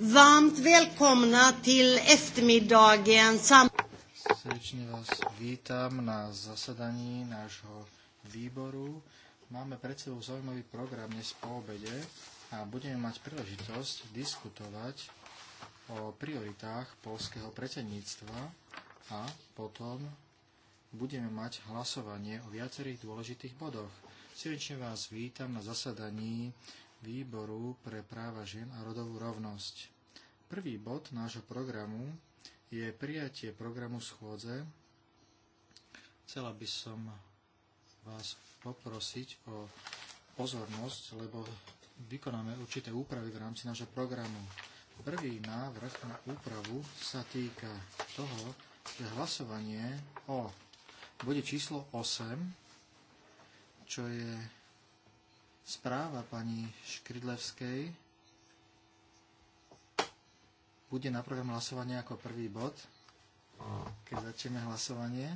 Varmt välkomna till eftermiddagen. Srdečne vás vítam na zasadaní nášho výboru. Máme pred sebou zaujímavý program dnes po obede a budeme mať príležitosť diskutovať o prioritách polského predsedníctva a potom budeme mať hlasovanie o viacerých dôležitých bodoch. Srdečne vás vítam na zasadaní výboru pre práva žien a rodovú rovnosť. Prvý bod nášho programu je prijatie programu schôdze. Chcela by som vás poprosiť o pozornosť, lebo vykonáme určité úpravy v rámci nášho programu. Prvý návrh na úpravu sa týka toho, že hlasovanie o bode číslo 8, čo je správa pani Škridlevskej bude na program hlasovania ako prvý bod, keď začneme hlasovanie.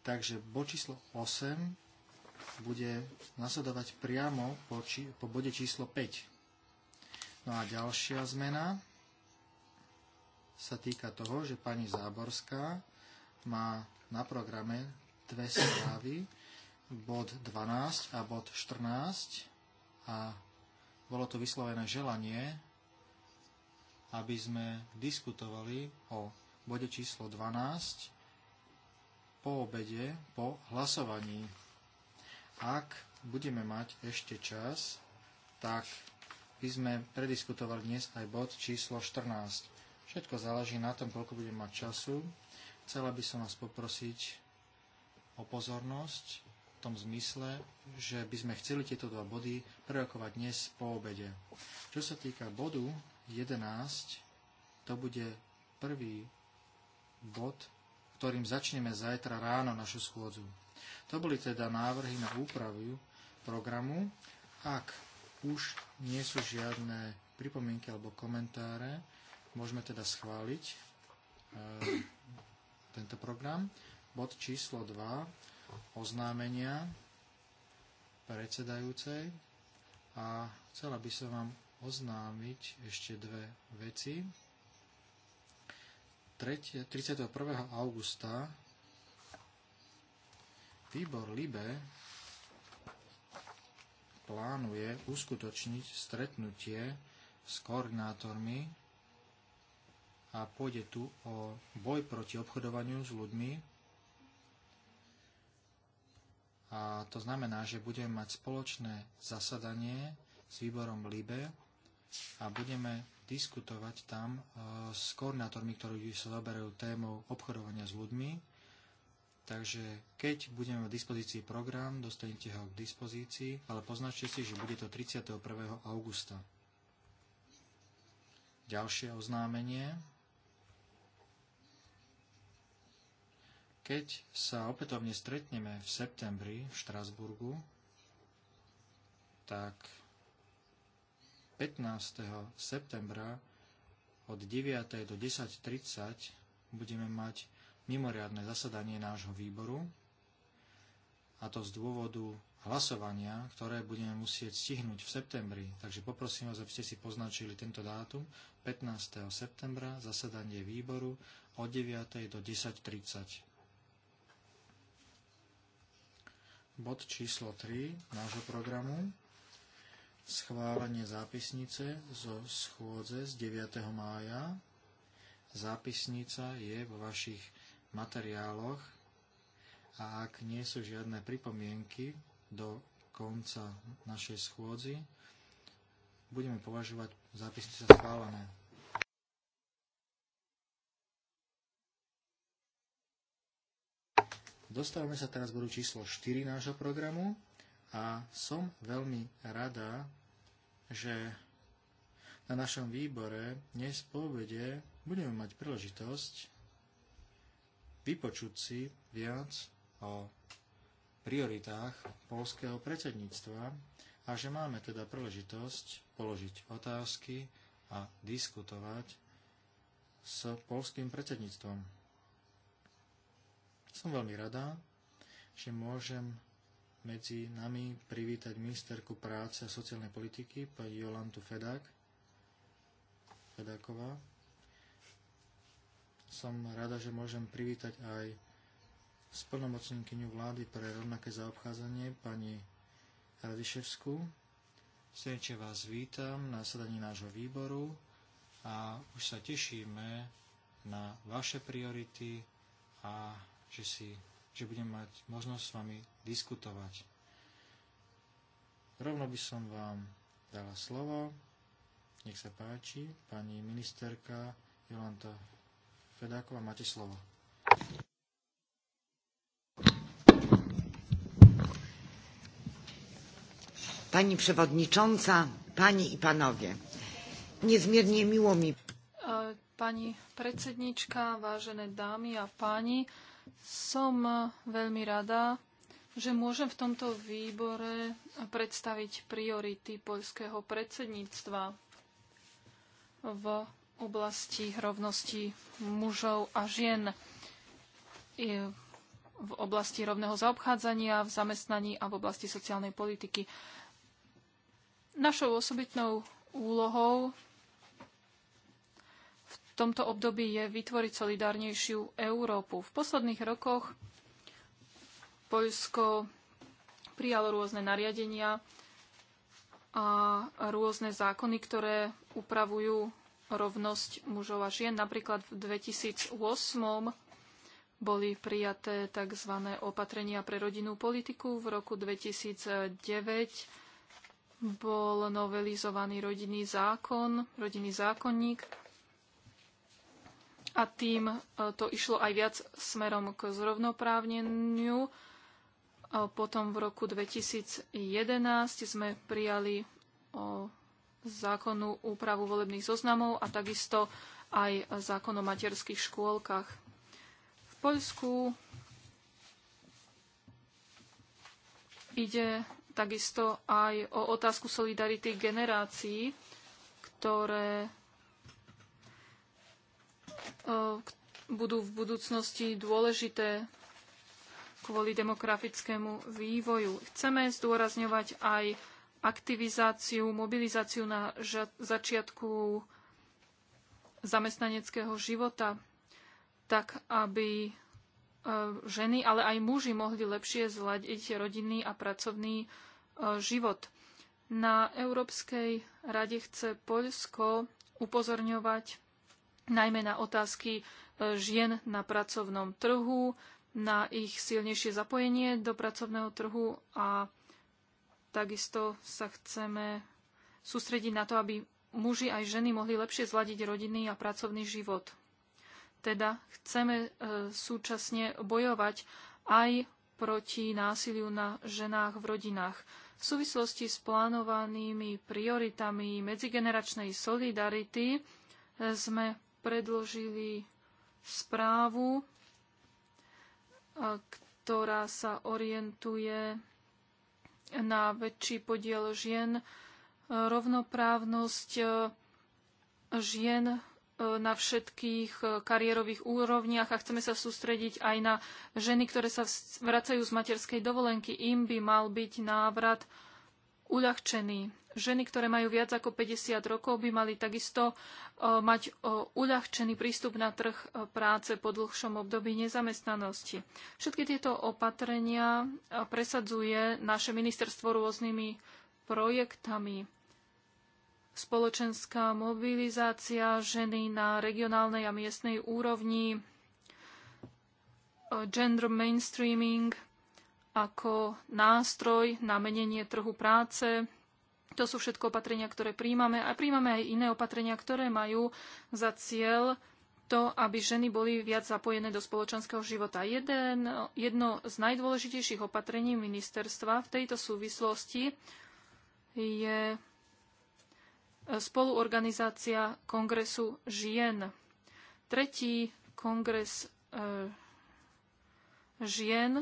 Takže bod číslo 8 bude nasledovať priamo po, či, po bode číslo 5. No a ďalšia zmena sa týka toho, že pani Záborská má na programe dve správy bod 12 a bod 14 a bolo to vyslovené želanie, aby sme diskutovali o bode číslo 12 po obede, po hlasovaní. Ak budeme mať ešte čas, tak by sme prediskutovali dnes aj bod číslo 14. Všetko záleží na tom, koľko budeme mať času. Chcela by som vás poprosiť o pozornosť tom zmysle, že by sme chceli tieto dva body prerokovať dnes po obede. Čo sa týka bodu 11, to bude prvý bod, ktorým začneme zajtra ráno našu schôdzu. To boli teda návrhy na úpravu programu. Ak už nie sú žiadne pripomienky alebo komentáre, môžeme teda schváliť e, tento program. Bod číslo 2 oznámenia predsedajúcej a chcela by som vám oznámiť ešte dve veci. 31. augusta výbor LIBE plánuje uskutočniť stretnutie s koordinátormi a pôjde tu o boj proti obchodovaniu s ľuďmi a to znamená, že budeme mať spoločné zasadanie s výborom LIBE a budeme diskutovať tam e, s koordinátormi, ktorí sa zaberajú témou obchodovania s ľuďmi. Takže keď budeme v dispozícii program, dostanete ho k dispozícii, ale poznačte si, že bude to 31. augusta. Ďalšie oznámenie. Keď sa opätovne stretneme v septembri v Štrasburgu, tak 15. septembra od 9. do 10.30 budeme mať mimoriadne zasadanie nášho výboru, a to z dôvodu hlasovania, ktoré budeme musieť stihnúť v septembri. Takže poprosím vás, aby ste si poznačili tento dátum 15. septembra, zasadanie výboru od 9. do 10.30. bod číslo 3 nášho programu schválenie zápisnice zo schôdze z 9. mája. Zápisnica je vo vašich materiáloch a ak nie sú žiadne pripomienky do konca našej schôdzi, budeme považovať zápisnice schválené. Dostávame sa teraz bodu číslo 4 nášho programu a som veľmi rada, že na našom výbore dnes po obede budeme mať príležitosť vypočuť si viac o prioritách polského predsedníctva a že máme teda príležitosť položiť otázky a diskutovať s polským predsedníctvom. Som veľmi rada, že môžem medzi nami privítať ministerku práce a sociálnej politiky, pani Jolantu Fedák, Fedáková. Som rada, že môžem privítať aj splnomocníkyňu vlády pre rovnaké zaobchádzanie, pani Radiševskú. Srdečne vás vítam na sadaní nášho výboru a už sa tešíme na vaše priority a že, si, že budem mať možnosť s vami diskutovať. Rovno by som vám dala slovo. Nech sa páči, pani ministerka Jolanta Fedáková, máte slovo. Pani przewodnicząca, pani i panowie, niezmiernie miło mi. E, pani predsednička, vážené dámy a páni, som e, veľmi rada, že môžem v tomto výbore predstaviť priority poľského predsedníctva v oblasti rovnosti mužov a žien, v oblasti rovného zaobchádzania, v zamestnaní a v oblasti sociálnej politiky. Našou osobitnou úlohou tomto období je vytvoriť solidárnejšiu Európu. V posledných rokoch Poľsko prijalo rôzne nariadenia a rôzne zákony, ktoré upravujú rovnosť mužov a žien. Napríklad v 2008 boli prijaté tzv. opatrenia pre rodinnú politiku. V roku 2009 bol novelizovaný rodinný zákon, rodinný zákonník a tým e, to išlo aj viac smerom k zrovnoprávneniu. E, potom v roku 2011 sme prijali e, zákonnú úpravu volebných zoznamov a takisto aj zákon o materských škôlkach. V Poľsku ide takisto aj o otázku solidarity generácií, ktoré budú v budúcnosti dôležité kvôli demografickému vývoju. Chceme zdôrazňovať aj aktivizáciu, mobilizáciu na začiatku zamestnaneckého života, tak aby e, ženy, ale aj muži mohli lepšie zladiť rodinný a pracovný e, život. Na Európskej rade chce Poľsko upozorňovať najmä na otázky e, žien na pracovnom trhu, na ich silnejšie zapojenie do pracovného trhu a takisto sa chceme sústrediť na to, aby muži aj ženy mohli lepšie zladiť rodinný a pracovný život. Teda chceme e, súčasne bojovať aj proti násiliu na ženách v rodinách. V súvislosti s plánovanými prioritami medzigeneračnej solidarity e, sme predložili správu, ktorá sa orientuje na väčší podiel žien, rovnoprávnosť žien na všetkých kariérových úrovniach a chceme sa sústrediť aj na ženy, ktoré sa vracajú z materskej dovolenky. Im by mal byť návrat uľahčený ženy, ktoré majú viac ako 50 rokov, by mali takisto e, mať e, uľahčený prístup na trh e, práce po dlhšom období nezamestnanosti. Všetky tieto opatrenia presadzuje naše ministerstvo rôznymi projektami. Spoločenská mobilizácia ženy na regionálnej a miestnej úrovni, gender mainstreaming ako nástroj na menenie trhu práce, to sú všetko opatrenia, ktoré príjmame a príjmame aj iné opatrenia, ktoré majú za cieľ to, aby ženy boli viac zapojené do spoločenského života. Jeden, jedno z najdôležitejších opatrení ministerstva v tejto súvislosti je spoluorganizácia Kongresu žien. Tretí kongres e, žien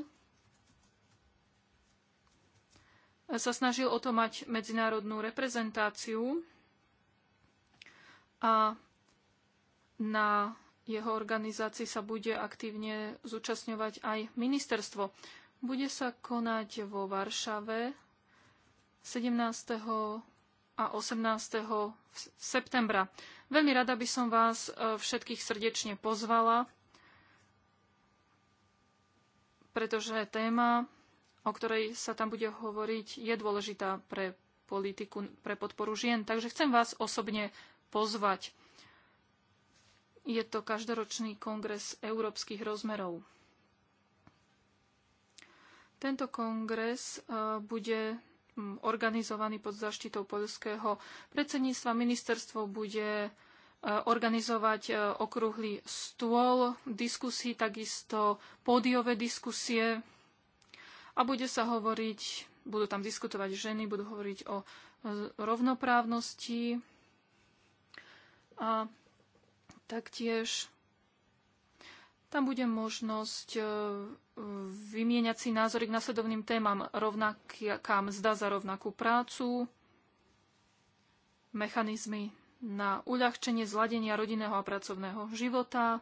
sa snažil o to mať medzinárodnú reprezentáciu a na jeho organizácii sa bude aktívne zúčastňovať aj ministerstvo. Bude sa konať vo Varšave 17. a 18. septembra. Veľmi rada by som vás e, všetkých srdečne pozvala, pretože téma o ktorej sa tam bude hovoriť, je dôležitá pre politiku, pre podporu žien. Takže chcem vás osobne pozvať. Je to každoročný kongres európskych rozmerov. Tento kongres e, bude organizovaný pod zaštitou poľského predsedníctva. Ministerstvo bude e, organizovať e, okrúhly stôl diskusí, takisto pódiové diskusie a bude sa hovoriť, budú tam diskutovať ženy, budú hovoriť o e, rovnoprávnosti a taktiež tam bude možnosť e, vymieňať si názory k nasledovným témam rovnaká mzda za rovnakú prácu, mechanizmy na uľahčenie zladenia rodinného a pracovného života,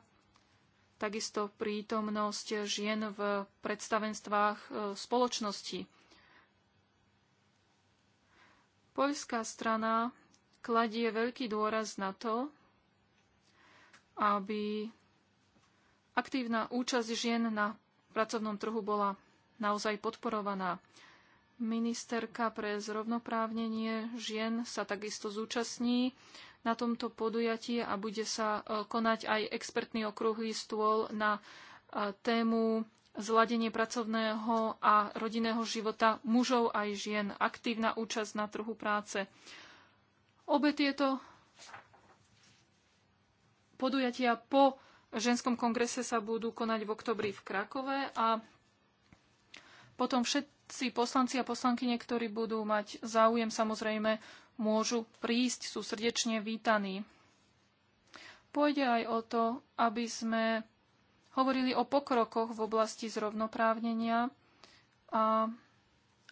takisto prítomnosť žien v predstavenstvách e, spoločnosti. Poľská strana kladie veľký dôraz na to, aby aktívna účasť žien na pracovnom trhu bola naozaj podporovaná. Ministerka pre zrovnoprávnenie žien sa takisto zúčastní na tomto podujatí a bude sa e, konať aj expertný okrúhly stôl na e, tému zladenie pracovného a rodinného života mužov aj žien, aktívna účasť na trhu práce. Obe tieto podujatia po ženskom kongrese sa budú konať v oktobri v Krakove a potom všetci poslanci a poslankyne, ktorí budú mať záujem, samozrejme môžu prísť, sú srdečne vítaní. Pôjde aj o to, aby sme hovorili o pokrokoch v oblasti zrovnoprávnenia a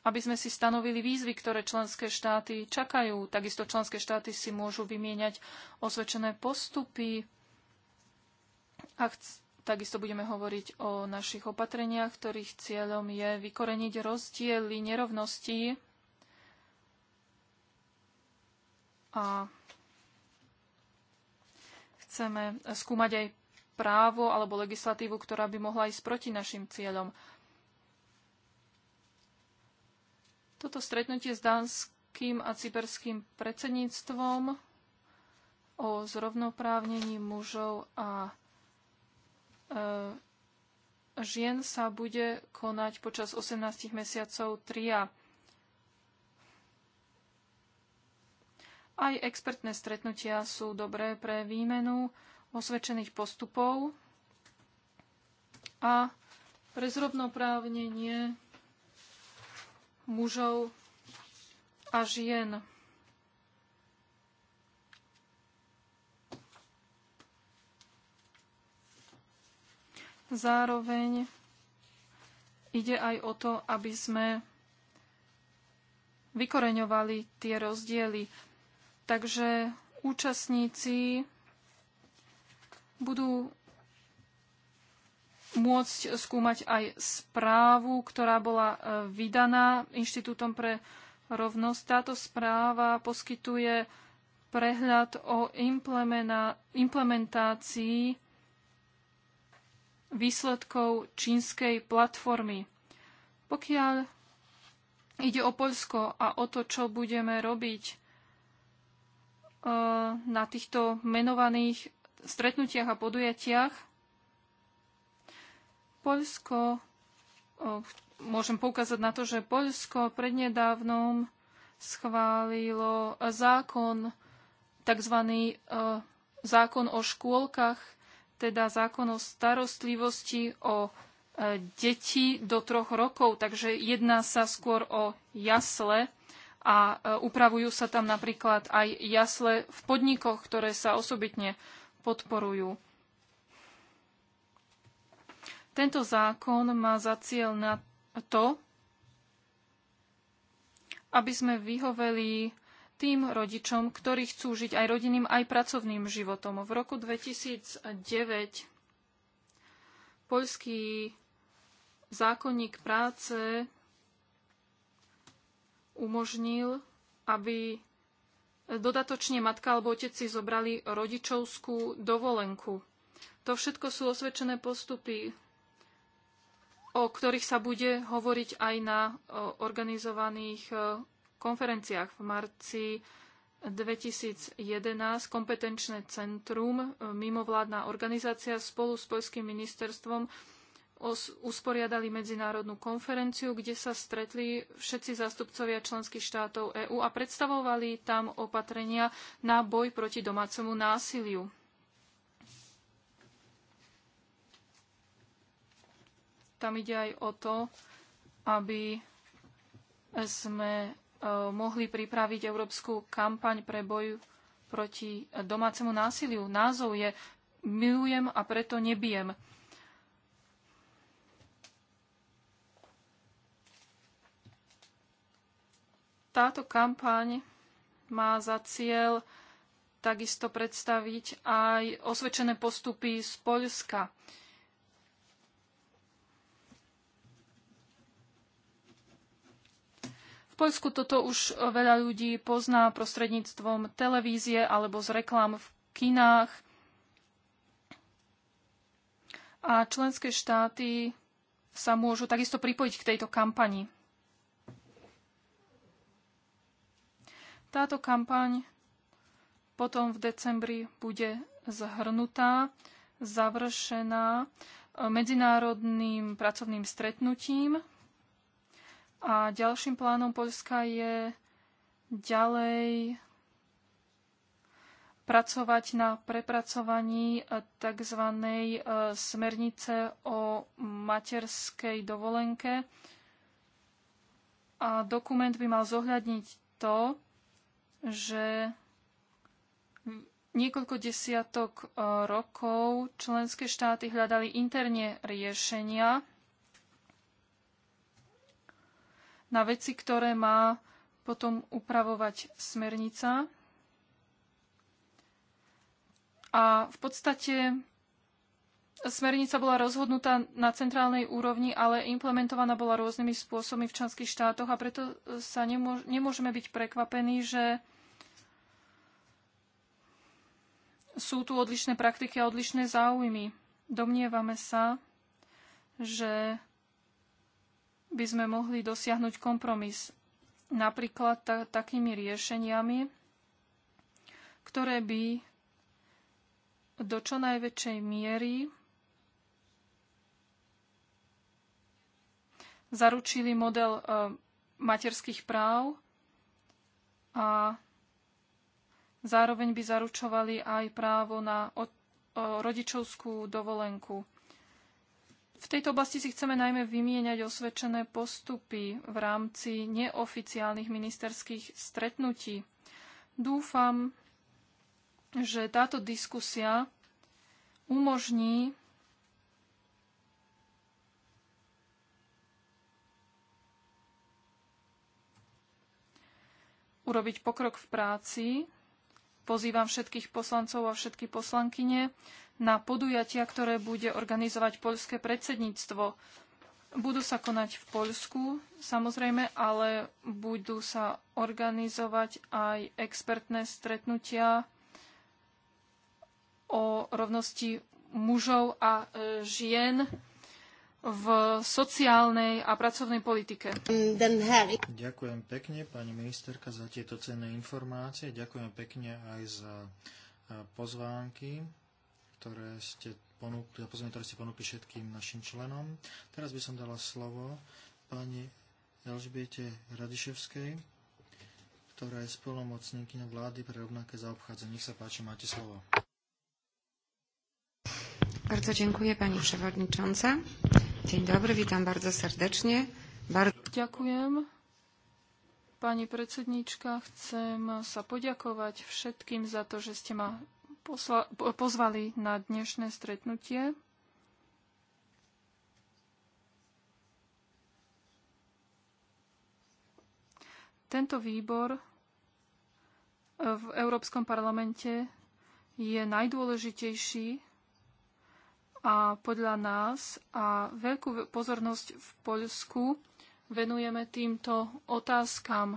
aby sme si stanovili výzvy, ktoré členské štáty čakajú. Takisto členské štáty si môžu vymieňať osvedčené postupy. A takisto budeme hovoriť o našich opatreniach, ktorých cieľom je vykoreniť rozdiely, nerovností. a chceme skúmať aj právo alebo legislatívu, ktorá by mohla ísť proti našim cieľom. Toto stretnutie s dánským a cyperským predsedníctvom o zrovnoprávnení mužov a e, žien sa bude konať počas 18 mesiacov tria Aj expertné stretnutia sú dobré pre výmenu osvedčených postupov a pre zrovnoprávnenie mužov a žien. Zároveň ide aj o to, aby sme vykoreňovali tie rozdiely. Takže účastníci budú môcť skúmať aj správu, ktorá bola e, vydaná Inštitútom pre rovnosť. Táto správa poskytuje prehľad o implementácii výsledkov čínskej platformy. Pokiaľ ide o Poľsko a o to, čo budeme robiť, E, na týchto menovaných stretnutiach a podujatiach. Poľsko, e, môžem poukázať na to, že Poľsko prednedávnom schválilo zákon, tzv. E, zákon o škôlkach, teda zákon o starostlivosti o deti do troch rokov, takže jedná sa skôr o jasle a e, upravujú sa tam napríklad aj jasle v podnikoch, ktoré sa osobitne podporujú. Tento zákon má za cieľ na to, aby sme vyhoveli tým rodičom, ktorí chcú žiť aj rodinným, aj pracovným životom. V roku 2009 poľský zákonník práce umožnil, aby dodatočne matka alebo otec si zobrali rodičovskú dovolenku. To všetko sú osvedčené postupy, o ktorých sa bude hovoriť aj na organizovaných e, konferenciách. V marci 2011 kompetenčné centrum, e, mimovládna organizácia spolu s Poľským ministerstvom usporiadali medzinárodnú konferenciu, kde sa stretli všetci zástupcovia členských štátov EÚ a predstavovali tam opatrenia na boj proti domácemu násiliu. Tam ide aj o to, aby sme e, mohli pripraviť európsku kampaň pre boj proti domácemu násiliu. Názov je Milujem a preto nebijem. Táto kampaň má za cieľ takisto predstaviť aj osvedčené postupy z Poľska. V Poľsku toto už veľa ľudí pozná prostredníctvom televízie alebo z reklám v kinách. A členské štáty sa môžu takisto pripojiť k tejto kampani. Táto kampaň potom v decembri bude zhrnutá, završená e, medzinárodným pracovným stretnutím. A ďalším plánom Poľska je ďalej pracovať na prepracovaní e, tzv. E, smernice o materskej dovolenke. A dokument by mal zohľadniť to, že niekoľko desiatok e, rokov členské štáty hľadali interne riešenia na veci, ktoré má potom upravovať smernica. A v podstate Smernica bola rozhodnutá na centrálnej úrovni, ale implementovaná bola rôznymi spôsobmi v členských štátoch a preto e, sa nemôžeme byť prekvapení, že sú tu odlišné praktiky a odlišné záujmy. Domnievame sa, že by sme mohli dosiahnuť kompromis napríklad ta- takými riešeniami, ktoré by do čo najväčšej miery zaručili model e, materských práv a zároveň by zaručovali aj právo na rodičovskú dovolenku. V tejto oblasti si chceme najmä vymieňať osvedčené postupy v rámci neoficiálnych ministerských stretnutí. Dúfam, že táto diskusia umožní urobiť pokrok v práci. Pozývam všetkých poslancov a všetky poslankyne na podujatia, ktoré bude organizovať poľské predsedníctvo. Budú sa konať v Poľsku, samozrejme, ale budú sa organizovať aj expertné stretnutia o rovnosti mužov a e, žien v sociálnej a pracovnej politike. Ďakujem pekne, pani ministerka, za tieto cenné informácie. Ďakujem pekne aj za pozvánky, ktoré ste ponúkli, pozvánky, ktoré ste ponúkli všetkým našim členom. Teraz by som dala slovo pani Elžbiete Radiševskej, ktorá je spolomocníkyňa vlády pre rovnaké zaobchádzanie. Nech sa páči, máte slovo. Bardzo dziękuję Pani Przewodnicząca. Dzień dobry, witam bardzo serdecznie. Bar... Ďakujem. Pani predsedníčka, chcem sa poďakovať všetkým za to, že ste ma posla- pozvali na dnešné stretnutie. Tento výbor e, v Európskom parlamente je najdôležitejší a podľa nás a veľkú pozornosť v Poľsku venujeme týmto otázkam.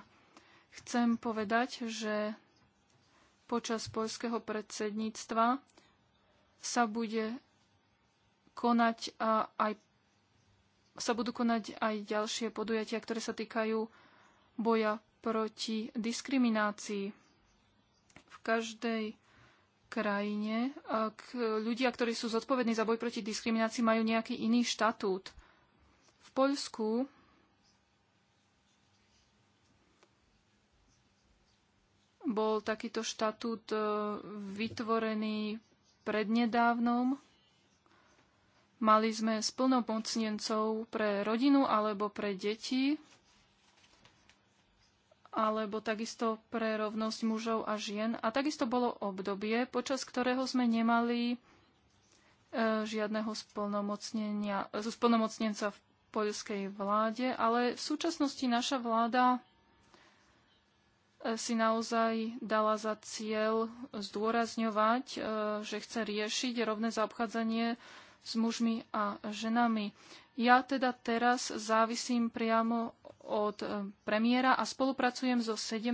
Chcem povedať, že počas poľského predsedníctva sa bude konať aj sa budú konať aj ďalšie podujatia, ktoré sa týkajú boja proti diskriminácii. V každej krajine ľudia, ktorí sú zodpovední za boj proti diskriminácii, majú nejaký iný štatút. V Poľsku bol takýto štatút e, vytvorený prednedávnom. Mali sme splnomocnencov pre rodinu alebo pre deti alebo takisto pre rovnosť mužov a žien. A takisto bolo obdobie, počas ktorého sme nemali e, žiadneho splnomocnenca e, v poľskej vláde, ale v súčasnosti naša vláda e, si naozaj dala za cieľ zdôrazňovať, e, že chce riešiť rovné zaobchádzanie s mužmi a ženami. Ja teda teraz závisím priamo od e, premiéra a spolupracujem so 17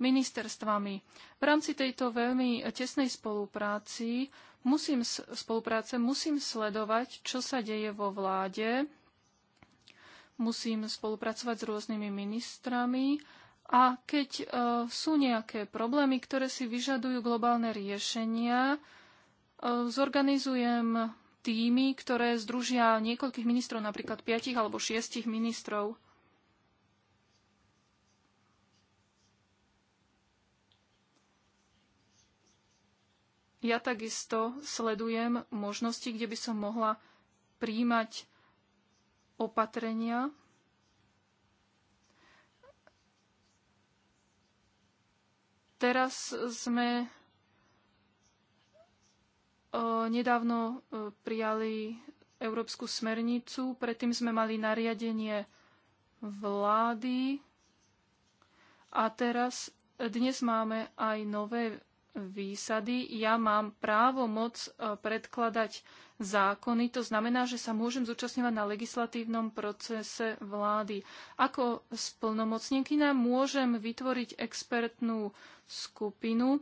ministerstvami. V rámci tejto veľmi tesnej spolupráci musím, spolupráce musím sledovať, čo sa deje vo vláde, musím spolupracovať s rôznymi ministrami a keď e, sú nejaké problémy, ktoré si vyžadujú globálne riešenia, e, zorganizujem týmy, ktoré združia niekoľkých ministrov, napríklad piatich alebo šiestich ministrov. Ja takisto sledujem možnosti, kde by som mohla príjmať opatrenia. Teraz sme E, nedávno e, prijali európsku smernicu, predtým sme mali nariadenie vlády a teraz e, dnes máme aj nové výsady. Ja mám právo moc predkladať zákony, to znamená, že sa môžem zúčastňovať na legislatívnom procese vlády. Ako splnomocnenkyna môžem vytvoriť expertnú skupinu,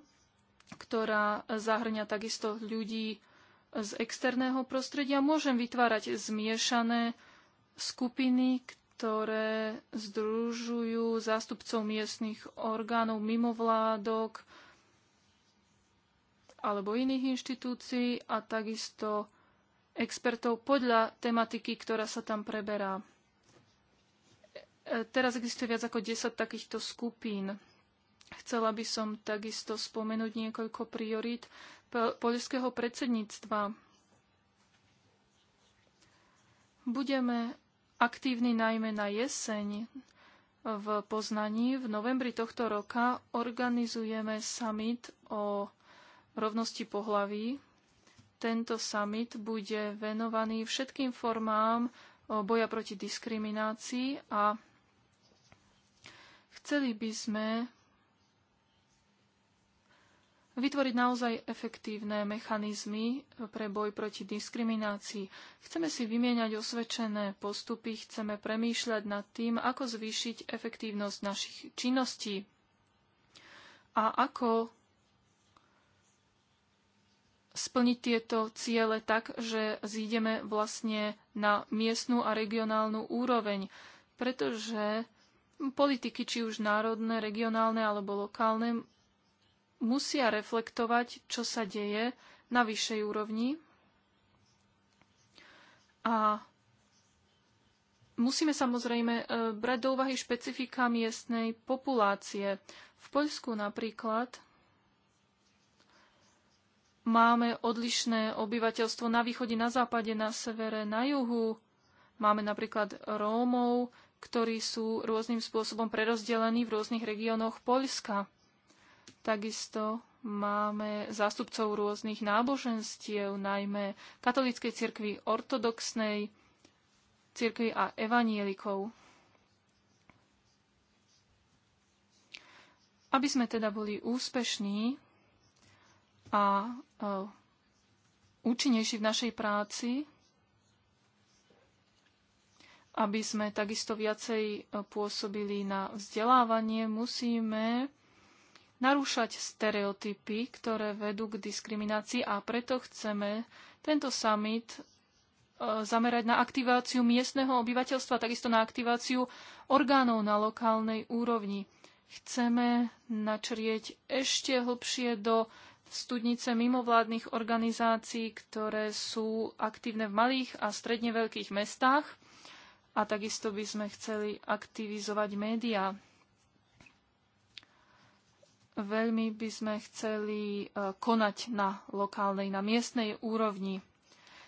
ktorá zahrňa takisto ľudí z externého prostredia. Môžem vytvárať zmiešané skupiny, ktoré združujú zástupcov miestnych orgánov, mimovládok alebo iných inštitúcií a takisto expertov podľa tematiky, ktorá sa tam preberá. E, teraz existuje viac ako 10 takýchto skupín. Chcela by som takisto spomenúť niekoľko priorít poľského predsedníctva. Budeme aktívni najmä na jeseň. V Poznaní v novembri tohto roka organizujeme summit o rovnosti pohlaví. Tento summit bude venovaný všetkým formám boja proti diskriminácii a chceli by sme vytvoriť naozaj efektívne mechanizmy pre boj proti diskriminácii. Chceme si vymieňať osvedčené postupy, chceme premýšľať nad tým, ako zvýšiť efektívnosť našich činností a ako splniť tieto ciele tak, že zídeme vlastne na miestnú a regionálnu úroveň, pretože politiky, či už národné, regionálne alebo lokálne, musia reflektovať, čo sa deje na vyššej úrovni. A musíme samozrejme e, brať do úvahy špecifika miestnej populácie. V Poľsku napríklad Máme odlišné obyvateľstvo na východe, na západe, na severe, na juhu. Máme napríklad Rómov, ktorí sú rôznym spôsobom prerozdelení v rôznych regiónoch Poľska. Takisto máme zástupcov rôznych náboženstiev, najmä katolíckej cirkvi, ortodoxnej cirkvi a evanielikov. Aby sme teda boli úspešní a e, účinnejší v našej práci, aby sme takisto viacej e, pôsobili na vzdelávanie, musíme narúšať stereotypy, ktoré vedú k diskriminácii a preto chceme tento summit e, zamerať na aktiváciu miestneho obyvateľstva, takisto na aktiváciu orgánov na lokálnej úrovni. Chceme načrieť ešte hlbšie do studnice mimovládnych organizácií, ktoré sú aktívne v malých a stredne veľkých mestách a takisto by sme chceli aktivizovať médiá. Veľmi by sme chceli e, konať na lokálnej, na miestnej úrovni.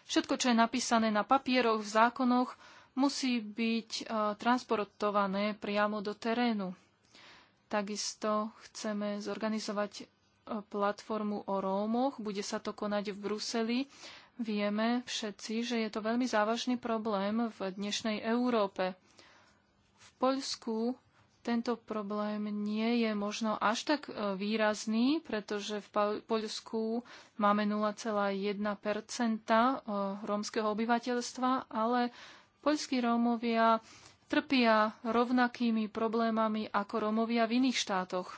Všetko, čo je napísané na papieroch, v zákonoch, musí byť e, transportované priamo do terénu. Takisto chceme zorganizovať e, platformu o Rómoch. Bude sa to konať v Bruseli. Vieme všetci, že je to veľmi závažný problém v dnešnej Európe. V Poľsku tento problém nie je možno až tak e, výrazný, pretože v Poľsku máme 0,1 e, rómskeho obyvateľstva, ale poľskí Rómovia trpia rovnakými problémami ako Rómovia v iných štátoch.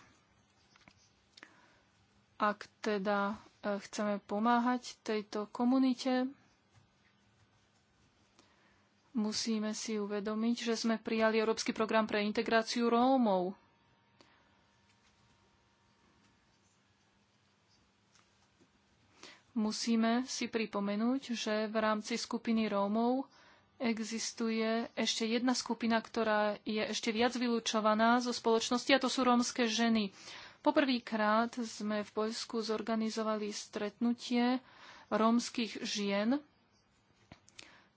Ak teda e, chceme pomáhať tejto komunite, Musíme si uvedomiť, že sme prijali Európsky program pre integráciu Rómov. Musíme si pripomenúť, že v rámci skupiny Rómov existuje ešte jedna skupina, ktorá je ešte viac vylúčovaná zo spoločnosti, a to sú rómske ženy. Poprvýkrát sme v Poľsku zorganizovali stretnutie rómskych žien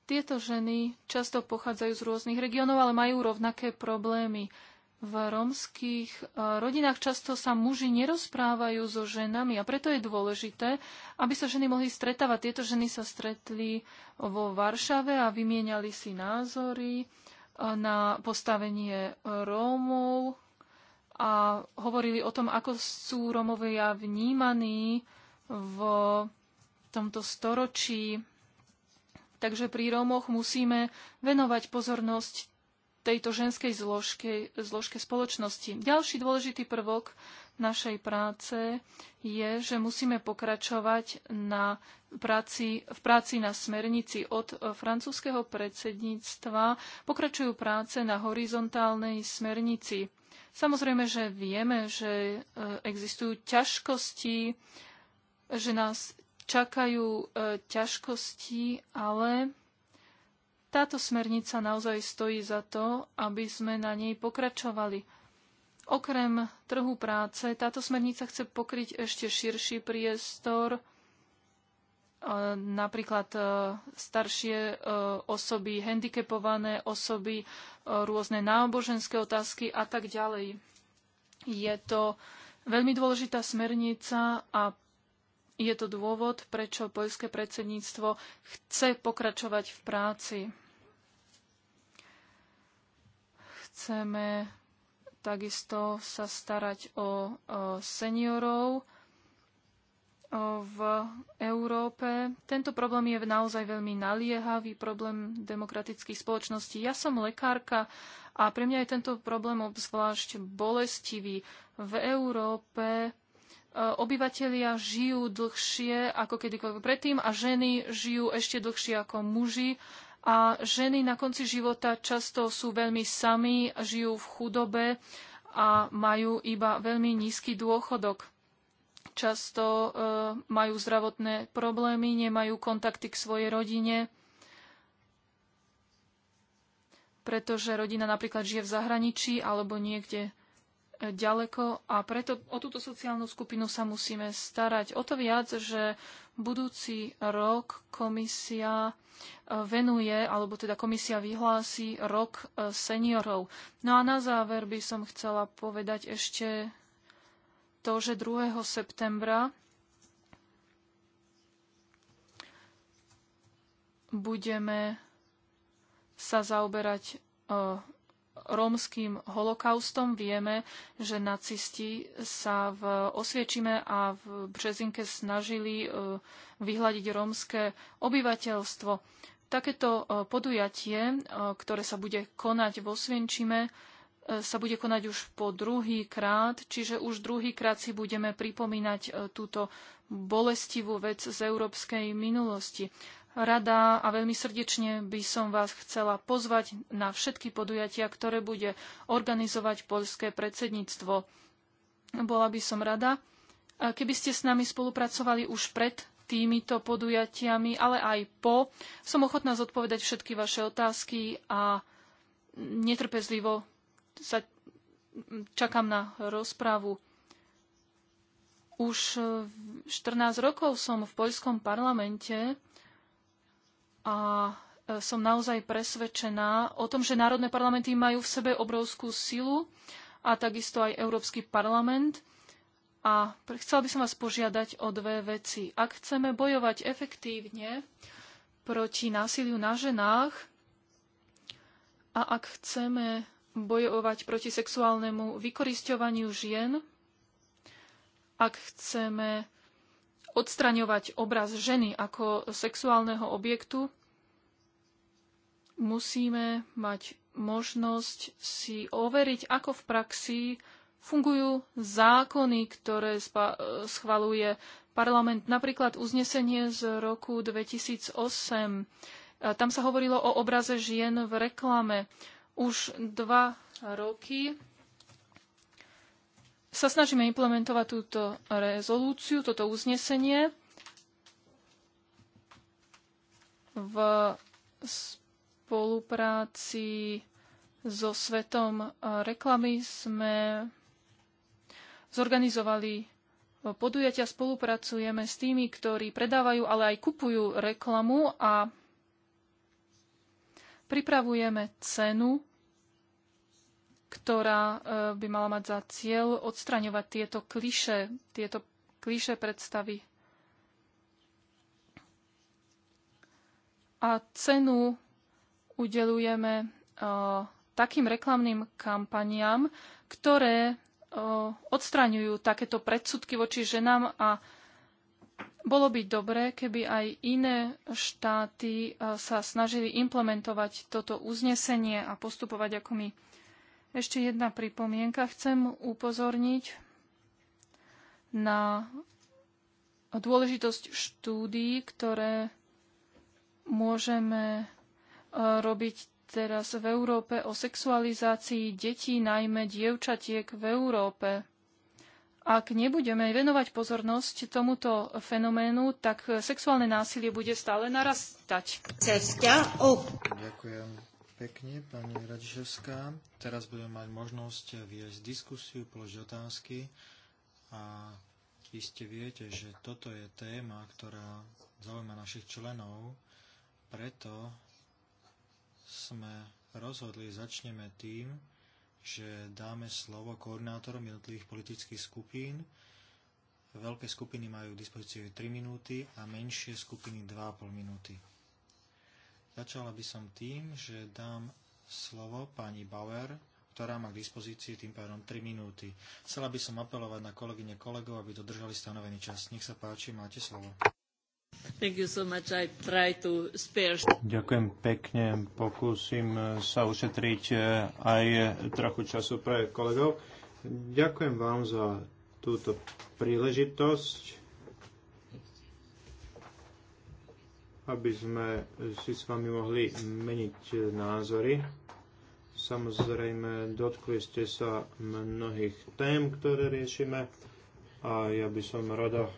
tieto ženy často pochádzajú z rôznych regiónov, ale majú rovnaké problémy. V rómskych e, rodinách často sa muži nerozprávajú so ženami a preto je dôležité, aby sa ženy mohli stretávať. Tieto ženy sa stretli vo Varšave a vymieniali si názory e, na postavenie Rómov a hovorili o tom, ako sú Rómovia vnímaní v tomto storočí Takže pri Rómoch musíme venovať pozornosť tejto ženskej zložke, zložke spoločnosti. Ďalší dôležitý prvok našej práce je, že musíme pokračovať na práci, v práci na smernici od e, francúzského predsedníctva. Pokračujú práce na horizontálnej smernici. Samozrejme, že vieme, že e, existujú ťažkosti, že nás čakajú e, ťažkosti, ale táto smernica naozaj stojí za to, aby sme na nej pokračovali. Okrem trhu práce, táto smernica chce pokryť ešte širší priestor, e, napríklad e, staršie osoby, handicapované osoby, rôzne náboženské otázky a tak ďalej. Je to veľmi dôležitá smernica a je to dôvod, prečo poľské predsedníctvo chce pokračovať v práci. Chceme takisto sa starať o seniorov v Európe. Tento problém je naozaj veľmi naliehavý problém demokratických spoločností. Ja som lekárka a pre mňa je tento problém obzvlášť bolestivý. V Európe E, obyvatelia žijú dlhšie ako kedykoľvek predtým a ženy žijú ešte dlhšie ako muži. A ženy na konci života často sú veľmi sami, žijú v chudobe a majú iba veľmi nízky dôchodok. Často e, majú zdravotné problémy, nemajú kontakty k svojej rodine, pretože rodina napríklad žije v zahraničí alebo niekde ďaleko a preto o túto sociálnu skupinu sa musíme starať. O to viac, že budúci rok komisia e, venuje, alebo teda komisia vyhlási rok e, seniorov. No a na záver by som chcela povedať ešte to, že 2. septembra budeme sa zaoberať e, rómským holokaustom. Vieme, že nacisti sa v Osviečime a v Březinke snažili e, vyhľadiť rómske obyvateľstvo. Takéto e, podujatie, e, ktoré sa bude konať vo Svienčime, sa bude konať už po druhý krát, čiže už druhý krát si budeme pripomínať túto bolestivú vec z európskej minulosti rada a veľmi srdečne by som vás chcela pozvať na všetky podujatia, ktoré bude organizovať poľské predsedníctvo. Bola by som rada, keby ste s nami spolupracovali už pred týmito podujatiami, ale aj po. Som ochotná zodpovedať všetky vaše otázky a netrpezlivo sa čakám na rozprávu. Už 14 rokov som v poľskom parlamente a e, som naozaj presvedčená o tom, že národné parlamenty majú v sebe obrovskú silu a takisto aj Európsky parlament. A chcela by som vás požiadať o dve veci. Ak chceme bojovať efektívne proti násiliu na ženách a ak chceme bojovať proti sexuálnemu vykorisťovaniu žien, ak chceme odstraňovať obraz ženy ako sexuálneho objektu, musíme mať možnosť si overiť, ako v praxi fungujú zákony, ktoré e, schvaluje parlament. Napríklad uznesenie z roku 2008. E, tam sa hovorilo o obraze žien v reklame. Už dva roky sa snažíme implementovať túto rezolúciu, toto uznesenie v spolupráci so svetom reklamy sme zorganizovali podujatia, spolupracujeme s tými, ktorí predávajú, ale aj kupujú reklamu a pripravujeme cenu ktorá e, by mala mať za cieľ odstraňovať tieto kliše, tieto kliše predstavy. A cenu udelujeme e, takým reklamným kampaniám, ktoré e, odstraňujú takéto predsudky voči ženám a bolo by dobré, keby aj iné štáty sa snažili implementovať toto uznesenie a postupovať ako my. Ešte jedna pripomienka. Chcem upozorniť na dôležitosť štúdií, ktoré môžeme e, robiť teraz v Európe o sexualizácii detí, najmä dievčatiek v Európe. Ak nebudeme venovať pozornosť tomuto fenoménu, tak sexuálne násilie bude stále narastať. Oh. Ďakujem pekne, pani Radiševská. Teraz budeme mať možnosť viesť diskusiu, položiť otázky a iste viete, že toto je téma, ktorá zaujíma našich členov, preto sme rozhodli, začneme tým, že dáme slovo koordinátorom jednotlivých politických skupín. Veľké skupiny majú k dispozícii 3 minúty a menšie skupiny 2,5 minúty. Začala by som tým, že dám slovo pani Bauer, ktorá má k dispozícii tým pádom 3 minúty. Chcela by som apelovať na kolegyne kolegov, aby dodržali stanovený čas. Nech sa páči, máte slovo. So Ďakujem pekne. Pokúsim sa ušetriť eh, aj trochu času pre kolegov. Ďakujem vám za túto príležitosť aby sme si s vami mohli meniť názory. Samozrejme, dotkli ste sa mnohých tém, ktoré riešime a ja by som rada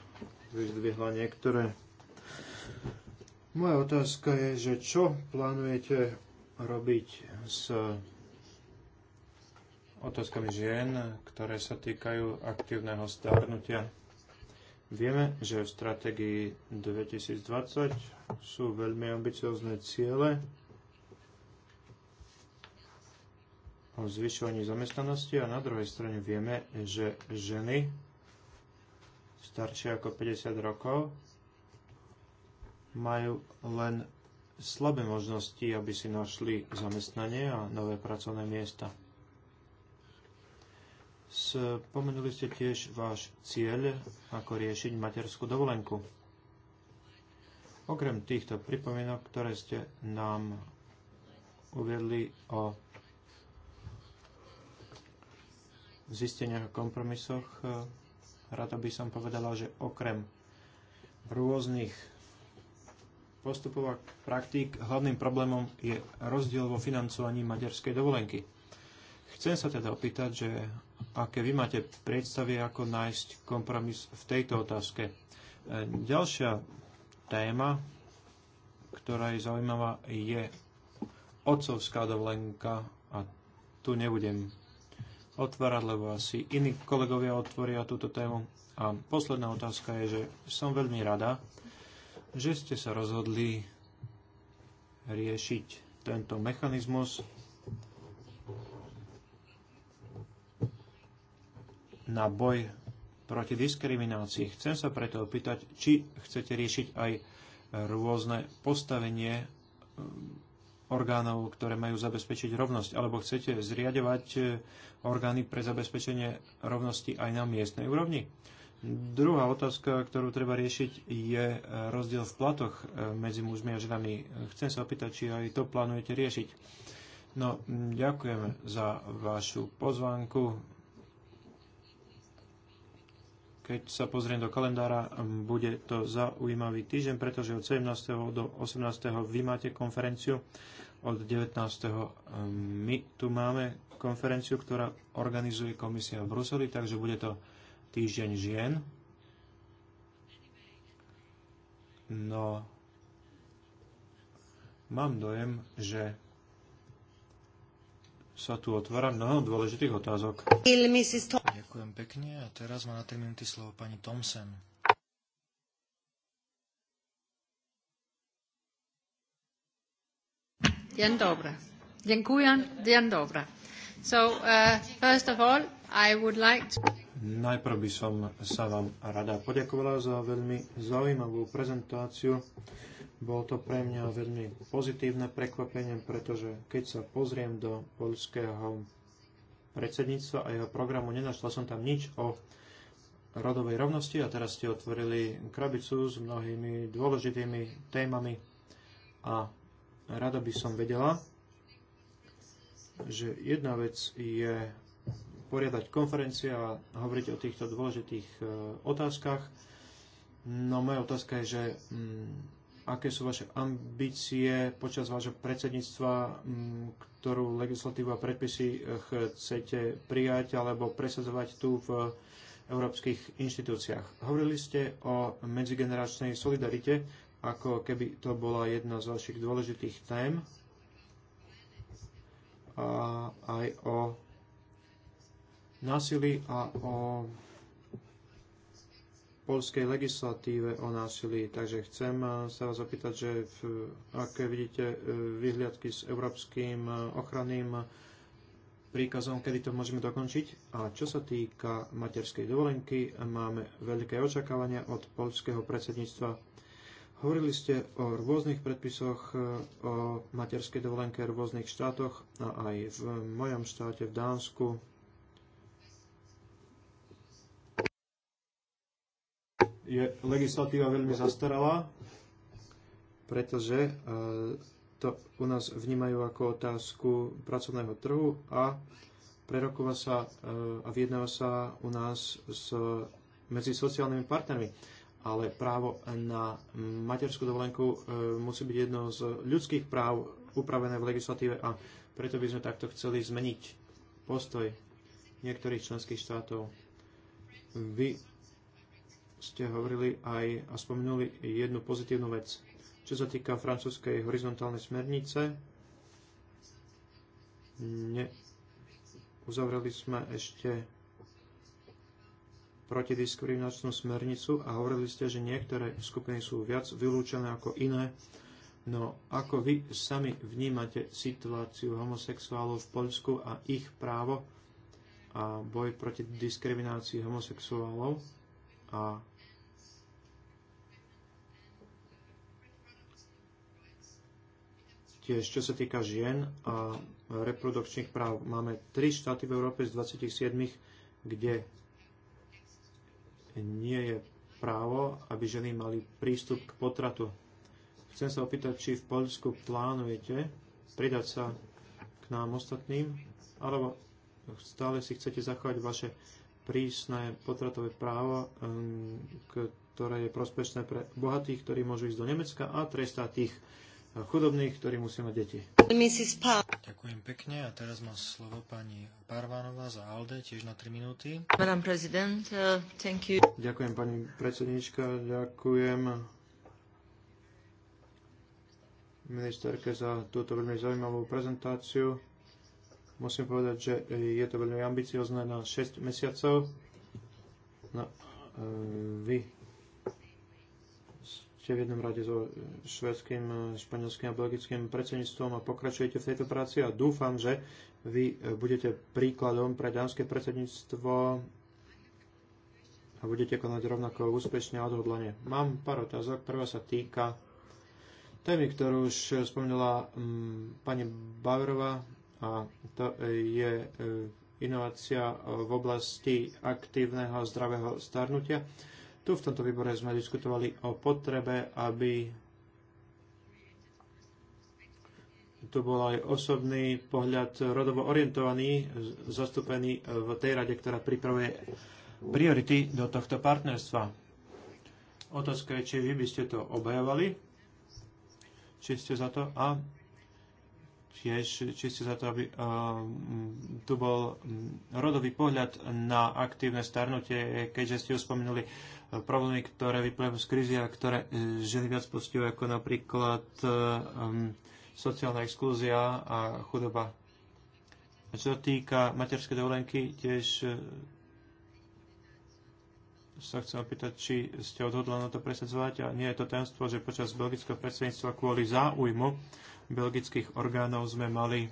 vyzdvihla niektoré. Moja otázka je, že čo plánujete robiť s otázkami žien, ktoré sa týkajú aktívneho starnutia. Vieme, že v stratégii 2020 sú veľmi ambiciozne ciele o zvyšovaní zamestnanosti a na druhej strane vieme, že ženy staršie ako 50 rokov majú len slabé možnosti, aby si našli zamestnanie a nové pracovné miesta. Spomenuli ste tiež váš cieľ, ako riešiť materskú dovolenku. Okrem týchto pripomienok, ktoré ste nám uviedli o zisteniach a kompromisoch, e, rada by som povedala, že okrem rôznych postupov a praktík hlavným problémom je rozdiel vo financovaní maďarskej dovolenky. Chcem sa teda opýtať, že aké vy máte predstavy, ako nájsť kompromis v tejto otázke. E, ďalšia téma, ktorá je zaujímavá, je otcovská dovolenka a tu nebudem otvárať, lebo asi iní kolegovia otvoria túto tému. A posledná otázka je, že som veľmi rada, že ste sa rozhodli riešiť tento mechanizmus na boj proti diskriminácii. Chcem sa preto opýtať, či chcete riešiť aj rôzne postavenie um, orgánov, ktoré majú zabezpečiť rovnosť, alebo chcete zriadovať e, orgány pre zabezpečenie rovnosti aj na miestnej úrovni? Druhá otázka, ktorú treba riešiť, je e, rozdiel v platoch e, medzi mužmi a ženami. Chcem sa opýtať, či aj to plánujete riešiť. No, ďakujem za vašu pozvánku keď sa pozriem do kalendára, bude to zaujímavý týždeň, pretože od 17. do 18. vy máte konferenciu, od 19. my tu máme konferenciu, ktorá organizuje komisia v Bruseli, takže bude to týždeň žien. No, mám dojem, že sa tu otvára mnoho dôležitých otázok. Ďakujem pekne a teraz má na 3 minúty slovo pani Thompson. Dien dobra. Ďakujem, dien dobra. So, uh, first of all, I would like to... Najprv by som sa vám rada poďakovala za veľmi zaujímavú prezentáciu. Bolo to pre mňa veľmi pozitívne prekvapenie, pretože keď sa pozriem do poľského predsedníctva a jeho programu. Nenašla som tam nič o rodovej rovnosti a teraz ste otvorili krabicu s mnohými dôležitými témami a rada by som vedela, že jedna vec je poriadať konferencie a hovoriť o týchto dôležitých e, otázkach. No moja otázka je, že mm, aké sú vaše ambície počas vášho predsedníctva, ktorú legislatívu a predpisy e, chcete prijať alebo presadzovať tu v európskych inštitúciách. Hovorili ste o medzigeneračnej solidarite, ako keby to bola jedna z vašich dôležitých tém a aj o násilí a o polskej legislatíve o násilí. Takže chcem eh, sa vás opýtať, že v, aké vidíte eh, vyhliadky s európskym eh, ochranným príkazom, kedy to môžeme dokončiť. A čo sa týka materskej dovolenky, máme veľké očakávania od polského predsedníctva. Hovorili ste o rôznych predpisoch o materskej dovolenke v rôznych štátoch a aj v mojom štáte v Dánsku je legislatíva veľmi zastaralá, pretože e, to u nás vnímajú ako otázku pracovného trhu a prerokova sa e, a vyjednáva sa u nás s, medzi sociálnymi partnermi. Ale právo na materskú dovolenku e, musí byť jedno z ľudských práv upravené v legislatíve a preto by sme takto chceli zmeniť postoj niektorých členských štátov. Vy ste hovorili aj a spomenuli jednu pozitívnu vec. Čo sa týka francúzskej horizontálnej smernice, ne, uzavreli sme ešte protidiskriminačnú smernicu a hovorili ste, že niektoré skupiny sú viac vylúčené ako iné. No ako vy sami vnímate situáciu homosexuálov v Poľsku a ich právo a boj proti diskriminácii homosexuálov? a tiež čo sa týka žien a reprodukčných práv. Máme tri štáty v Európe z 27, kde nie je právo, aby ženy mali prístup k potratu. Chcem sa opýtať, či v Poľsku plánujete pridať sa k nám ostatným, alebo stále si chcete zachovať vaše prísne potratové právo, ktoré je prospešné pre bohatých, ktorí môžu ísť do Nemecka a trestá tých eh, chudobných, ktorí musia mať deti. Ďakujem pekne a teraz má slovo pani Parvanová za ALDE, tiež na 3 minúty. Madam President, uh, thank you. Ďakujem pani predsednička, ďakujem ministerke za túto veľmi zaujímavú prezentáciu. Musím povedať, že e, je to veľmi ambiciozne na 6 mesiacov. No, e, vy ste v jednom rade so švedským, španielským a belgickým predsedníctvom a pokračujete v tejto práci a dúfam, že vy e, budete príkladom pre dánske predsedníctvo a budete konať rovnako úspešne a odhodlane. Mám pár otázok. Prvá sa týka témy, ktorú už spomínala mm, pani Bauerová. A to je e, inovácia v oblasti aktívneho zdravého starnutia. Tu v tomto výbore sme diskutovali o potrebe, aby tu bol aj osobný pohľad rodovo orientovaný, zastúpený v tej rade, ktorá pripravuje priority do tohto partnerstva. Otázka je, či vy by ste to obajovali, či ste za to a tiež čiste za to, aby eh, tu bol mm, rodový pohľad na aktívne starnutie, keďže ste uspomenuli eh, problémy, ktoré vyplývajú z krízy a ktoré eh, ženy viac postihujú, ako napríklad sociálna exklúzia a chudoba. A čo sa týka materskej dovolenky, tiež sa chcem opýtať, či ste odhodlani to presadzovať a nie je to tajomstvo, že počas belgického predsedníctva kvôli záujmu belgických orgánov sme mali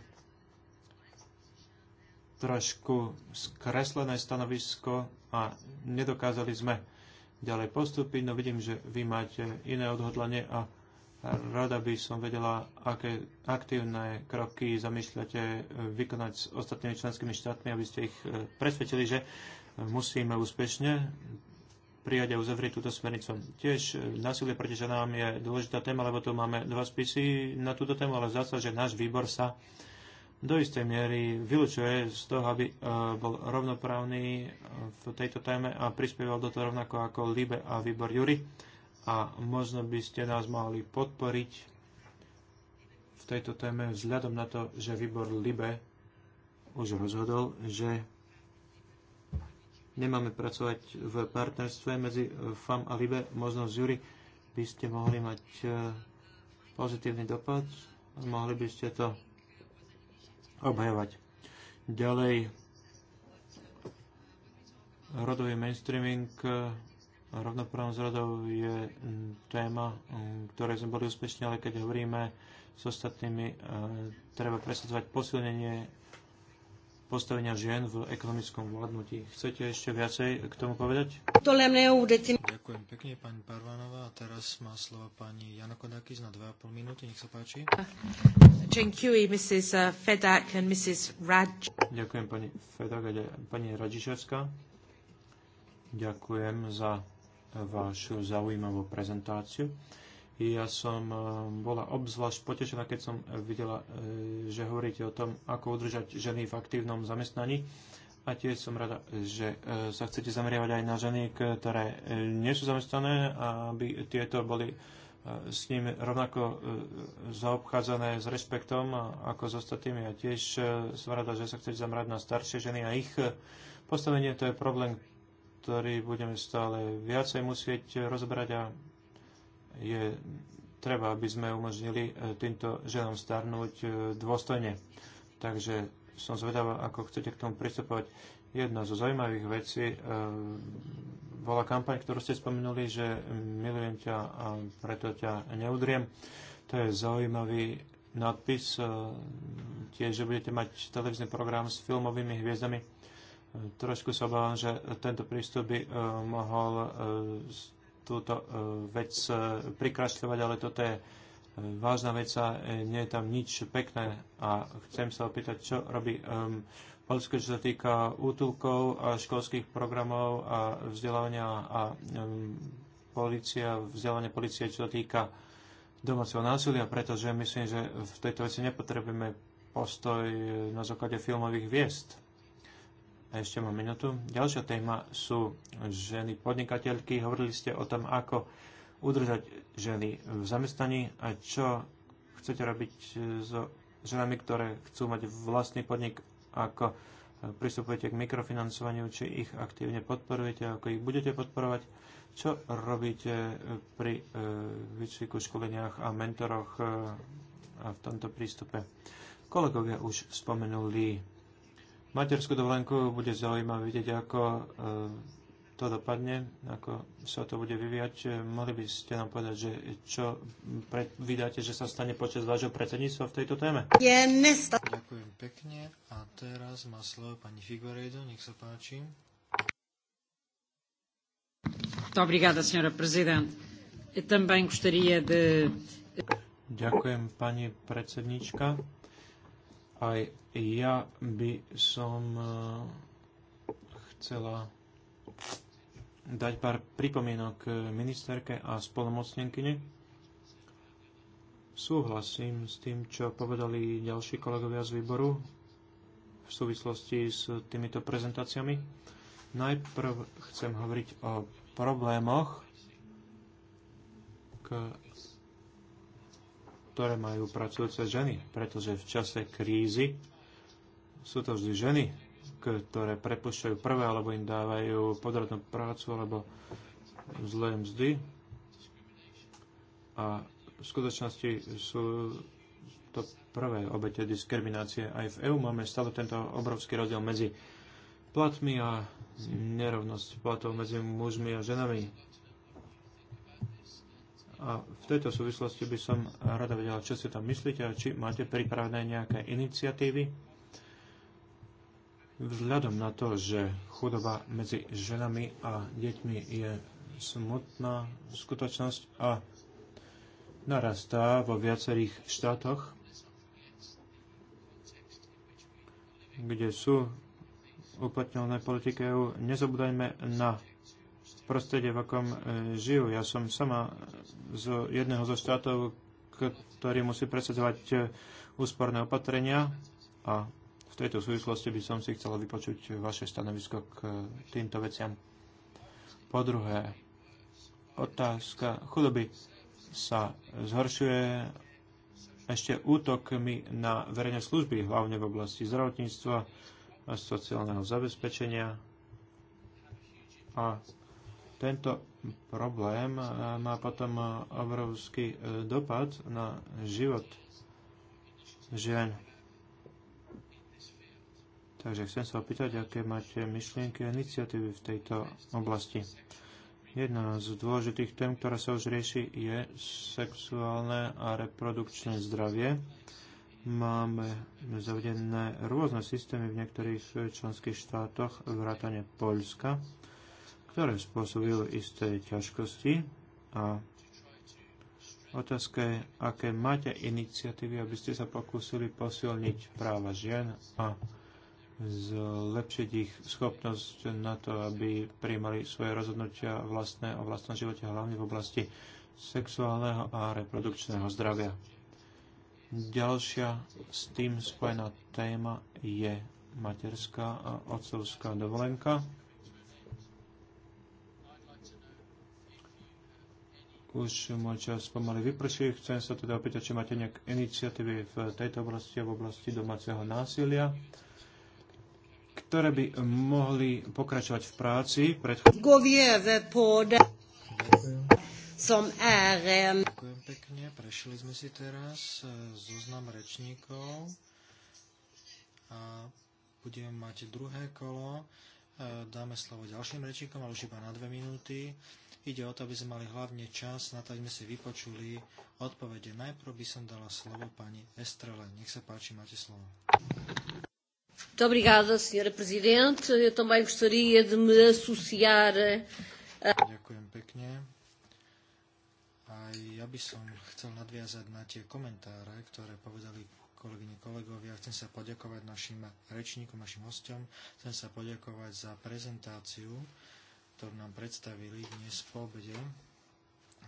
trošku skreslené stanovisko a nedokázali sme ďalej postúpiť, no vidím, že vy máte iné odhodlanie a rada by som vedela, aké aktívne kroky zamýšľate vykonať s ostatnými členskými štátmi, aby ste ich eh, presvedčili, že musíme úspešne prijať a uzavrieť túto smernicu. Tiež e, násilie proti ženám je dôležitá téma, lebo tu máme dva spisy na túto tému, ale zdá sa, že náš výbor sa do istej miery vylučuje z toho, aby e, bol rovnoprávny e, v tejto téme a prispieval do toho rovnako ako Libe a výbor Jury. A možno by ste nás mohli podporiť v tejto téme vzhľadom na to, že výbor Libe už rozhodol, že nemáme pracovať v partnerstve medzi FAM a LIBE. Možno z Jury by ste mohli mať e, pozitívny dopad a mohli by ste to obhajovať. Ďalej, rodový mainstreaming e, rovnoprávnosť rodov je téma, ktoré sme boli úspešní, ale keď hovoríme s ostatnými, e, treba presadzovať posilnenie postavenia žien v ekonomickom vládnutí. Chcete ešte viacej k tomu povedať? To len Ďakujem pekne, pani Parvanová. A teraz má slovo pani Jana Kodakis na 2,5 minúty. Nech sa páči. Uh, Ďakujem pani Fedak a pani Radžiševská. Ďakujem za vašu zaujímavú prezentáciu. Ja som eh, bola obzvlášť potešená, keď som eh, videla, eh, že hovoríte o tom, ako udržať ženy v aktívnom zamestnaní. A tiež som rada, že sa chcete zameriavať aj na ženy, ktoré nie sú zamestnané, aby tieto boli s nimi rovnako zaobchádzané s respektom ako s ostatnými. A tiež som rada, že sa chcete zamerať na staršie ženy a ich postavenie. To je problém, ktorý budeme stále viacej musieť rozbrať. a je treba, aby sme umožnili e, týmto ženom starnúť e, dôstojne. Takže som zvedavá, ako chcete k tomu pristupovať. Jedna zo zaujímavých vecí e, bola kampaň, ktorú ste spomenuli, že milujem ťa a preto ťa neudriem. To je zaujímavý nadpis. Tiež, že budete mať televízny program s filmovými hviezdami. Trošku sa obávam, že tento prístup by mohol túto e, vec e, prikrašľovať, ale toto je e, vážna vec a nie je tam nič pekné. A chcem sa opýtať, čo robí um, Polsko, čo sa týka útulkov a školských programov a vzdelávania a um, policia, vzdelávania policie, čo sa týka domáceho násilia, pretože myslím, že v tejto veci nepotrebujeme postoj na základe filmových hviezd. Ešte mám minútu. Ďalšia téma sú ženy podnikateľky. Hovorili ste o tom, ako udržať ženy v zamestnaní a čo chcete robiť eh, so ženami, ktoré chcú mať vlastný podnik, ako eh, pristupujete k mikrofinancovaniu, či ich aktívne podporujete, ako ich budete podporovať, čo robíte eh, pri výcviku, školeniach a mentoroch a v tomto prístupe. Kolegovia už spomenuli materskú dovolenku. Bude zaujímavé vidieť, ako e, to dopadne, ako sa to bude vyvíjať. E, mohli by ste nám povedať, že čo pre, vydáte, že sa stane počas vášho predsedníctva v tejto téme? Je nesta. Ďakujem pekne. A teraz má slovo pani Figueredo, nech sa páči. Obrigada, senhora presidente. Eu também gostaria de... Ďakujem, pani predsednička. Aj ja by som e, chcela dať pár pripomienok ministerke a spolomocnenkyne. Súhlasím s tým, čo povedali ďalší kolegovia z výboru v súvislosti s týmito prezentáciami. Najprv chcem hovoriť o problémoch, ktoré majú pracujúce ženy, pretože v čase krízy sú to vždy ženy, ktoré prepušťajú prvé, alebo im dávajú podradnú prácu, alebo zlé mzdy. A v skutočnosti sú to prvé obete diskriminácie. Aj v EÚ máme stále tento obrovský rozdiel medzi platmi a nerovnosť platov medzi mužmi a ženami. A v tejto súvislosti by som rada vedela, čo si tam myslíte a či máte pripravené nejaké iniciatívy vzhľadom na to, že chudoba medzi ženami a deťmi je smutná skutočnosť a narastá vo viacerých štátoch, kde sú uplatňované politiky EU. Nezabúdajme na prostredie, v akom e, žijú. Ja som sama z jedného zo štátov, ktorý musí presadzovať e, úsporné opatrenia a v tejto súvislosti by som si chcela vypočuť vaše stanovisko k e, týmto veciam. Po druhé, otázka chudoby sa zhoršuje ešte útokmi na verejné služby, hlavne v oblasti zdravotníctva a sociálneho zabezpečenia a tento problém e, má potom e, obrovský e, dopad na život žien. Takže chcem sa opýtať, aké máte myšlienky a iniciatívy v tejto oblasti. Jedna z dôležitých tém, ktorá sa už rieši, je sexuálne a reprodukčné zdravie. Máme zavedené rôzne systémy v niektorých členských štátoch, vrátane Polska ktoré spôsobujú isté ťažkosti a otázka je, aké máte iniciatívy, aby ste sa pokúsili posilniť práva žien a zlepšiť ich schopnosť na to, aby príjmali svoje rozhodnutia vlastné o vlastnom živote, hlavne v oblasti sexuálneho a reprodukčného zdravia. Ďalšia s tým spojená téma je materská a otcovská dovolenka. Už môj čas pomaly vypršil. Chcem sa teda opýtať, či máte nejaké iniciatívy v tejto oblasti a v oblasti domáceho násilia, ktoré by mohli pokračovať v práci. pred. Som Ďakujem pekne. Prešli sme si teraz e, zoznam rečníkov a budeme mať druhé kolo E, dáme slovo ďalším rečníkom, ale už iba na dve minúty. Ide o to, aby sme mali hlavne čas na to, aby sme si vypočuli odpovede. Najprv by som dala slovo pani Estrele. Nech sa páči, máte slovo. obrigada, Presidente. Eu também gostaria de me associar. Ďakujem pekne. A ja by som chcel nadviazať na tie komentáre, ktoré povedali kolegyne, kolegovia. Chcem sa poďakovať našim rečníkom, našim hostom. Chcem sa poďakovať za prezentáciu, ktorú nám predstavili dnes po obede.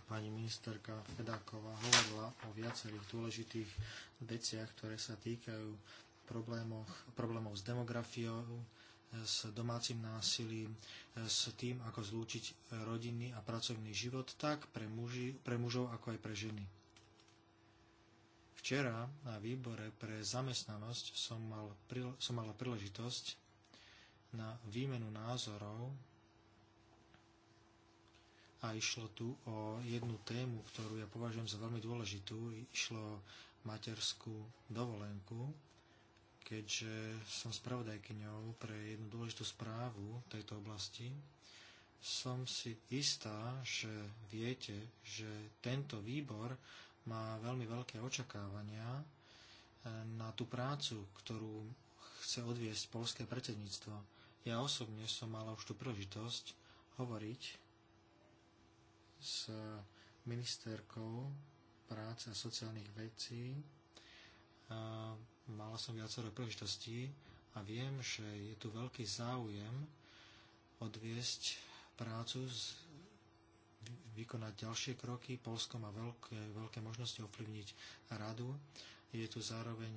Pani ministerka Fedáková hovorila o viacerých dôležitých veciach, ktoré sa týkajú problémov s demografiou, s domácim násilím, s tým, ako zlúčiť rodinný a pracovný život, tak pre, muži, pre mužov, ako aj pre ženy. Včera na výbore pre zamestnanosť som, mal, som mala príležitosť na výmenu názorov a išlo tu o jednu tému, ktorú ja považujem za veľmi dôležitú. Išlo materskú dovolenku, keďže som spravodajkyňou pre jednu dôležitú správu tejto oblasti. Som si istá, že viete, že tento výbor má veľmi veľké očakávania e, na tú prácu, ktorú chce odviesť polské predsedníctvo. Ja osobne som mala už tú príležitosť hovoriť s ministerkou práce a sociálnych vecí. E, mala som viacero príležitostí a viem, že je tu veľký záujem odviesť prácu s vykonať ďalšie kroky. Polsko má veľké, veľké možnosti ovplyvniť radu. Je tu zároveň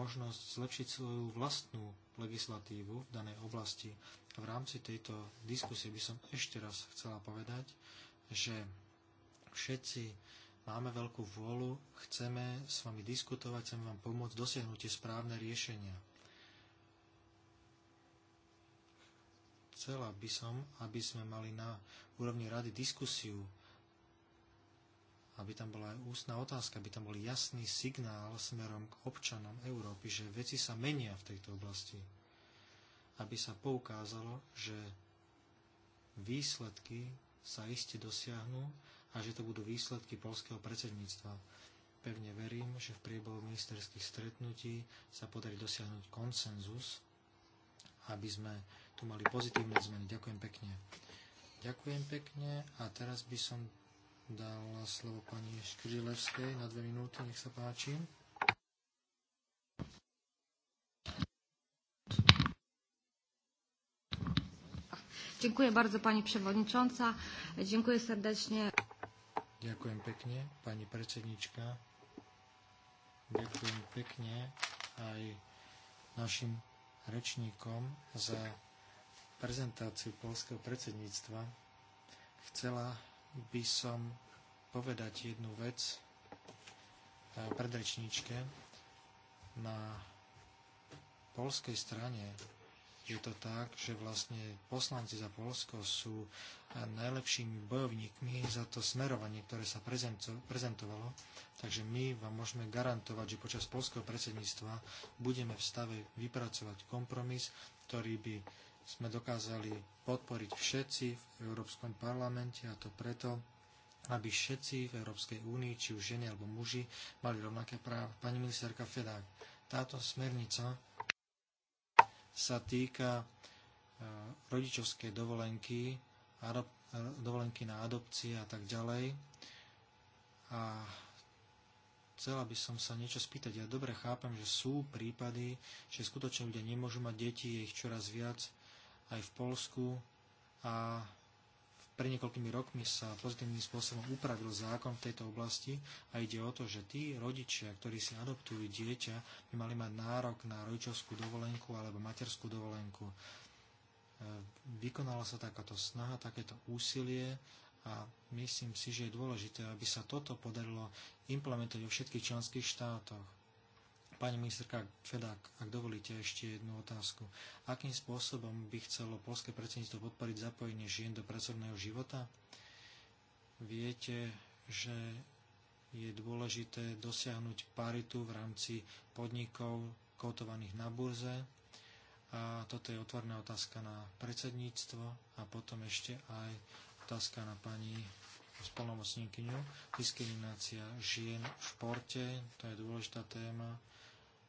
možnosť zlepšiť svoju vlastnú legislatívu v danej oblasti. V rámci tejto diskusie by som ešte raz chcela povedať, že všetci máme veľkú vôľu, chceme s vami diskutovať, chceme vám pomôcť dosiahnuť tie správne riešenia. Chcela by som, aby sme mali na úrovni rady diskusiu, aby tam bola aj ústna otázka, aby tam bol jasný signál smerom k občanom Európy, že veci sa menia v tejto oblasti. Aby sa poukázalo, že výsledky sa iste dosiahnu a že to budú výsledky polského predsedníctva. Pevne verím, že v priebehu ministerských stretnutí sa podarí dosiahnuť konsenzus, aby sme tu mali pozitívne zmeny. Ďakujem pekne. Ďakujem pekne a teraz by som dal slovo pani Škrilevskej na dve minúty, nech sa páči. Dziękuję bardzo Pani Przewodnicząca. Dziękuję serdecznie. Ďakujem pekne, pani predsednička. Ďakujem pekne aj našim rečníkom za prezentáciu polského predsedníctva, chcela by som povedať jednu vec e, predrečníčke. Na polskej strane je to tak, že vlastne poslanci za Polsko sú e, najlepšími bojovníkmi za to smerovanie, ktoré sa prezentovalo. Takže my vám môžeme garantovať, že počas polského predsedníctva budeme v stave vypracovať kompromis, ktorý by sme dokázali podporiť všetci v Európskom parlamente a to preto, aby všetci v Európskej únii, či už ženy alebo muži, mali rovnaké práva. Pani ministerka Fedák, táto smernica sa týka e, rodičovskej dovolenky, dovolenky na adopcie a tak ďalej. A chcela by som sa niečo spýtať. Ja dobre chápem, že sú prípady, že skutočne ľudia nemôžu mať deti, je ich čoraz viac aj v Polsku a pre niekoľkými rokmi sa pozitívnym spôsobom upravil zákon v tejto oblasti a ide o to, že tí rodičia, ktorí si adoptujú dieťa, by mali mať nárok na rodičovskú dovolenku alebo materskú dovolenku. E, vykonala sa takáto snaha, takéto úsilie a myslím si, že je dôležité, aby sa toto podarilo implementovať vo všetkých členských štátoch. Pani ministerka Fedák, ak dovolíte ešte jednu otázku. Akým spôsobom by chcelo polské predsedníctvo podporiť zapojenie žien do pracovného života? Viete, že je dôležité dosiahnuť paritu v rámci podnikov kotovaných na burze. A toto je otvorná otázka na predsedníctvo a potom ešte aj otázka na pani spolnomocníkyňu. Diskriminácia žien v športe, to je dôležitá téma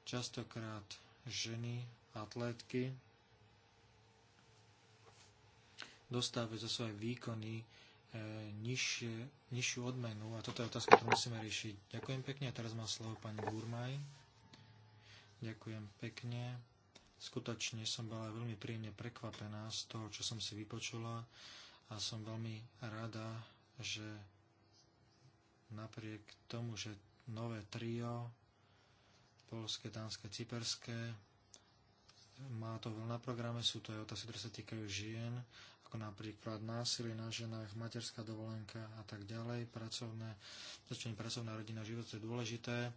častokrát ženy, atlétky, dostávajú za svoje výkony e, nižšie, nižšiu odmenu a toto je otázka, ktorú musíme riešiť. Ďakujem pekne a teraz má slovo pani Gurmaj. Ďakujem pekne. Skutočne som bola veľmi príjemne prekvapená z toho, čo som si vypočula a som veľmi rada, že napriek tomu, že nové trio polské, dánske, cyperské. Má to veľa na programe, sú to aj otázky, ktoré sa týkajú žien, ako napríklad násilie na ženách, materská dovolenka a tak ďalej, pracovné, začne pracovná rodina, život, to je dôležité.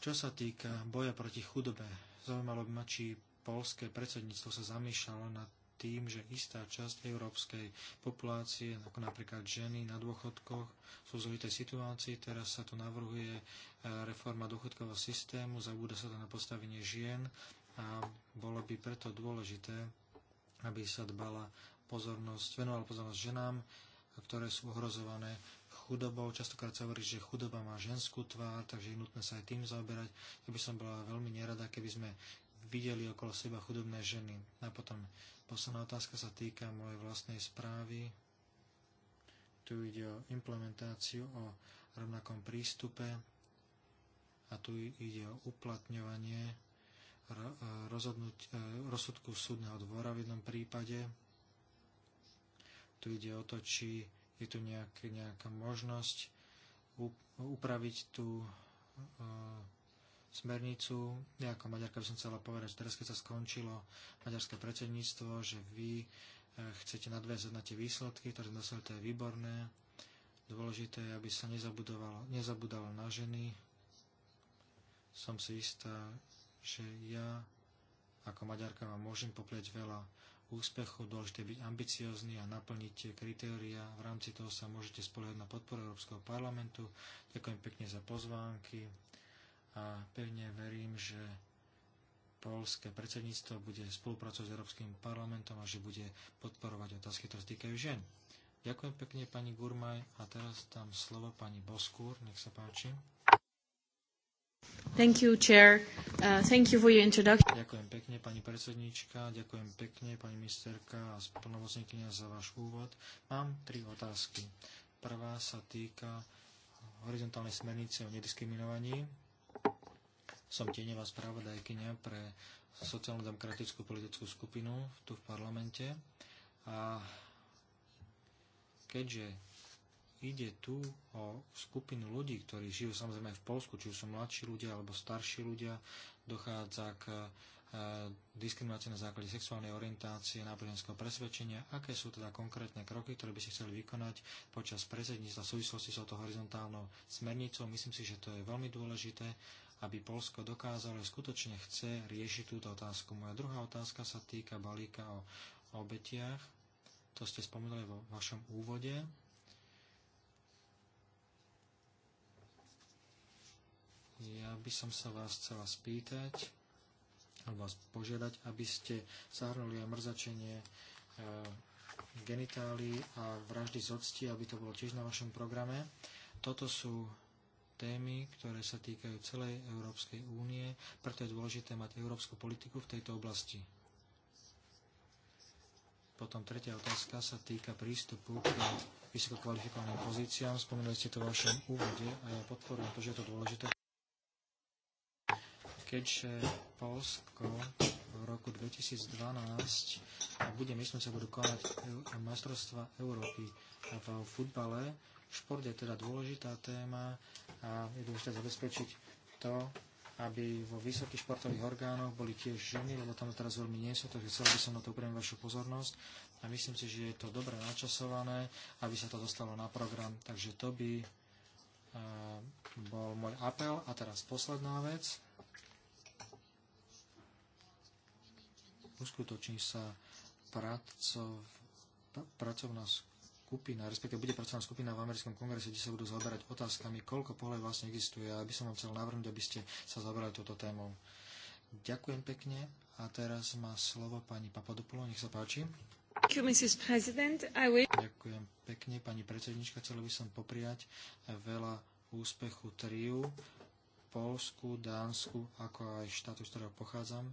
Čo sa týka boja proti chudobe, zaujímalo by ma, či polské predsedníctvo sa zamýšľalo nad tým, že istá časť európskej populácie, ako napríklad ženy na dôchodkoch, sú v zložitej situácii. Teraz sa tu navrhuje e, reforma dôchodkového systému, zabúda sa to na postavenie žien a bolo by preto dôležité, aby sa dbala pozornosť, venovala pozornosť ženám, ktoré sú ohrozované chudobou. Častokrát sa hovorí, že chudoba má ženskú tvár, takže je nutné sa aj tým zaoberať. Ja by som bola veľmi nerada, keby sme videli okolo seba chudobné ženy. A potom Posledná otázka sa týka mojej vlastnej správy. Tu ide o implementáciu, o rovnakom prístupe a tu ide o uplatňovanie e, rozsudku súdneho dvora v jednom prípade. Tu ide o to, či je tu nejak, nejaká možnosť upraviť tú e, smernicu. Ja ako Maďarka by som chcela povedať, že teraz keď sa skončilo maďarské predsedníctvo, že vy eh, chcete nadviazať na tie výsledky, ktoré dosiahli, to je výborné. Dôležité je, aby sa nezabudalo na ženy. Som si istá, že ja ako Maďarka vám môžem poprieť veľa úspechu, dôležité byť ambiciózny a naplniť tie kritéria. V rámci toho sa môžete spoliehať na podporu Európskeho parlamentu. Ďakujem pekne za pozvánky a pevne verím, že polské predsedníctvo bude spolupracovať s Európskym parlamentom a že bude podporovať otázky, ktoré týkajú žien. Ďakujem pekne pani Gurmaj a teraz tam slovo pani Boskúr, nech sa páči. Thank you, chair. Uh, thank you for your introduction. Ďakujem pekne, pani predsedníčka, ďakujem pekne, pani ministerka a spolnomocníkynia za váš úvod. Mám tri otázky. Prvá sa týka horizontálnej smernice o nediskriminovaní som tieňová spravodajkynia pre sociálno-demokratickú politickú skupinu tu v parlamente. A keďže ide tu o skupinu ľudí, ktorí žijú samozrejme aj v Polsku, či už sú mladší ľudia alebo starší ľudia, dochádza k e, diskriminácie na základe sexuálnej orientácie, náboženského presvedčenia, aké sú teda konkrétne kroky, ktoré by ste chceli vykonať počas predsedníctva v súvislosti s touto horizontálnou smernicou. Myslím si, že to je veľmi dôležité aby Polsko dokázalo skutočne chce riešiť túto otázku. Moja druhá otázka sa týka balíka o obetiach. To ste spomenuli vo vašom úvode. Ja by som sa vás chcela spýtať, alebo vás požiadať, aby ste zahrnuli aj mrzačenie e, genitálií a vraždy z octi, aby to bolo tiež na vašom programe. Toto sú témy, ktoré sa týkajú celej Európskej únie, preto je dôležité mať európsku politiku v tejto oblasti. Potom tretia otázka sa týka prístupu k vysoko kvalifikovaným pozíciám. Spomínali ste to v vašom úvode a ja podporujem to, že je to dôležité. Keďže Polsko v roku 2012 a bude, myslím sa, budú konať majstrovstva Európy v futbale Šport je teda dôležitá téma a je dôležité zabezpečiť to, aby vo vysokých športových orgánoch boli tiež ženy, lebo tam teraz veľmi nie sú, takže chcel by som na to upriamiť vašu pozornosť a myslím si, že je to dobre načasované, aby sa to dostalo na program, takže to by e, bol môj apel. A teraz posledná vec. Uskutoční sa pracov, pracovná skupina skupina, respektíve bude pracovná skupina v americkom kongrese, kde sa budú zaoberať otázkami, koľko pole vlastne existuje. A by som vám chcel navrhnúť, aby ste sa zaoberali túto tému. Ďakujem pekne a teraz má slovo pani Papadopulo, nech sa páči. Ďakujem pekne, pani predsednička, chcel by som popriať veľa úspechu triu Polsku, Dánsku, ako aj štátu, z ktorého pochádzam.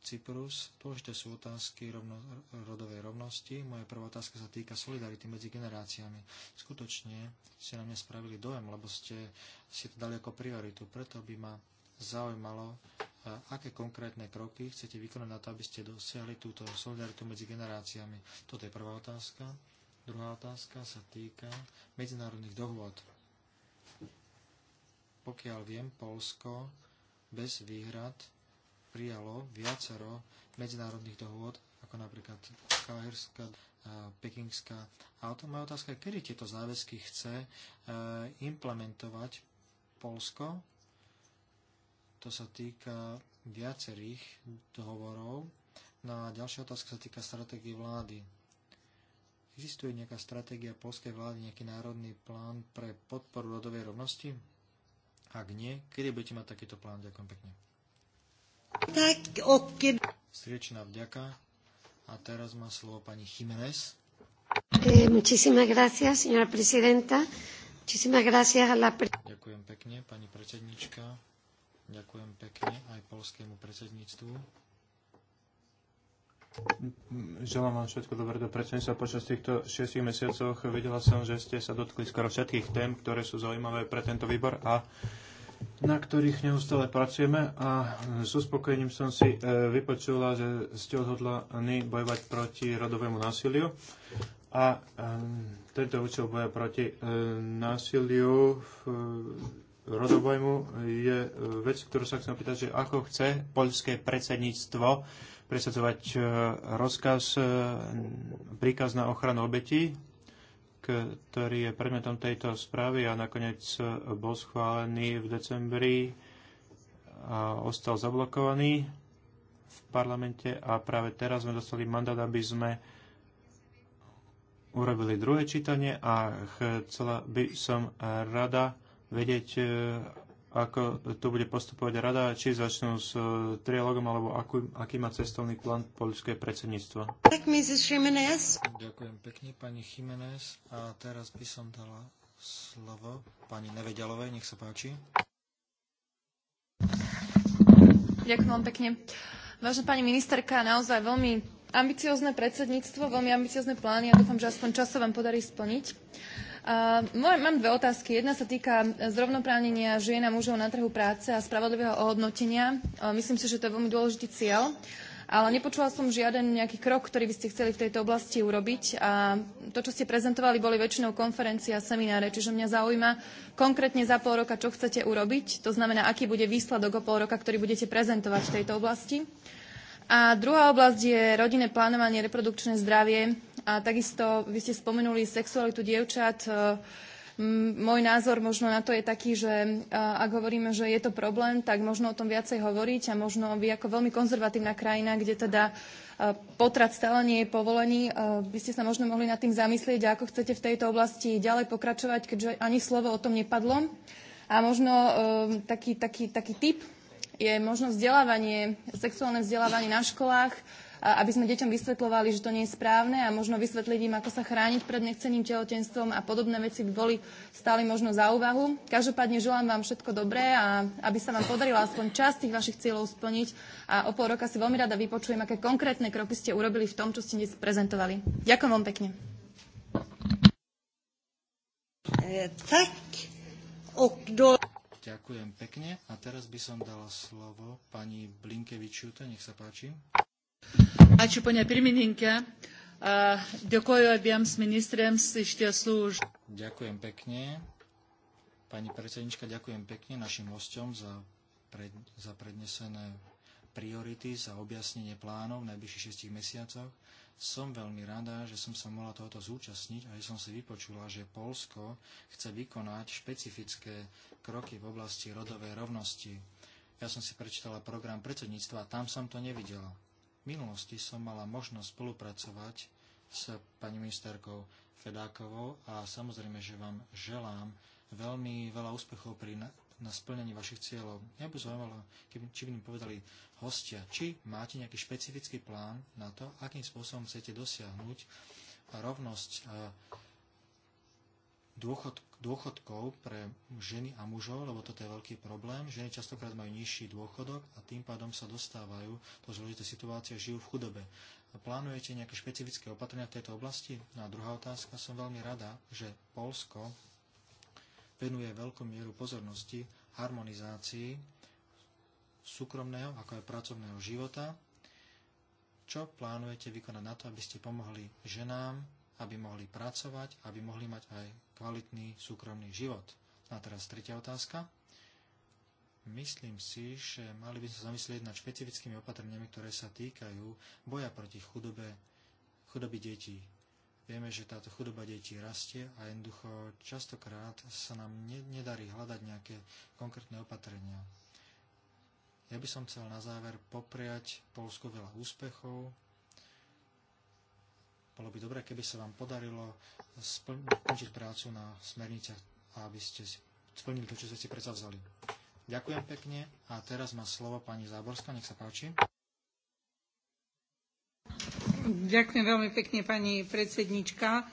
Cyprus. Dôležité sú otázky rovno, rodovej rovnosti. Moja prvá otázka sa týka solidarity medzi generáciami. Skutočne ste na mňa spravili dojem, lebo ste si to dali ako prioritu. Preto by ma zaujímalo, e, aké konkrétne kroky chcete vykonať na to, aby ste dosiahli túto solidaritu medzi generáciami. Toto je prvá otázka. Druhá otázka sa týka medzinárodných dohôd. Pokiaľ viem, Polsko bez výhrad prijalo viacero medzinárodných dohôd, ako napríklad Kajerská, eh, Pekingská. A o tom moja otázka je, kedy tieto záväzky chce eh, implementovať Polsko. To sa týka viacerých dohovorov. No a ďalšia otázka sa týka stratégie vlády. Existuje nejaká stratégia polskej vlády, nejaký národný plán pre podporu rodovej rovnosti? Ak nie, kedy budete mať takýto plán? Ďakujem pekne. Tak, ok. Sriečná vďaka. A teraz má slovo pani Jiménez. Eh, muchísimas gracias, señora presidenta. Muchísimas gracias a la... Ďakujem pekne, pani predsednička. Ďakujem pekne aj polskému predsedníctvu. Želám vám všetko dobré do predsedníctva. Počas týchto šiestich mesiacoch videla som, že ste sa dotkli skoro všetkých tém, ktoré sú zaujímavé pre tento výbor a na ktorých neustále pracujeme a s uspokojením som si e, vypočula, že ste odhodlaní bojovať proti rodovému násiliu a e, tento účel boja proti e, násiliu rodovému je vec, ktorú sa chcem opýtať, že ako chce poľské predsedníctvo presadzovať rozkaz, príkaz na ochranu obetí ktorý je predmetom tejto správy a nakoniec bol schválený v decembri a ostal zablokovaný v parlamente a práve teraz sme dostali mandát, aby sme urobili druhé čítanie a chcela by som rada vedieť, ako tu bude postupovať rada, či začnú s e, trialogom, alebo akú, aký má cestovný plán poľské predsedníctvo. Tak, Jimenez. Ďakujem pekne, pani Jimenez. A teraz by som dala slovo pani Nevedialovej, nech sa páči. Ďakujem vám pekne. Vážená pani ministerka, naozaj veľmi ambiciozne predsedníctvo, veľmi ambiciozne plány a ja dúfam, že aspoň časovom podarí splniť. Mám dve otázky. Jedna sa týka e, zrovnoprávnenia žien a mužov na trhu práce a spravodlivého ohodnotenia. E, myslím si, že to je veľmi dôležitý cieľ, ale nepočula som žiaden nejaký krok, ktorý by ste chceli v tejto oblasti urobiť. A to, čo ste prezentovali, boli väčšinou konferencie a semináre, čiže mňa zaujíma konkrétne za pol roka, čo chcete urobiť. To znamená, aký bude výsledok o pol roka, ktorý budete prezentovať v tejto oblasti. A druhá oblasť je rodinné plánovanie, reprodukčné zdravie a takisto vy ste spomenuli sexualitu dievčat. E, môj názor možno na to je taký, že e, ak hovoríme, že je to problém, tak možno o tom viacej hovoriť a možno vy ako veľmi konzervatívna krajina, kde teda e, potrat stále nie je povolený, by ste sa možno mohli nad tým zamyslieť, ako chcete v tejto oblasti ďalej pokračovať, keďže ani slovo o tom nepadlo. A možno taký, taký, taký tip je možno vzdelávanie, sexuálne vzdelávanie na školách, aby sme deťom vysvetľovali, že to nie je správne a možno vysvetliť im, ako sa chrániť pred nechceným tehotenstvom a podobné veci by boli stále možno za úvahu. Každopádne želám vám všetko dobré a aby sa vám podarilo aspoň časť tých vašich cieľov splniť a o pol roka si veľmi rada vypočujem, aké konkrétne kroky ste urobili v tom, čo ste dnes prezentovali. Ďakujem vám pekne. Eh, Ďakujem pekne. A teraz by som dala slovo pani Blinkevičiute. Nech sa páči. Ačiū, ponia pirmininkė. Dėkoju abiems ministrėms iš tiesų už. Ďakujem pekne. Pani predsednička, ďakujem pekne našim hostom za, pred, za prednesené priority, za objasnenie plánov v najbližších šestich mesiacoch. Som veľmi rada, že som sa mohla tohoto zúčastniť a že som si vypočula, že Polsko chce vykonať špecifické kroky v oblasti rodovej rovnosti. Ja som si prečítala program predsedníctva a tam som to nevidela minulosti som mala možnosť spolupracovať s pani ministerkou Fedákovou a samozrejme, že vám želám veľmi veľa úspechov pri na, na splnení vašich cieľov. Ja by som keby, či by mi povedali hostia, či máte nejaký špecifický plán na to, akým spôsobom chcete dosiahnuť rovnosť eh, dôchod, dôchodkov pre ženy a mužov, lebo toto je veľký problém. Ženy častokrát majú nižší dôchodok a tým pádom sa dostávajú do zložitej situácie a žijú v chudobe. Plánujete nejaké špecifické opatrenia v tejto oblasti? No a druhá otázka, som veľmi rada, že Polsko venuje veľkú mieru pozornosti harmonizácii súkromného ako aj pracovného života. Čo plánujete vykonať na to, aby ste pomohli ženám, aby mohli pracovať, aby mohli mať aj kvalitný súkromný život. A teraz tretia otázka. Myslím si, že mali by sme zamyslieť nad špecifickými opatreniami, ktoré sa týkajú boja proti chudobe, chudoby detí. Vieme, že táto chudoba detí rastie a jednoducho častokrát sa nám ne, nedarí hľadať nejaké konkrétne opatrenia. Ja by som chcel na záver popriať Polsku veľa úspechov, bolo by dobré, keby sa vám podarilo skončiť prácu na smerniciach a aby ste splnili to, čo ste si predsavzali. Ďakujem pekne a teraz má slovo pani Záborská, nech sa páči. Ďakujem veľmi pekne pani predsednička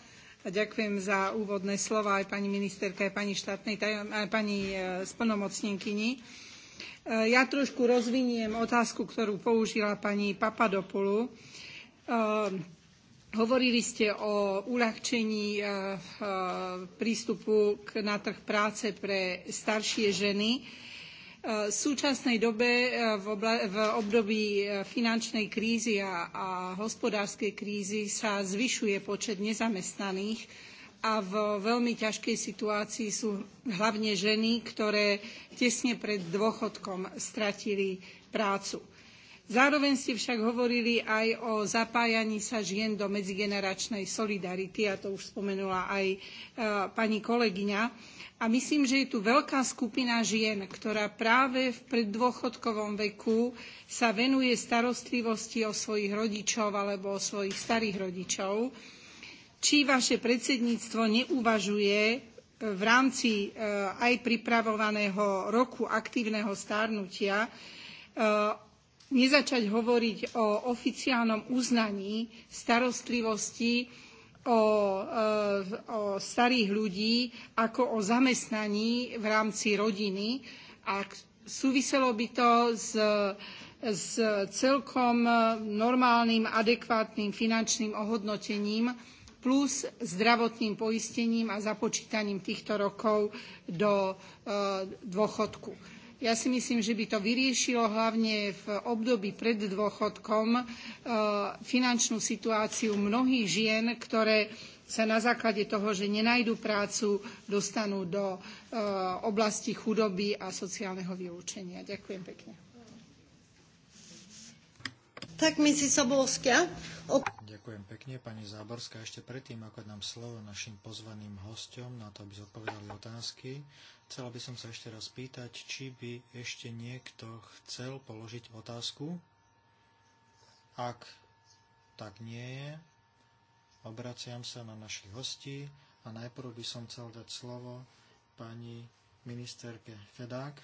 a ďakujem za úvodné slova aj pani ministerke, aj pani, štátnej, aj pani e, splnomocnenkyni. E, ja trošku rozviniem otázku, ktorú použila pani Papadopulu. E, Hovorili ste o uľahčení eh, eh, prístupu na trh práce pre staršie ženy. Eh, v súčasnej dobe, v období finančnej krízy a hospodárskej krízy sa zvyšuje počet nezamestnaných a v veľmi ťažkej situácii sú hlavne ženy, ktoré tesne pred dôchodkom stratili prácu Zároveň ste však hovorili aj o zapájaní sa žien do medzigeneračnej solidarity, a to už spomenula aj e, pani kolegyňa. A myslím, že je tu veľká skupina žien, ktorá práve v preddôchodkovom veku sa venuje starostlivosti o svojich rodičov alebo o svojich starých rodičov. Či vaše predsedníctvo neuvažuje e, v rámci e, aj pripravovaného roku aktívneho stárnutia e, nezačať hovoriť o oficiálnom uznaní starostlivosti o, e, o starých ľudí ako o zamestnaní v rámci rodiny a súviselo by to s, s celkom normálnym, adekvátnym finančným ohodnotením plus zdravotným poistením a započítaním týchto rokov do e, dôchodku ja si myslím, že by to vyriešilo hlavne v období pred dôchodkom eh, finančnú situáciu mnohých žien, ktoré sa na základe toho, že nenajdu prácu, dostanú do eh, oblasti chudoby a sociálneho vylúčenia. Ďakujem pekne. Tak my si Sobolská. O... Ďakujem pekne, pani Záborská. Ešte predtým, ako dám slovo našim pozvaným hostom na to, aby zodpovedali otázky, chcela by som sa ešte raz pýtať, či by ešte niekto chcel položiť otázku. Ak tak nie je, obraciam sa na našich hostí a najprv by som chcel dať slovo pani ministerke Fedák.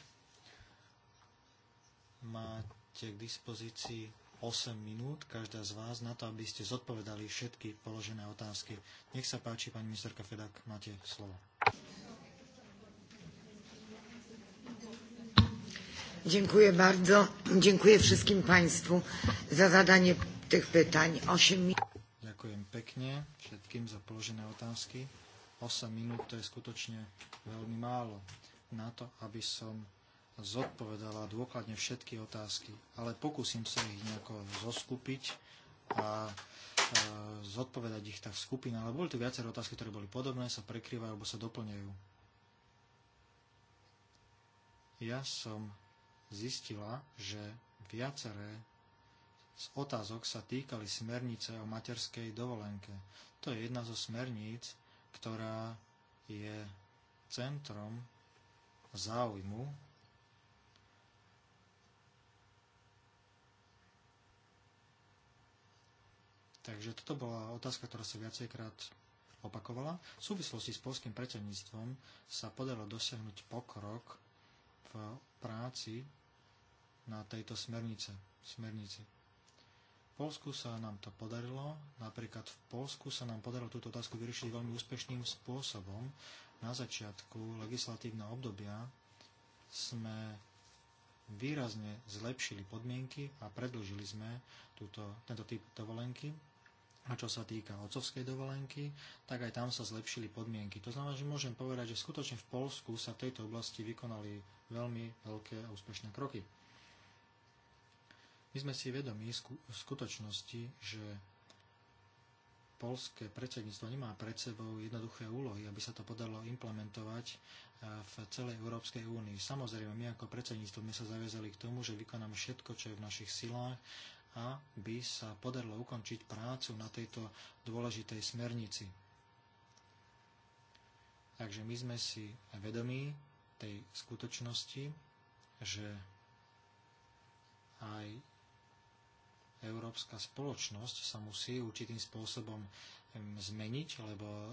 Máte k dispozícii 8 minút každá z vás na to, aby ste zodpovedali všetky položené otázky. Nech sa páči, pani ministerka Fedak, máte slovo. Dziękuję bardzo. Dziękuję wszystkim Państwu za zadanie tych pytań. 8 minut. Ďakujem pekne všetkým za položené otázky. 8 minút to je skutočne veľmi málo na to, aby som zodpovedala dôkladne všetky otázky, ale pokúsim sa ich nejako zoskupiť a zodpovedať ich tak v skupine, ale boli tu viaceré otázky, ktoré boli podobné, sa prekrývajú alebo sa doplňajú. Ja som zistila, že viaceré z otázok sa týkali smernice o materskej dovolenke. To je jedna zo smerníc, ktorá je centrom záujmu Takže toto bola otázka, ktorá sa viacejkrát opakovala. V súvislosti s polským predsedníctvom sa podarilo dosiahnuť pokrok v práci na tejto smernice. smernici. V Polsku sa nám to podarilo, napríklad v Polsku sa nám podarilo túto otázku vyriešiť veľmi úspešným spôsobom. Na začiatku legislatívneho obdobia sme výrazne zlepšili podmienky a predlžili sme túto, tento typ dovolenky a čo sa týka otcovskej dovolenky, tak aj tam sa zlepšili podmienky. To znamená, že môžem povedať, že skutočne v Polsku sa v tejto oblasti vykonali veľmi veľké a úspešné kroky. My sme si vedomi skutočnosti, že polské predsedníctvo nemá pred sebou jednoduché úlohy, aby sa to podarilo implementovať e, v celej Európskej únii. Samozrejme, my ako predsedníctvo sme sa zaviazali k tomu, že vykonáme všetko, čo je v našich silách, a by sa podarilo ukončiť prácu na tejto dôležitej smernici. Takže my sme si vedomí tej skutočnosti, že aj európska spoločnosť sa musí určitým spôsobom zmeniť, lebo e,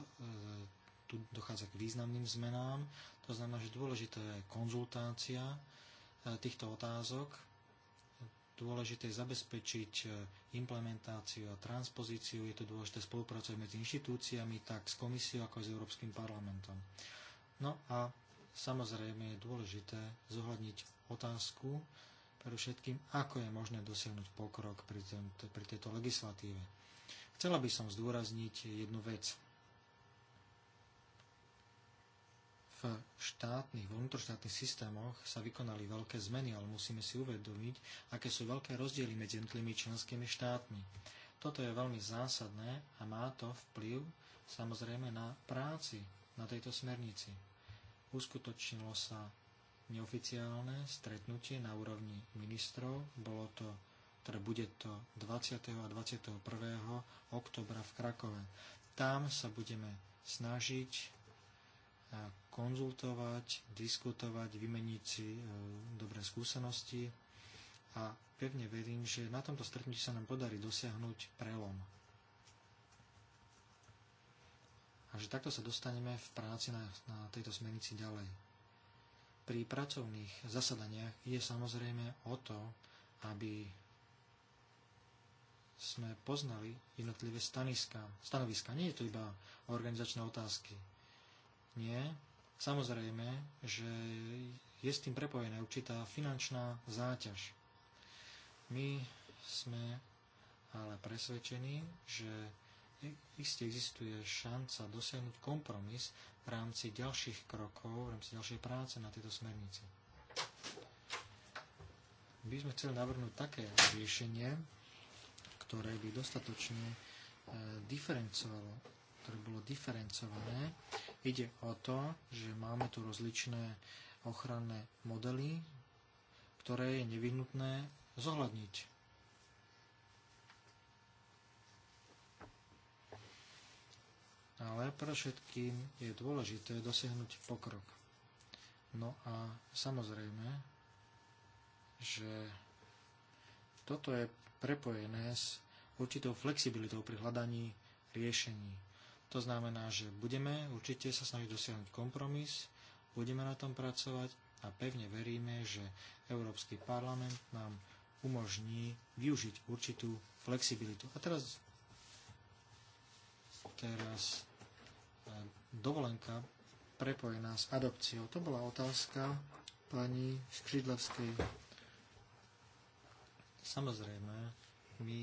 tu dochádza k významným zmenám. To znamená, že dôležitá je konzultácia e, týchto otázok dôležité zabezpečiť e, implementáciu a transpozíciu, je to dôležité spolupracovať medzi inštitúciami, tak s komisiou, ako aj s Európskym parlamentom. No a samozrejme je dôležité zohľadniť otázku, pre všetkým, ako je možné dosiahnuť pokrok pri, tento, pri tejto legislatíve. Chcela by som zdôrazniť jednu vec. v štátnych, vnútroštátnych systémoch sa vykonali veľké zmeny, ale musíme si uvedomiť, aké sú veľké rozdiely medzi jednotlivými členskými štátmi. Toto je veľmi zásadné a má to vplyv samozrejme na práci na tejto smernici. Uskutočnilo sa neoficiálne stretnutie na úrovni ministrov, bolo to ktoré teda bude to 20. a 21. oktobra v Krakove. Tam sa budeme snažiť konzultovať, diskutovať, vymeniť si e, dobré skúsenosti a pevne verím, že na tomto stretnutí sa nám podarí dosiahnuť prelom. A že takto sa dostaneme v práci na, na tejto smernici ďalej. Pri pracovných zasadaniach je samozrejme o to, aby sme poznali jednotlivé staniska, stanoviska. Nie je to iba organizačné otázky. Nie. Samozrejme, že je s tým prepojená určitá finančná záťaž. My sme ale presvedčení, že iste existuje šanca dosiahnuť kompromis v rámci ďalších krokov, v rámci ďalšej práce na tejto smernici. By sme chceli navrhnúť také riešenie, ktoré by dostatočne eh, diferencovalo ktoré bolo diferencované. Ide o to, že máme tu rozličné ochranné modely, ktoré je nevyhnutné zohľadniť. Ale pre všetkým je dôležité dosiahnuť pokrok. No a samozrejme, že toto je prepojené s určitou flexibilitou pri hľadaní riešení. To znamená, že budeme určite sa snažiť dosiahnuť kompromis, budeme na tom pracovať a pevne veríme, že Európsky parlament nám umožní využiť určitú flexibilitu. A teraz, teraz e, dovolenka prepojená s adopciou. To bola otázka pani Skřidlevskej. Samozrejme, my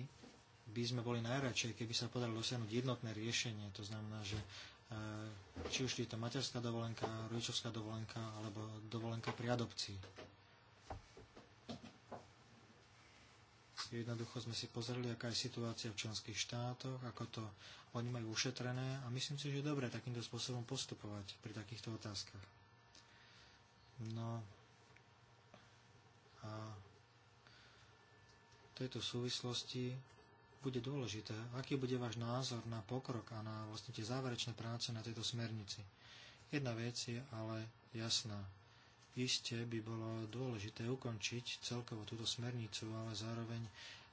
by sme boli najradšej, keby sa podarilo dosiahnuť jednotné riešenie. To znamená, že e, či už je to materská dovolenka, rodičovská dovolenka alebo dovolenka pri adopcii. Jednoducho sme si pozreli, aká je situácia v členských štátoch, ako to oni majú ušetrené a myslím si, že je dobré takýmto spôsobom postupovať pri takýchto otázkach. No a v tejto súvislosti bude dôležité, aký bude váš názor na pokrok a na vlastne tie záverečné práce na tejto smernici. Jedna vec je ale jasná. Isté by bolo dôležité ukončiť celkovo túto smernicu, ale zároveň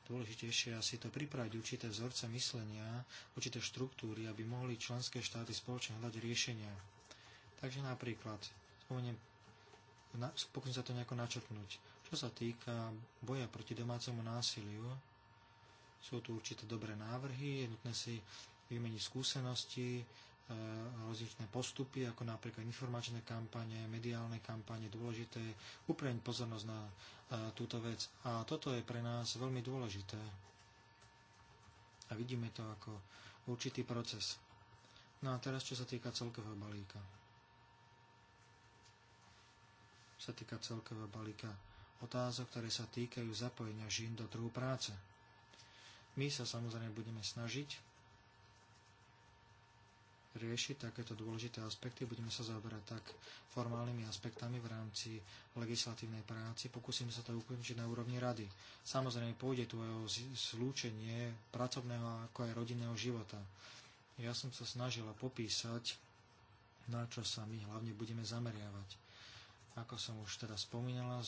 dôležitejšie asi to pripraviť určité vzorce myslenia, určité štruktúry, aby mohli členské štáty spoločne hľadať riešenia. Takže napríklad, spomeniem, pokúsim sa to nejako načrtnúť. Čo sa týka boja proti domácemu násiliu, sú tu určité dobré návrhy, je nutné si vymeniť skúsenosti, e, rozličné postupy, ako napríklad informačné kampane, mediálne kampane, dôležité upriamiť pozornosť na e, túto vec. A toto je pre nás veľmi dôležité. A vidíme to ako určitý proces. No a teraz, čo sa týka celkového balíka. Čo sa týka celkového balíka otázok, ktoré sa týkajú zapojenia žien do trhu práce. My sa samozrejme budeme snažiť riešiť takéto dôležité aspekty. Budeme sa zaoberať tak formálnymi aspektami v rámci legislatívnej práci. Pokúsime sa to ukončiť na úrovni rady. Samozrejme, pôjde tu aj o slúčenie pracovného ako aj rodinného života. Ja som sa snažila popísať, na čo sa my hlavne budeme zameriavať. Ako som už teda spomínala,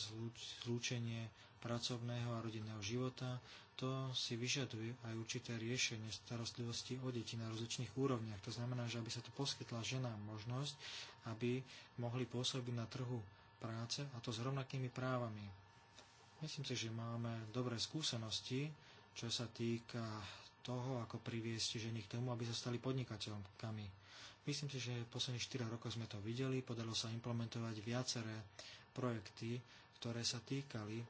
zlúčenie pracovného a rodinného života, to si vyžaduje aj určité riešenie starostlivosti o deti na rozličných úrovniach. To znamená, že aby sa tu poskytla ženám možnosť, aby mohli pôsobiť na trhu práce a to s rovnakými právami. Myslím si, že máme dobré skúsenosti, čo sa týka toho, ako priviesť ženy k tomu, aby sa stali podnikateľkami. Myslím si, že v posledných 4 rokoch sme to videli, podarilo sa implementovať viaceré projekty, ktoré sa týkali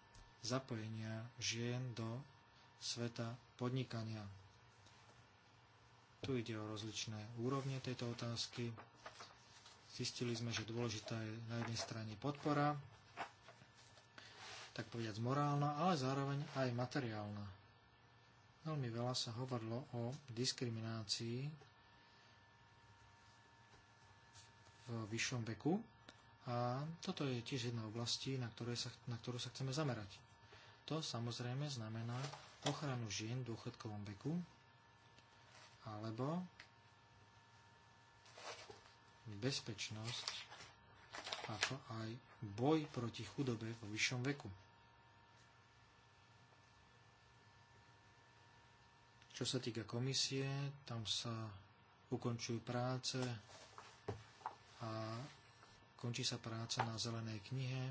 zapojenia žien do sveta podnikania. Tu ide o rozličné úrovne tejto otázky. Zistili sme, že dôležitá je na jednej strane podpora, tak povedať morálna, ale zároveň aj materiálna. Veľmi veľa sa hovorilo o diskriminácii v vyššom veku a toto je tiež jedna oblasti, na, sa, na ktorú sa chceme zamerať. To samozrejme znamená ochranu žien v dôchodkovom veku, alebo bezpečnosť, ako aj boj proti chudobe vo vyššom veku. Čo sa týka komisie, tam sa ukončujú práce a končí sa práca na zelenej knihe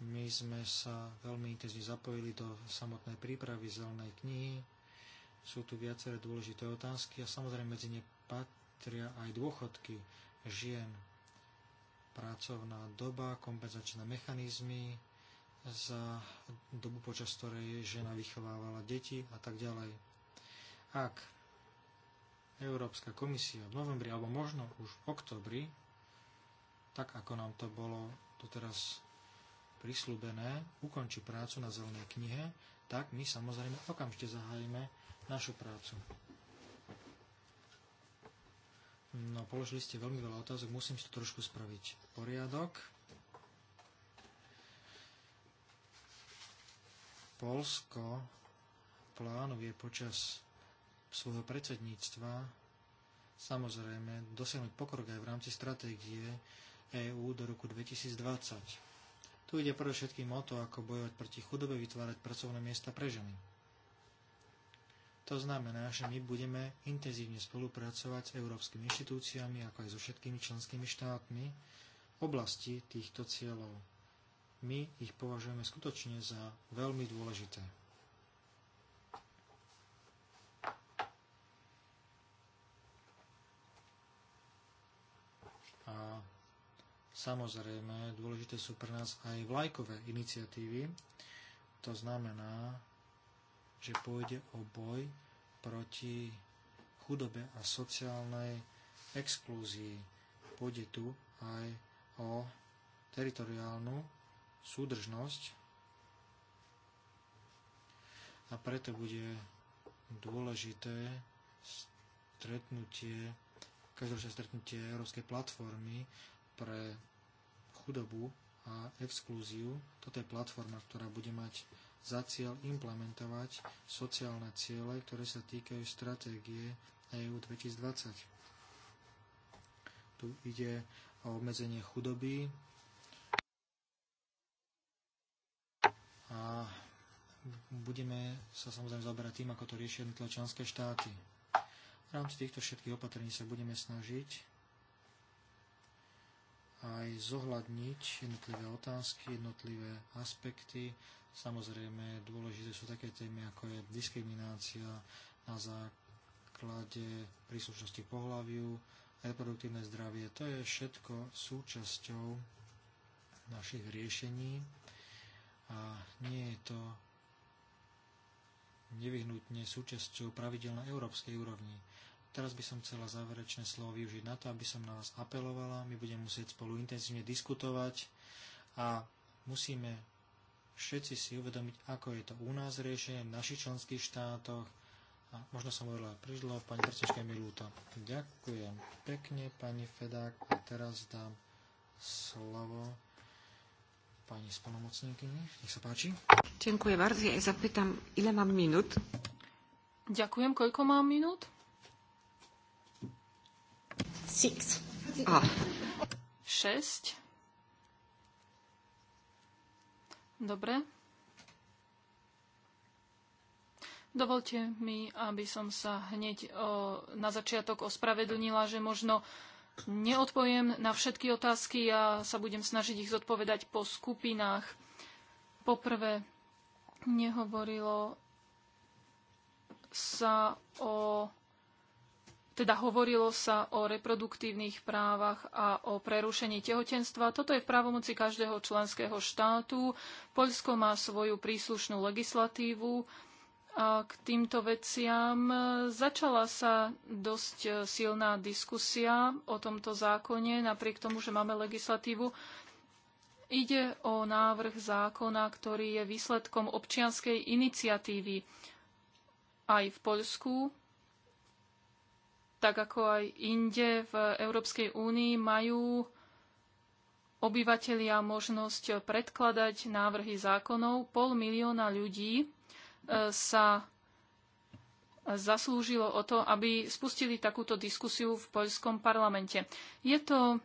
my sme sa veľmi intenzívne zapojili do samotnej prípravy zelenej knihy. Sú tu viaceré dôležité otázky a samozrejme medzi ne patria aj dôchodky žien, pracovná doba, kompenzačné mechanizmy za dobu, počas ktorej žena vychovávala deti a tak ďalej. Ak Európska komisia v novembri alebo možno už v oktobri, tak ako nám to bolo doteraz prislúbené, ukončí prácu na zelenej knihe, tak my samozrejme okamžite zahájime našu prácu. No, položili ste veľmi veľa otázok, musím si to trošku spraviť. Poriadok. Polsko plánuje počas svojho predsedníctva samozrejme dosiahnuť pokrok aj v rámci stratégie EÚ do roku 2020 tu ide predovšetkým o to, ako bojovať proti chudobe, vytvárať pracovné miesta pre ženy. To znamená, že my budeme intenzívne spolupracovať s európskymi inštitúciami, ako aj so všetkými členskými štátmi v oblasti týchto cieľov. My ich považujeme skutočne za veľmi dôležité. A Samozrejme, dôležité sú pre nás aj vlajkové iniciatívy. To znamená, že pôjde o boj proti chudobe a sociálnej exklúzii. Pôjde tu aj o teritoriálnu súdržnosť a preto bude dôležité stretnutie, každoročné stretnutie Európskej platformy pre chudobu a exklúziu. Toto je platforma, ktorá bude mať za cieľ implementovať sociálne ciele, ktoré sa týkajú stratégie EU 2020. Tu ide o obmedzenie chudoby a budeme sa samozrejme zaoberať tým, ako to riešia jednotlivé členské štáty. V rámci týchto všetkých opatrení sa budeme snažiť aj zohľadniť jednotlivé otázky, jednotlivé aspekty. Samozrejme, dôležité sú také témy, ako je diskriminácia na základe príslušnosti pohľaviu, reproduktívne zdravie. To je všetko súčasťou našich riešení a nie je to nevyhnutne súčasťou pravidel na európskej úrovni. Teraz by som chcela záverečné slovo využiť na to, aby som na vás apelovala. My budeme musieť spolu intenzívne diskutovať a musíme všetci si uvedomiť, ako je to u nás riešenie v našich členských štátoch. A možno som hovorila príliš dlho, pani predsednička mi ľúto. Ďakujem pekne, pani Fedák. A teraz dám slovo pani spolomocníkyni. Nech sa páči. Ďakujem bardzo. Ja zapýtam, ile mám minút? Ďakujem, koľko mám minút? Six. A. Šesť. Dobre. Dovolte mi, aby som sa hneď o, na začiatok ospravedlnila, že možno neodpoviem na všetky otázky a ja sa budem snažiť ich zodpovedať po skupinách. Poprvé, nehovorilo sa o teda hovorilo sa o reproduktívnych právach a o prerušení tehotenstva. Toto je v právomoci každého členského štátu. Poľsko má svoju príslušnú legislatívu a k týmto veciam. E, začala sa dosť e, silná diskusia o tomto zákone, napriek tomu, že máme legislatívu. Ide o návrh zákona, ktorý je výsledkom občianskej iniciatívy aj v Poľsku, tak ako aj inde v Európskej únii, majú obyvatelia možnosť predkladať návrhy zákonov. Pol milióna ľudí e, sa zaslúžilo o to, aby spustili takúto diskusiu v poľskom parlamente. Je to e,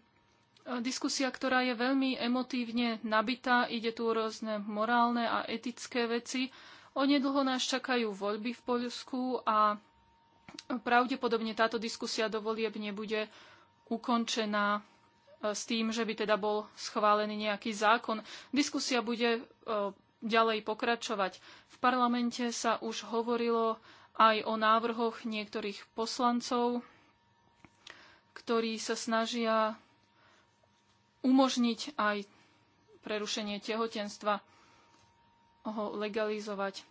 diskusia, ktorá je veľmi emotívne nabitá. Ide tu o rôzne morálne a etické veci. Onedlho nás čakajú voľby v Poľsku a Pravdepodobne táto diskusia do volieb nebude ukončená e, s tým, že by teda bol schválený nejaký zákon. Diskusia bude e, ďalej pokračovať. V parlamente sa už hovorilo aj o návrhoch niektorých poslancov, ktorí sa snažia umožniť aj prerušenie tehotenstva, ho legalizovať.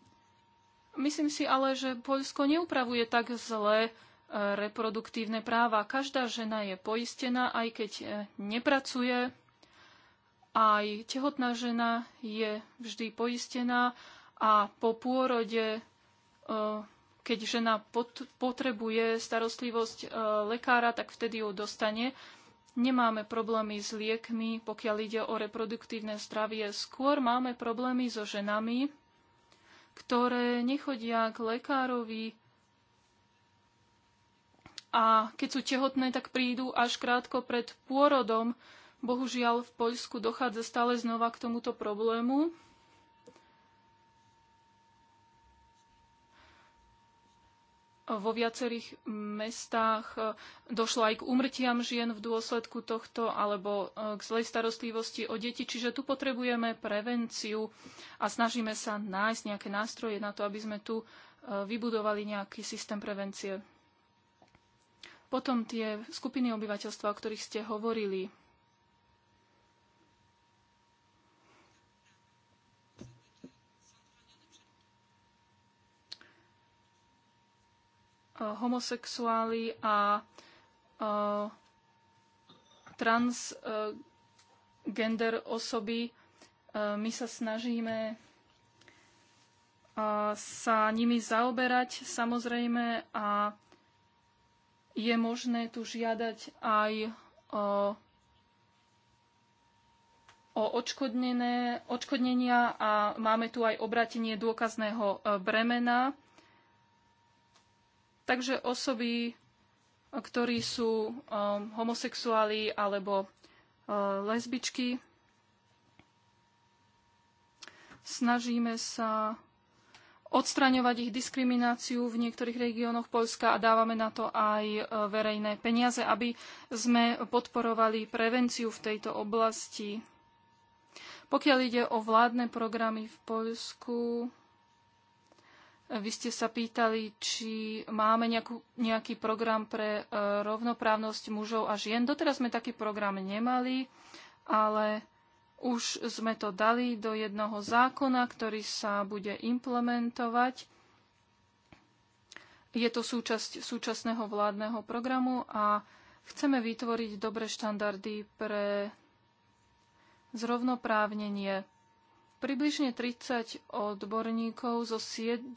Myslím si ale, že Poľsko neupravuje tak zle reproduktívne práva. Každá žena je poistená, aj keď e, nepracuje. Aj tehotná žena je vždy poistená a po pôrode, e, keď žena potrebuje starostlivosť e, lekára, tak vtedy ju dostane. Nemáme problémy s liekmi, pokiaľ ide o reproduktívne zdravie. Skôr máme problémy so ženami, ktoré nechodia k lekárovi a keď sú tehotné, tak prídu až krátko pred pôrodom. Bohužiaľ v Poľsku dochádza stále znova k tomuto problému vo viacerých mestách e, došlo aj k umrtiam žien v dôsledku tohto alebo e, k zlej starostlivosti o deti. Čiže tu potrebujeme prevenciu a snažíme sa nájsť nejaké nástroje na to, aby sme tu e, vybudovali nejaký systém prevencie. Potom tie skupiny obyvateľstva, o ktorých ste hovorili, Eh, homosexuáli a eh, transgender eh, osoby. My sa snažíme sa nimi zaoberať samozrejme a je možné tu žiadať aj o, o odškodnenia a máme tu aj obratenie dôkazného bremena. Takže osoby, eh, ktorí sú um, homosexuáli alebo uh, lesbičky, snažíme sa odstraňovať ich diskrimináciu v niektorých regiónoch Polska a dávame na to aj verejné peniaze, aby sme podporovali prevenciu v tejto oblasti. Pokiaľ ide o vládne programy v Poľsku, vy ste sa pýtali, či máme nejakú, nejaký program pre e, rovnoprávnosť mužov a žien. Doteraz sme taký program nemali, ale už sme to dali do jednoho zákona, ktorý sa bude implementovať. Je to súčasť súčasného vládneho programu a chceme vytvoriť dobré štandardy pre zrovnoprávnenie Približne 30 odborníkov zo 70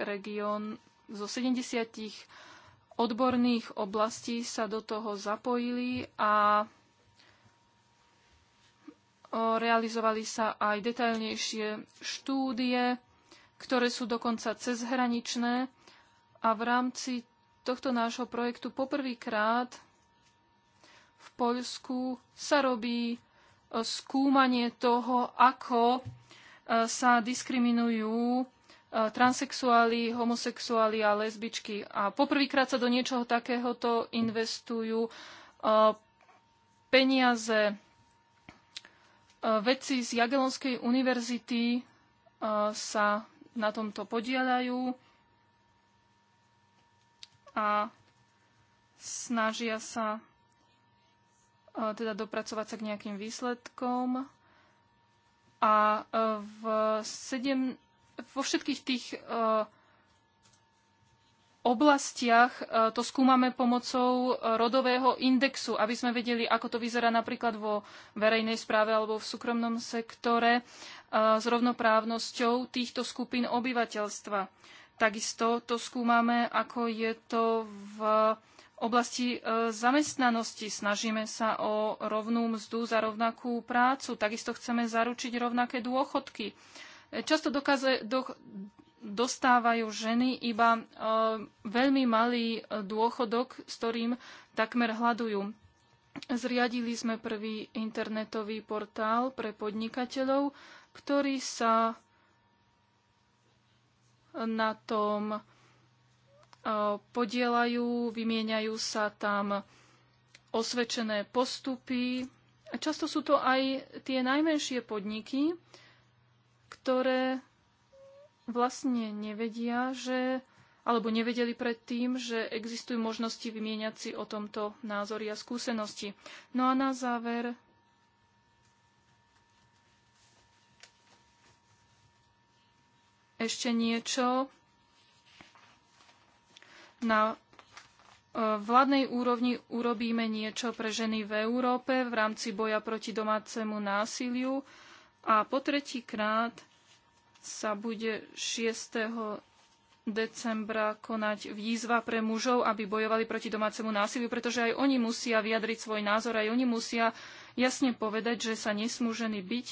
región, zo 70 odborných oblastí sa do toho zapojili a realizovali sa aj detailnejšie štúdie, ktoré sú dokonca cezhraničné a v rámci tohto nášho projektu poprvýkrát v Poľsku sa robí skúmanie toho, ako e, sa diskriminujú e, transexuáli, homosexuáli a lesbičky. A poprvýkrát sa do niečoho takéhoto investujú e, peniaze. Vedci z Jagelonskej univerzity sa na tomto podielajú a snažia sa E, teda dopracovať sa k nejakým výsledkom. A e, v sedem, vo všetkých tých e, oblastiach to skúmame pomocou rodového indexu, aby sme vedeli, ako to vyzerá napríklad vo verejnej správe alebo v súkromnom sektore s rovnoprávnosťou týchto skupín obyvateľstva. Takisto to skúmame, ako je to v oblasti e, zamestnanosti snažíme sa o rovnú mzdu za rovnakú prácu. Takisto chceme zaručiť rovnaké dôchodky. E, často do, dostávajú ženy iba e, veľmi malý dôchodok, s ktorým takmer hľadujú. Zriadili sme prvý internetový portál pre podnikateľov, ktorý sa na tom podielajú, vymieňajú sa tam osvedčené postupy. Často sú to aj tie najmenšie podniky, ktoré vlastne nevedia, že alebo nevedeli predtým, že existujú možnosti vymieňať si o tomto názory a skúsenosti. No a na záver ešte niečo na e, vládnej úrovni urobíme niečo pre ženy v Európe v rámci boja proti domácemu násiliu a po tretí krát sa bude 6. decembra konať výzva pre mužov, aby bojovali proti domácemu násiliu, pretože aj oni musia vyjadriť svoj názor, aj oni musia jasne povedať, že sa nesmú ženy byť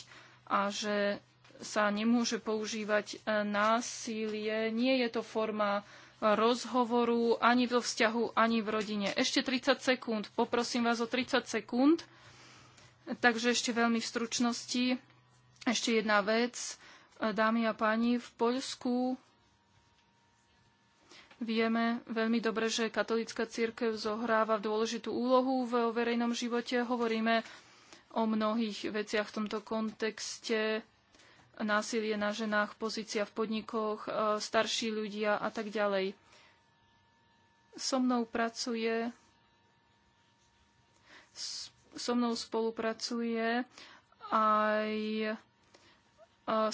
a že sa nemôže používať e, násilie. Nie je to forma rozhovoru ani vo vzťahu, ani v rodine. Ešte 30 sekúnd. Poprosím vás o 30 sekúnd. Takže ešte veľmi v stručnosti. Ešte jedna vec. Dámy a páni, v Poľsku vieme veľmi dobre, že katolická církev zohráva dôležitú úlohu v verejnom živote. Hovoríme o mnohých veciach v tomto kontexte násilie na ženách, pozícia v podnikoch, e, starší ľudia a tak ďalej. So mnou pracuje so mnou spolupracuje aj e,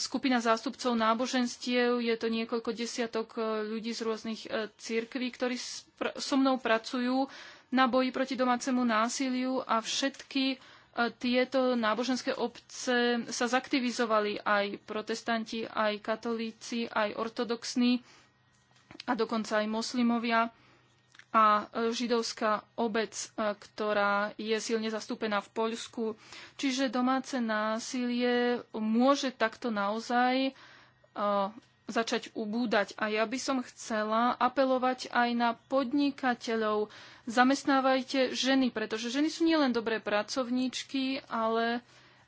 skupina zástupcov náboženstiev, je to niekoľko desiatok e, ľudí z rôznych církví, ktorí so mnou pracujú na boji proti domácemu násiliu a všetky tieto náboženské obce sa zaktivizovali aj protestanti, aj katolíci, aj ortodoxní a dokonca aj moslimovia a e, židovská obec, e, ktorá je silne zastúpená v Poľsku. Čiže domáce násilie môže takto naozaj e, začať ubúdať. A ja by som chcela apelovať aj na podnikateľov. Zamestnávajte ženy, pretože ženy sú nielen dobré pracovníčky, ale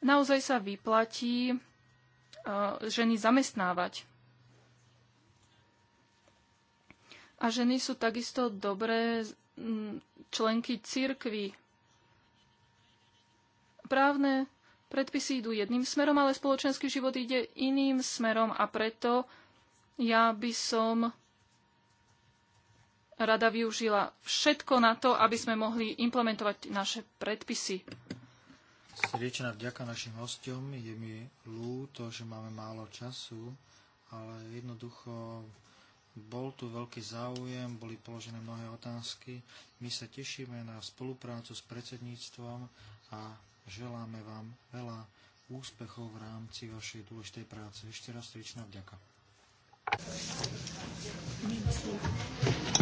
naozaj sa vyplatí e, ženy zamestnávať. A ženy sú takisto dobré členky církvy. Právne predpisy idú jedným smerom, ale spoločenský život ide iným smerom a preto ja by som rada využila všetko na to, aby sme mohli implementovať naše predpisy. Srdečná vďaka našim hostiom. Je mi ľúto, že máme málo času, ale jednoducho bol tu veľký záujem, boli položené mnohé otázky. My sa tešíme na spoluprácu s predsedníctvom a želáme vám veľa úspechov v rámci vašej dôležitej práce. Ešte raz srdečná vďaka. Thank you.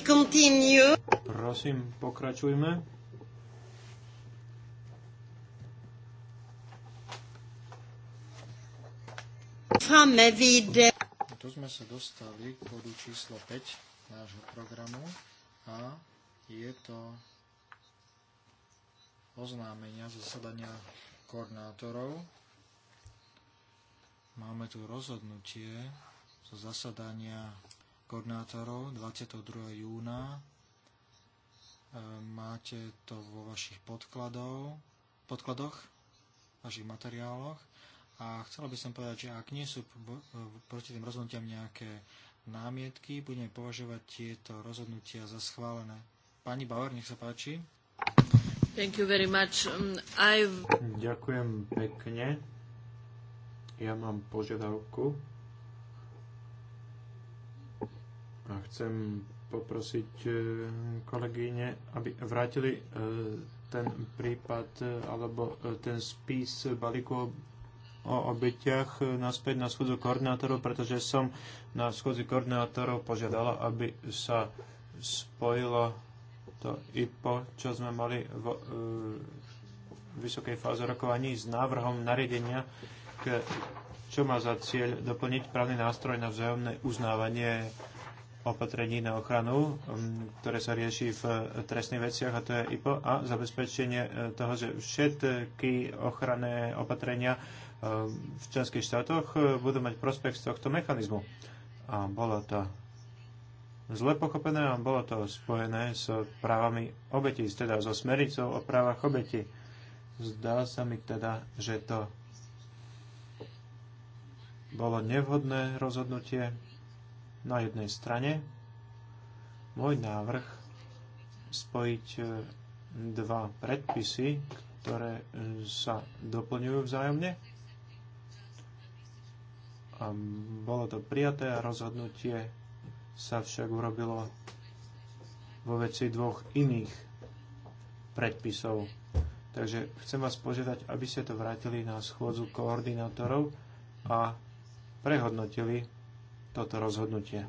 continue. Prosím, pokračujme. Tu sme sa dostali k bodu číslo 5 nášho programu a je to oznámenia zasadania koordinátorov. Máme tu rozhodnutie zo zasadania koordinátorov 22. júna. E, máte to vo vašich podkladov, podkladoch, vašich materiáloch. A chcela by som povedať, že ak nie sú proti tým rozhodnutiam nejaké námietky, budeme považovať tieto rozhodnutia za schválené. Pani Bauer, nech sa páči. Thank you very much. Um, Ďakujem pekne. Ja mám požiadavku chcem poprosiť e, kolegyne, aby vrátili e, ten prípad e, alebo ten spis balíku o obyťach naspäť na schôdzu koordinátorov, pretože som na schôdzi koordinátorov požiadala, aby sa spojilo to IPO, čo sme mali v vysokej fáze rokovaní s návrhom nariadenia, čo má za cieľ doplniť právny nástroj na vzájomné uznávanie opatrení na ochranu, um, ktoré sa rieši v eh, trestných veciach, a to je IPO, a zabezpečenie eh, toho, že všetky ochranné opatrenia eh, v členských štátoch budú mať prospekt z tohto mechanizmu. A bolo to zle pochopené a bolo to spojené s právami obetí, teda so smericou o právach obetí. Zdá sa mi teda, že to bolo nevhodné rozhodnutie na jednej strane môj návrh spojiť e, dva predpisy, ktoré e, sa doplňujú vzájomne. A bolo to prijaté a rozhodnutie sa však urobilo vo veci dvoch iných predpisov. Takže chcem vás požiadať, aby ste to vrátili na schôdzu koordinátorov a prehodnotili toto rozhodnutie.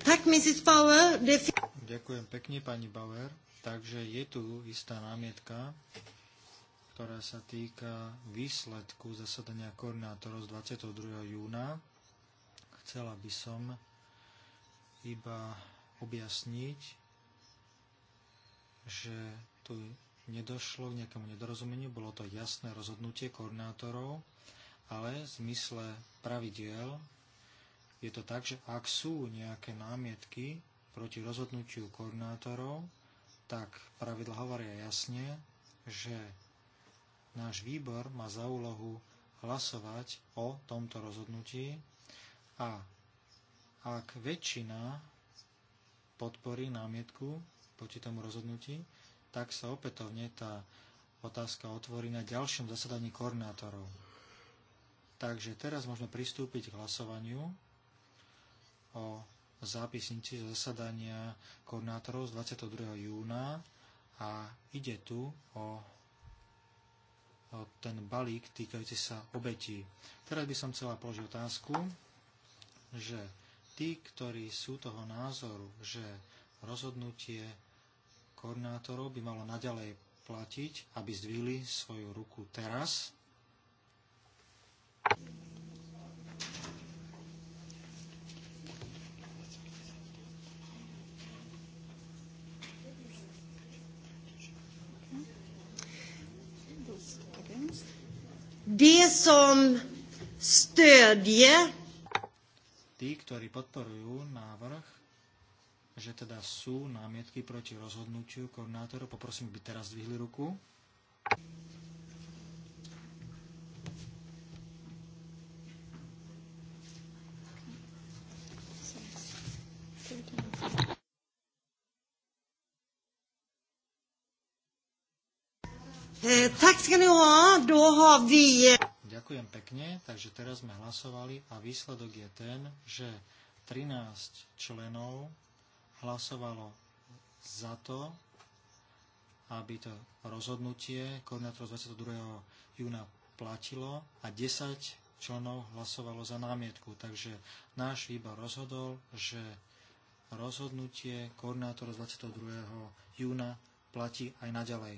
Tak, Mrs. Power, Ďakujem pekne, pani Bauer. Takže je tu istá námietka, ktorá sa týka výsledku zasadania koordinátorov z 22. júna. Chcela by som iba objasniť, že tu nedošlo k nejakému nedorozumeniu, bolo to jasné rozhodnutie koordinátorov ale v zmysle pravidiel je to tak, že ak sú nejaké námietky proti rozhodnutiu koordinátorov, tak pravidla hovoria jasne, že náš výbor má za úlohu hlasovať o tomto rozhodnutí a ak väčšina podporí námietku proti tomu rozhodnutí, tak sa opätovne tá otázka otvorí na ďalšom zasadaní koordinátorov. Takže teraz môžeme pristúpiť k hlasovaniu o zápisnici zo zasadania koordinátorov z 22. júna a ide tu o, o ten balík týkajúci sa obetí. Teraz by som chcela položiť otázku, že tí, ktorí sú toho názoru, že rozhodnutie koordinátorov by malo naďalej platiť, aby zdvihli svoju ruku teraz, De som stödje Tí, ktorí podporujú návrh, že teda sú námietky proti rozhodnutiu koordinátora, poprosím, by teraz zdvihli ruku. Eh, tak ska ni ha, då har vi... Eh, Ďakujem pekne, takže teraz sme hlasovali a výsledok je ten, že 13 členov hlasovalo za to, aby to rozhodnutie koordinátorov 22. júna platilo a 10 členov hlasovalo za námietku. Takže náš výbor rozhodol, že rozhodnutie koordinátora 22. júna platí aj naďalej.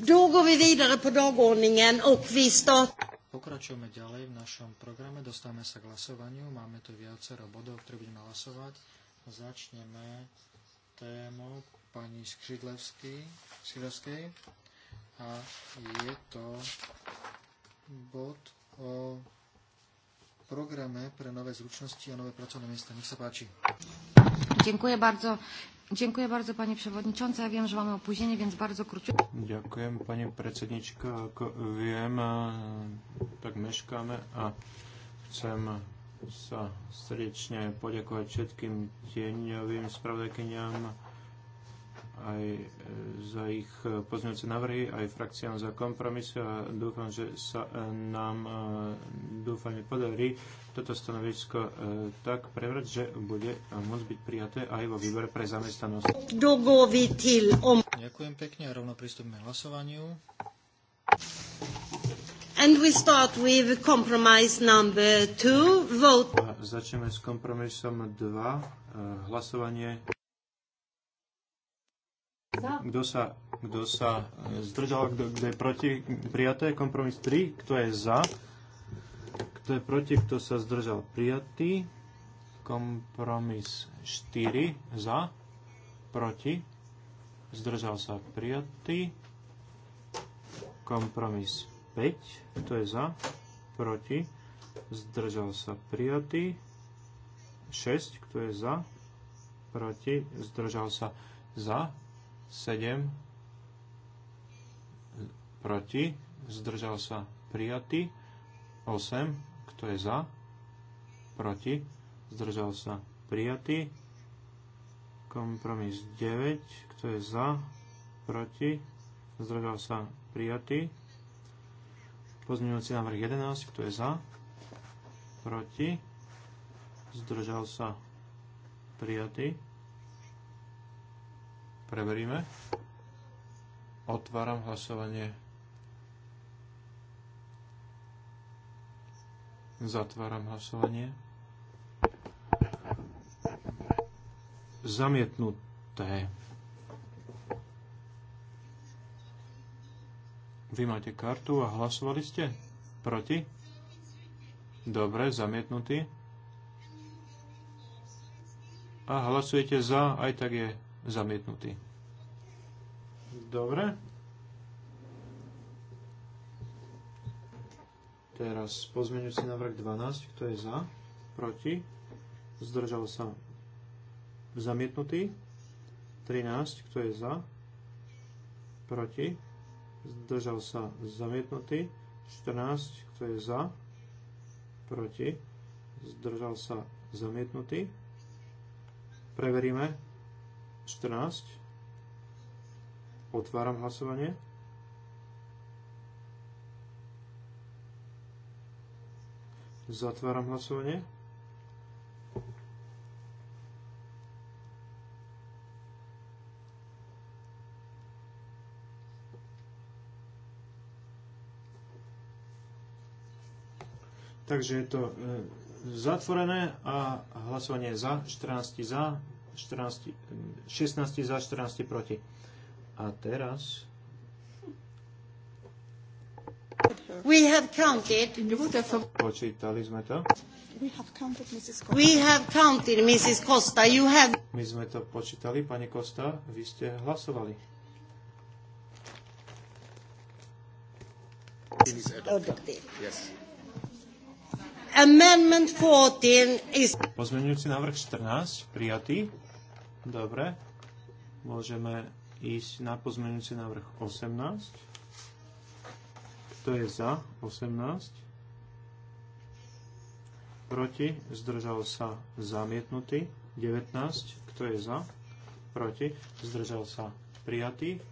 Då går vi vidare på dagordningen och vi startar... Pokračujeme ďalej v našom programe, dostávame sa k hlasovaniu, máme tu viacero bodov, ktoré budeme hlasovať začneme tému pani Skřidlevskej a je to bod o programe pre nové zručnosti a nové pracovné miesta. Nech sa páči. Dziękuję bardzo. Dziękuję bardzo Panie Przewodniczący. Ja wiem, że mamy opóźnienie, więc bardzo króciutko. Dziękuję Pani Predsednička. Jak wiem, tak mieszkamy a chcem sa srdečne poďakovať všetkým tieňovým spravodajkyniam aj e, za ich pozmeňujúce návrhy, aj frakciám za kompromis a dúfam, že sa e, nám že podarí toto stanovisko e, tak prevrať, že bude môcť byť prijaté aj vo výbore pre zamestnanosť. Ďakujem pekne a rovno pristúpime k hlasovaniu. And we start with compromise number two, vote. Začneme s kompromisom 2, e, hlasovanie. Kto sa, sa e, zdržal, kto, kdo je proti, prijaté. Kompromis 3, kto je za, kto je proti, kto sa zdržal, prijatý. Kompromis 4, za, proti, zdržal sa, prijatý. Kompromis 5, kto je za, proti, zdržal sa prijatý, 6, kto je za, proti, zdržal sa za, 7, proti, zdržal sa prijatý, 8, kto je za, proti, zdržal sa prijatý, kompromis 9, kto je za, proti, zdržal sa prijatý, Pozmeňujúci návrh 11, kto je za? Proti? Zdržal sa? Prijatý? Preveríme. Otváram hlasovanie. Zatváram hlasovanie. Zamietnuté. Vy máte kartu a hlasovali ste? Proti? Dobre, zamietnutý. A hlasujete za, aj tak je zamietnutý. Dobre. Teraz pozmeňujúci návrh 12. Kto je za? Proti? Zdržal sa zamietnutý. 13. Kto je za? Proti? zdržal sa zamietnutý, 14, kto je za, proti, zdržal sa zamietnutý, preveríme, 14, otváram hlasovanie, zatváram hlasovanie, Takže je to e, zatvorené a hlasovanie za, 14 za, 14, 16 za, 14 proti. A teraz... We have counted. Počítali sme to. We have counted Mrs. Costa. You have... My sme to počítali, pani Costa, vy ste hlasovali. Adopted. Yes. Amendment 14 is... Pozmeňujúci návrh 14, prijatý. Dobre. Môžeme ísť na pozmeňujúci návrh 18. Kto je za 18? Proti? Zdržal sa zamietnutý. 19. Kto je za? Proti? Zdržal sa prijatý.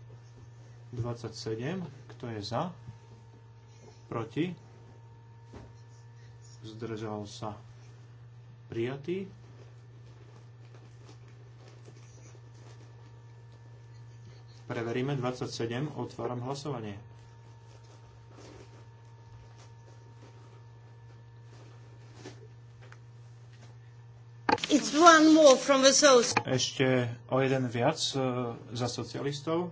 27. Kto je za? Proti? zdržal sa prijatý. Preveríme 27, otváram hlasovanie. Ešte o jeden viac e, za socialistov.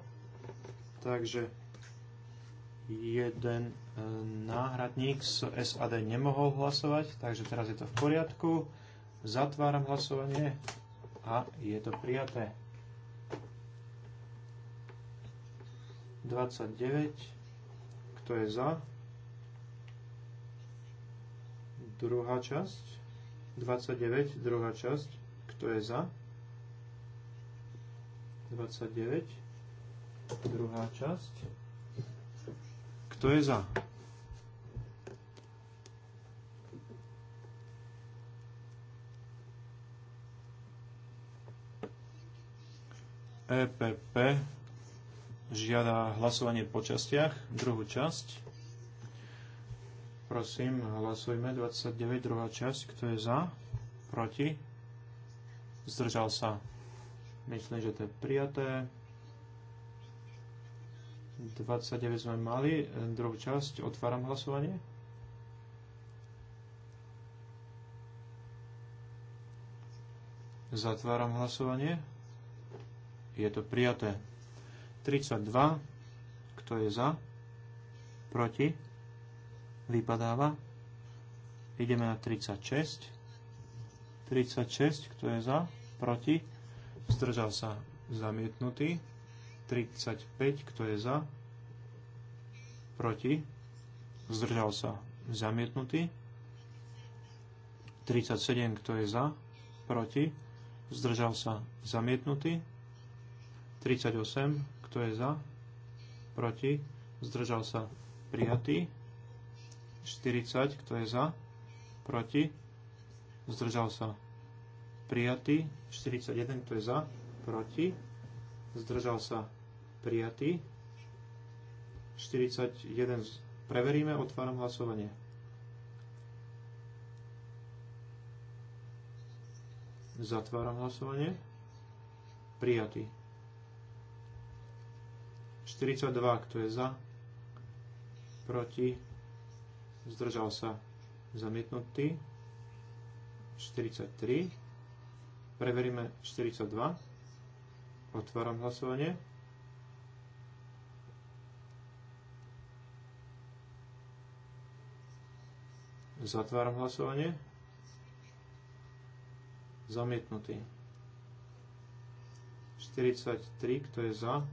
Takže jeden náhradník z SAD nemohol hlasovať, takže teraz je to v poriadku. Zatváram hlasovanie a je to prijaté. 29. Kto je za? Druhá časť. 29. Druhá časť. Kto je za? 29. Druhá časť. Kto je za? EPP žiada hlasovanie po častiach, druhú časť. Prosím, hlasujme 29, druhá časť. Kto je za? Proti? Zdržal sa. Myslím, že to je prijaté. 29 sme mali, e, druhú časť, otváram hlasovanie. Zatváram hlasovanie. Je to prijaté. 32. Kto je za? Proti? Vypadáva. Ideme na 36. 36. Kto je za? Proti? Zdržal sa. Zamietnutý. 35, kto je za, proti, zdržal sa, zamietnutý. 37, kto je za, proti, zdržal sa, zamietnutý. 38, kto je za, proti, zdržal sa, prijatý. 40, kto je za, proti, zdržal sa, prijatý. 41, kto je za, proti, zdržal sa prijatý. 41 preveríme, otváram hlasovanie. Zatváram hlasovanie. Prijatý. 42, kto je za, proti, zdržal sa zamietnutý. 43. Preveríme 42. Otváram hlasovanie. Zatváram hlasovanie. Zamietnutý. 43, kto je za?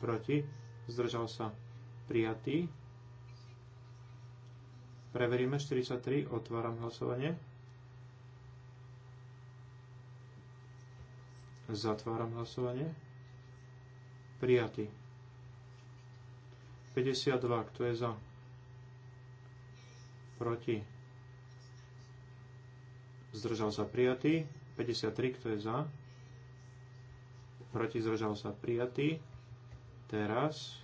Proti? Zdržal sa. Prijatý. Preveríme 43, otváram hlasovanie. Zatváram hlasovanie. Prijatý. 52. Kto je za? Proti. Zdržal sa prijatý. 53. Kto je za? Proti zdržal sa prijatý. Teraz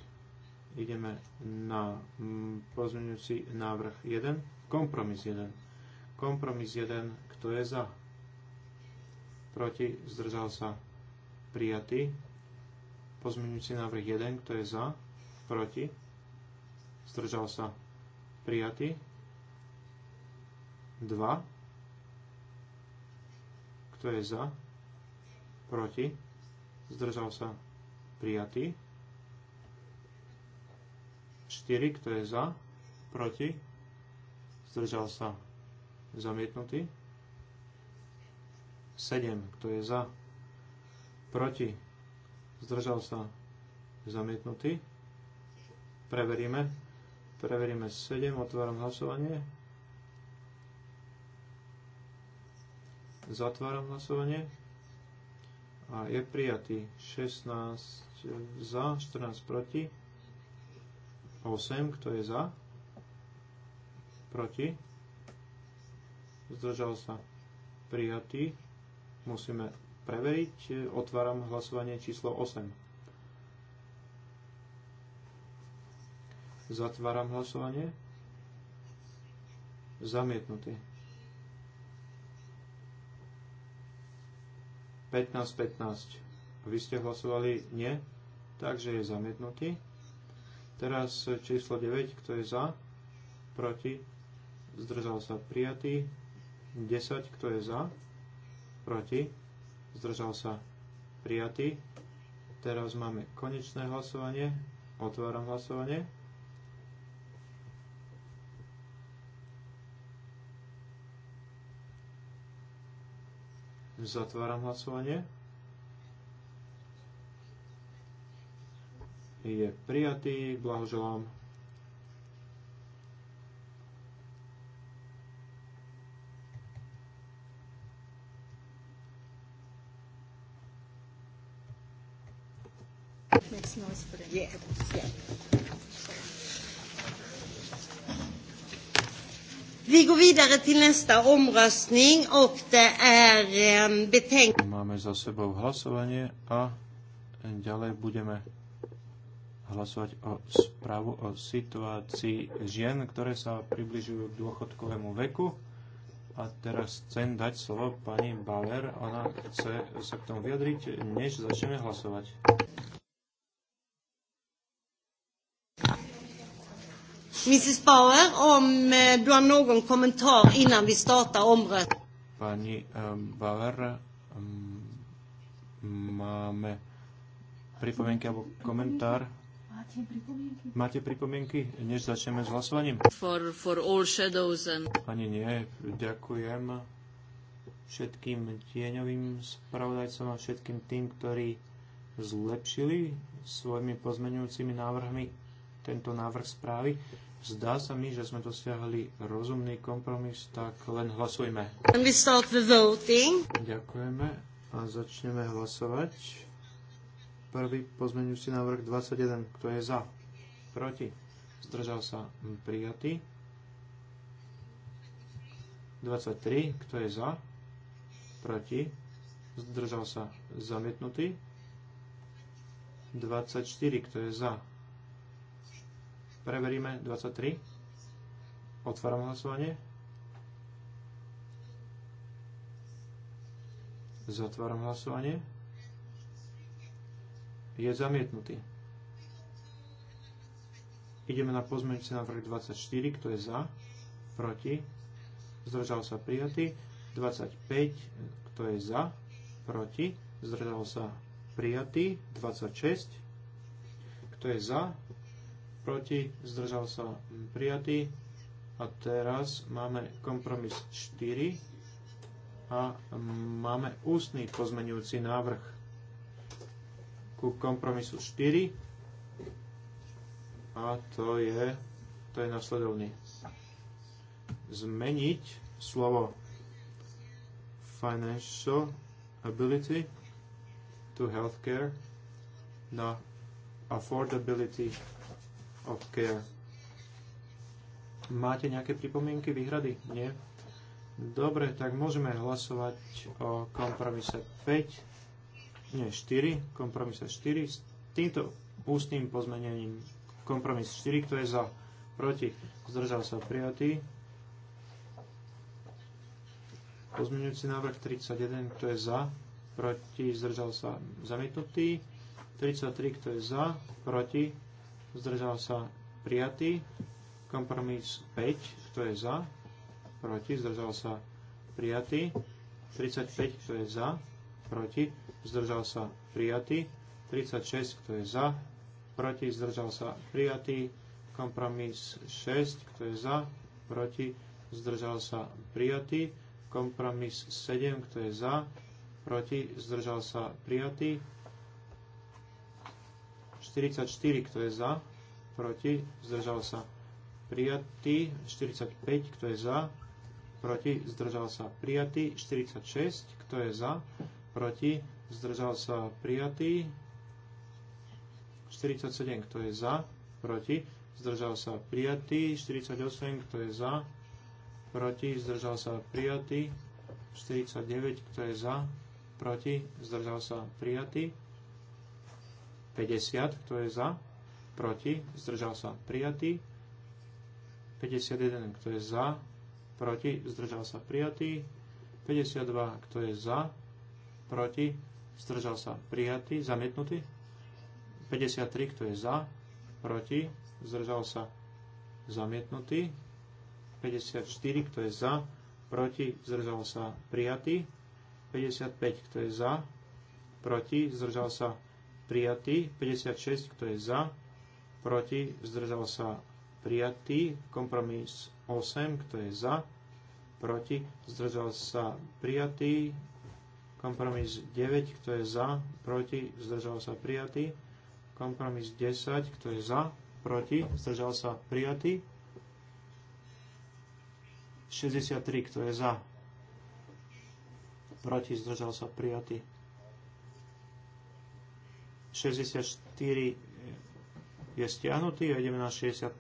ideme na mm, pozmeňujúci návrh 1. Kompromis 1. Kompromis 1. Kto je za? proti, zdržal sa, prijatý. Pozmeňujúci návrh 1, kto je za, proti, zdržal sa, prijatý. 2, kto je za, proti, zdržal sa, prijatý. 4, kto je za, proti, zdržal sa, zamietnutý. 7. Kto je za? Proti? Zdržal sa? Zamietnutý? Preveríme. Preveríme 7. Otváram hlasovanie. Zatváram hlasovanie. A je prijatý 16 e, za, 14 proti. 8. Kto je za? Proti? Zdržal sa. Prijatý musíme preveriť. Otváram hlasovanie číslo 8. Zatváram hlasovanie. Zamietnutý. 15-15. Vy ste hlasovali nie, takže je zamietnutý. Teraz číslo 9, kto je za, proti, zdržal sa prijatý. 10, kto je za, proti, zdržal sa prijatý. Teraz máme konečné hlasovanie, otváram hlasovanie. Zatváram hlasovanie. Je prijatý, blahoželám. yeah. Vi går vidare till nästa omröstning och det är ehm, betänkandet. Máme za sebou hlasovanie a ďalej budeme hlasovať o správu o situácii žien, ktoré sa približujú k dôchodkovému veku. A teraz chcem dať slovo pani Bauer. Ona chce sa k tomu vyjadriť, než začneme hlasovať. Mrs Bauer, om eh, du har någon kommentar innan vi startar omröstningen. Pani ehm, Bauer, ehm, máme pripomienky alebo komentár? Máte pripomienky? než začneme s hlasovaním? For, for all shadows and... nie, ďakujem všetkým tieňovým spravodajcom a všetkým tým, ktorí zlepšili svojimi pozmenujúcimi návrhmi tento návrh správy. Zdá sa mi, že sme dosiahli rozumný kompromis, tak len hlasujme. And we start the voting. Ďakujeme a začneme hlasovať. Prvý pozmeňujúci návrh 21. Kto je za? Proti? Zdržal sa prijatý. 23. Kto je za? Proti? Zdržal sa zamietnutý. 24. Kto je za? Preveríme 23. Otváram hlasovanie. Zatváram hlasovanie. Je zamietnutý. Ideme na pozmeňujúci návrh 24, kto je za, proti, zdržal sa prijatý. 25, kto je za, proti, zdržal sa prijatý. 26, kto je za, proti, zdržal sa mm, prijatý. A teraz máme kompromis 4 a mm, máme ústny pozmenujúci návrh ku kompromisu 4 a to je, to je nasledovný. Zmeniť slovo financial ability to healthcare na affordability OK. Máte nejaké pripomienky, výhrady? Nie? Dobre, tak môžeme hlasovať o kompromise 5, nie 4, kompromise 4 s týmto ústnym pozmenením. Kompromis 4, kto je za, proti, zdržal sa prijatý. Pozmeňujúci návrh 31, kto je za, proti, zdržal sa zamietnutý. 33, kto je za, proti, zdržal sa prijatý. Kompromis 5, kto je za, proti, zdržal sa prijatý. 35, kto je za, proti, zdržal sa prijatý. 36, kto je za, proti, zdržal sa prijatý. Kompromis 6, kto je za, proti, zdržal sa prijatý. Kompromis 7, kto je za, proti, zdržal sa prijatý 44, kto je za, proti, zdržal sa. Prijatý 45, kto je za, proti, zdržal sa. Prijatý 46, kto je za, proti, zdržal sa. Prijatý 47, kto je za, proti, zdržal sa. Prijatý 48, kto je za, proti, zdržal sa. Prijatý 49, kto je za, proti, zdržal sa. Prijatý 50, kto je za, proti, zdržal sa prijatý. 51, kto je za, proti, zdržal sa prijatý. 52, kto je za, proti, zdržal sa prijatý, zamietnutý. 53, kto je za, proti, zdržal sa zamietnutý. 54, kto je za, proti, zdržal sa prijatý. 55, kto je za, proti, zdržal sa prijatý prijatý, 56, kto je za, proti, zdržal sa prijatý, kompromis 8, kto je za, proti, zdržal sa prijatý, kompromis 9, kto je za, proti, zdržal sa prijatý, kompromis 10, kto je za, proti, zdržal sa prijatý, 63, kto je za, proti, zdržal sa prijatý. 64 eh, je stiahnutý a ideme na 65.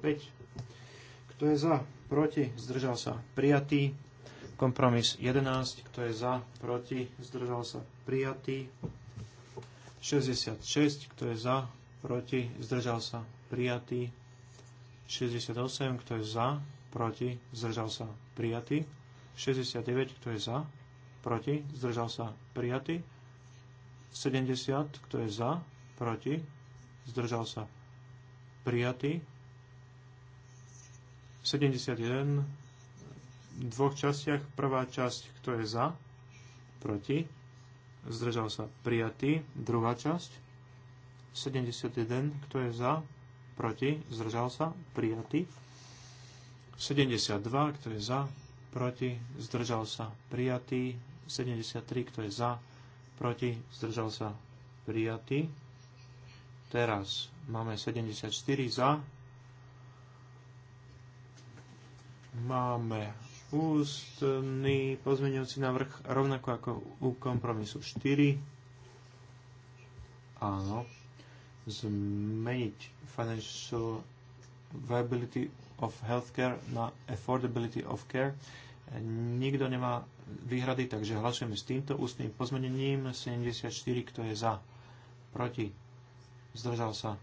Kto je za? Proti? Zdržal sa. Prijatý. Kompromis 11. Kto je za? Proti? Zdržal sa. Prijatý. 66. Kto je za? Proti? Zdržal sa. Prijatý. 68. Kto je za? Proti? Zdržal sa. Prijatý. 69. Kto je za? Proti? Zdržal sa. Prijatý. 70. Kto je za? proti, zdržal sa prijatý. 71 v dvoch častiach. Prvá časť, kto je za, proti, zdržal sa prijatý. Druhá časť, 71, kto je za, proti, zdržal sa prijatý. 72, kto je za, proti, zdržal sa prijatý. 73, kto je za, proti, zdržal sa prijatý. Teraz máme 74 za. Máme ústny pozmeňujúci návrh rovnako ako u kompromisu 4. Áno. Zmeniť financial viability of healthcare na affordability of care. Nikto nemá výhrady, takže hlasujeme s týmto ústnym pozmenením 74, kto je za, proti zdržal sa,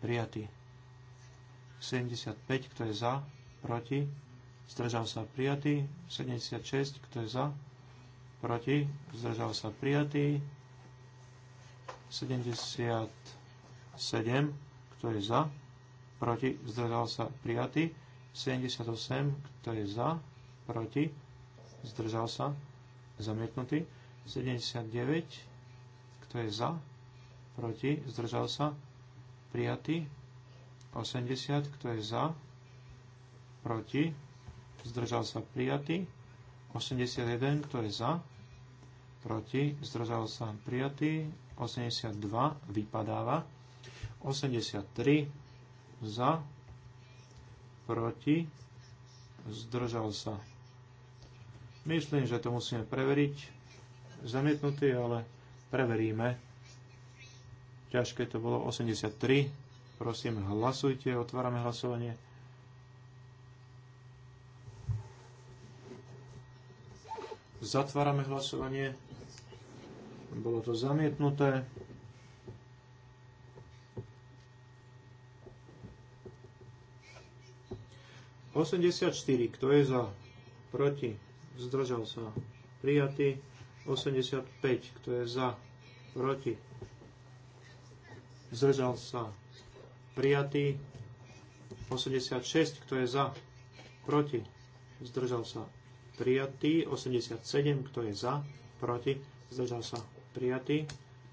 prijatý. 75, kto je za, proti, zdržal sa, prijatý. 76, kto je za, proti, zdržal sa, prijatý. 77, kto je za, proti, zdržal sa, prijatý. 78, kto je za, proti, zdržal sa, zamietnutý. 79, kto je za, proti, zdržal sa, prijatý. 80, kto je za, proti, zdržal sa, prijatý. 81, kto je za, proti, zdržal sa, prijatý. 82, vypadáva. 83, za, proti, zdržal sa. Myslím, že to musíme preveriť. Zamietnutý, ale preveríme. Ťažké to bolo 83. Prosím, hlasujte, otvárame hlasovanie. Zatvárame hlasovanie. Bolo to zamietnuté. Osemdesiat Kto je za? Proti. Zdržal sa. Prijatý. 85. Kto je za? Proti zdržal sa prijatý. 86, kto je za, proti, zdržal sa prijatý. 87, kto je za, proti, zdržal sa prijatý.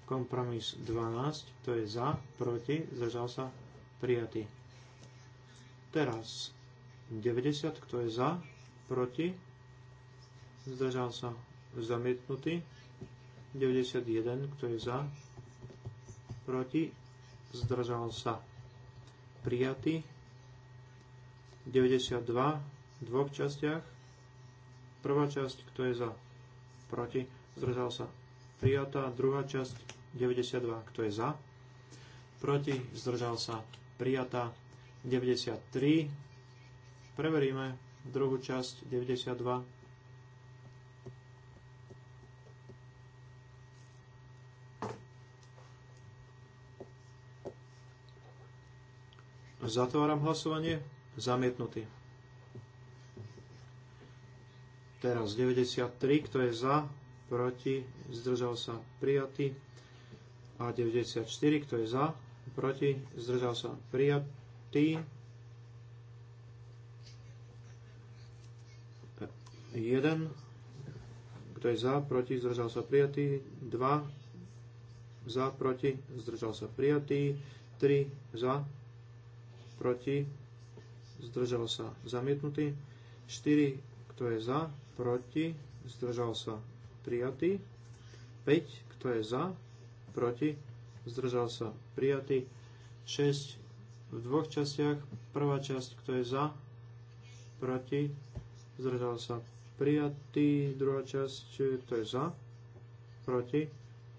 Kompromis 12, kto je za, proti, zdržal sa prijatý. Teraz 90, kto je za, proti, zdržal sa zamietnutý. 91, kto je za, proti, zdržal sa prijatý. 92 v dvoch častiach. Prvá časť, kto je za, proti, zdržal sa prijatá. Druhá časť, 92, kto je za, proti, zdržal sa prijatá. 93, preveríme druhú časť, 92, Zatváram hlasovanie. Zamietnutý. Teraz 93, kto je za, proti, zdržal sa, prijatý. A 94, kto je za, proti, zdržal sa, prijatý. 1, kto je za, proti, zdržal sa prijatý, 2, za, proti, zdržal sa prijatý, 3, za, proti, zdržal sa zamietnutý, 4, kto je za, proti, zdržal sa prijatý, 5, kto je za, proti, zdržal sa prijatý, 6, v dvoch častiach, prvá časť, kto je za, proti, zdržal sa prijatý, druhá časť, kto je za, proti,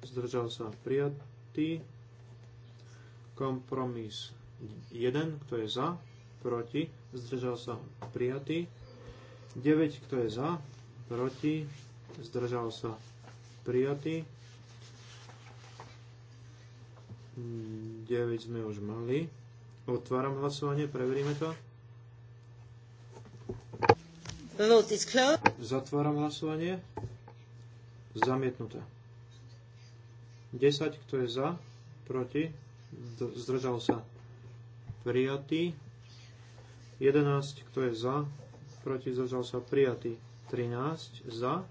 zdržal sa prijatý, kompromis 1, kto je za, proti, zdržal sa prijatý. 9, kto je za, proti, zdržal sa prijatý. 9 sme už mali. Otváram hlasovanie, preveríme to. Zatváram hlasovanie. Zamietnuté. 10, kto je za, proti, zdržal sa prijatý. 11, kto je za, proti, zdržal sa, prijatý. 13, za,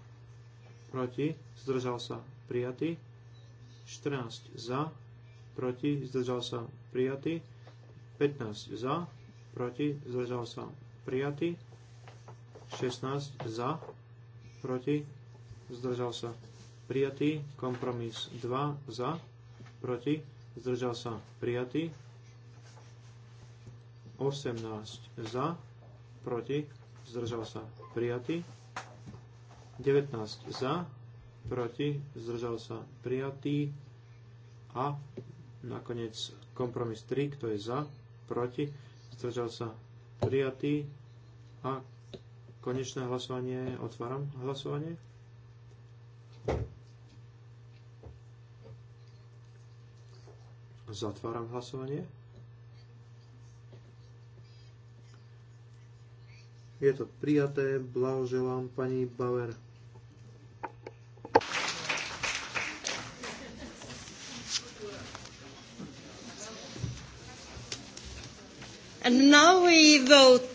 proti, zdržal sa, prijatý. 14, za, proti, zdržal sa, prijatý. 15, za, proti, zdržal sa, prijatý. 16, za, proti, zdržal sa, prijatý. Kompromis 2, za, proti, zdržal sa, prijatý. 18 za, proti, zdržal sa prijatý. 19 za, proti, zdržal sa prijatý. A nakoniec kompromis 3, kto je za, proti, zdržal sa prijatý. A konečné hlasovanie, otváram hlasovanie. Zatváram hlasovanie. Je to prijaté. Blahoželám pani Bauer. And now we vote.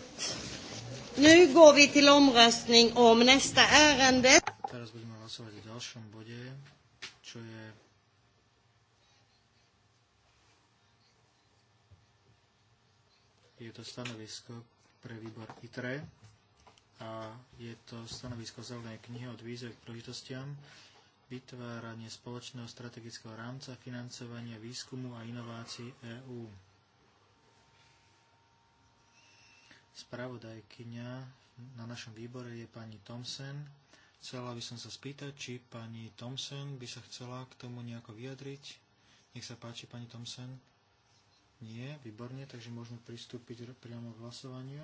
Nu går vi till omröstning om nästa ärende. Teraz budeme hlasovať o ďalšom bode, čo je je to stanovisko k pre výbor ITRE a je to stanovisko zelenej knihy od výzve k príležitostiam vytváranie spoločného strategického rámca financovania výskumu a inovácií EÚ. Spravodajkyňa na našom výbore je pani Thomsen. Chcela by som sa spýtať, či pani Thomsen by sa chcela k tomu nejako vyjadriť. Nech sa páči, pani Thomsen. Nie, výborne, takže môžeme pristúpiť priamo k hlasovaniu.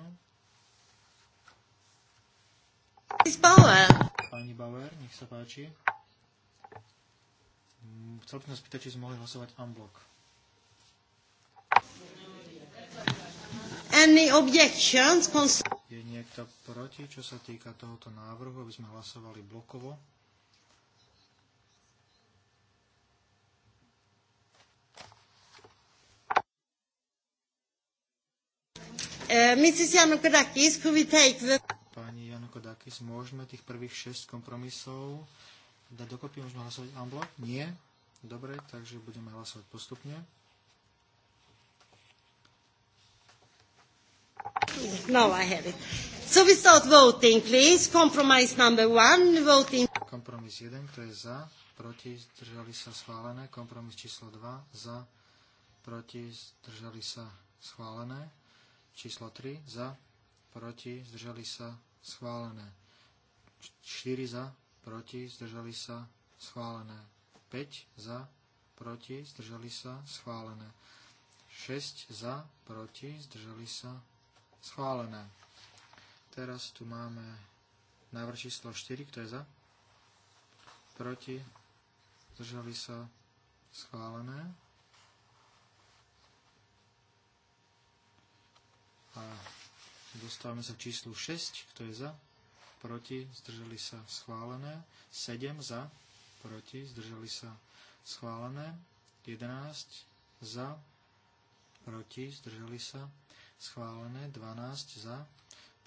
Bauer. Pani Bauer, nech sa páči. Mm, chcel by som spýtať, či sme mohli hlasovať unblock. Any objections? Je niekto proti, čo sa týka tohoto návrhu, aby sme hlasovali blokovo? E, Mrs. Janukodakis, could we take the... Pani Janukodakis, môžeme tých prvých šest kompromisov dať dokopy? Môžeme hlasovať unblock? Nie? Dobre, takže budeme hlasovať postupne. No, I have it. So we start voting, please. Compromise number one, voting. Kompromis 1, kto je za, proti, zdržali sa schválené. Kompromis číslo 2, za, proti, zdržali sa schválené. Číslo 3 za, proti, zdržali sa, schválené. 4 za, proti, zdržali sa, schválené. 5 za, proti, zdržali sa, schválené. 6 za, proti, zdržali sa, schválené. Teraz tu máme návrh číslo 4, kto je za, proti, zdržali sa, schválené. A dostávame sa k číslu 6, kto je za, proti, zdržali sa schválené. 7 za, proti, zdržali sa schválené. 11 za, proti, zdržali sa schválené. 12 za,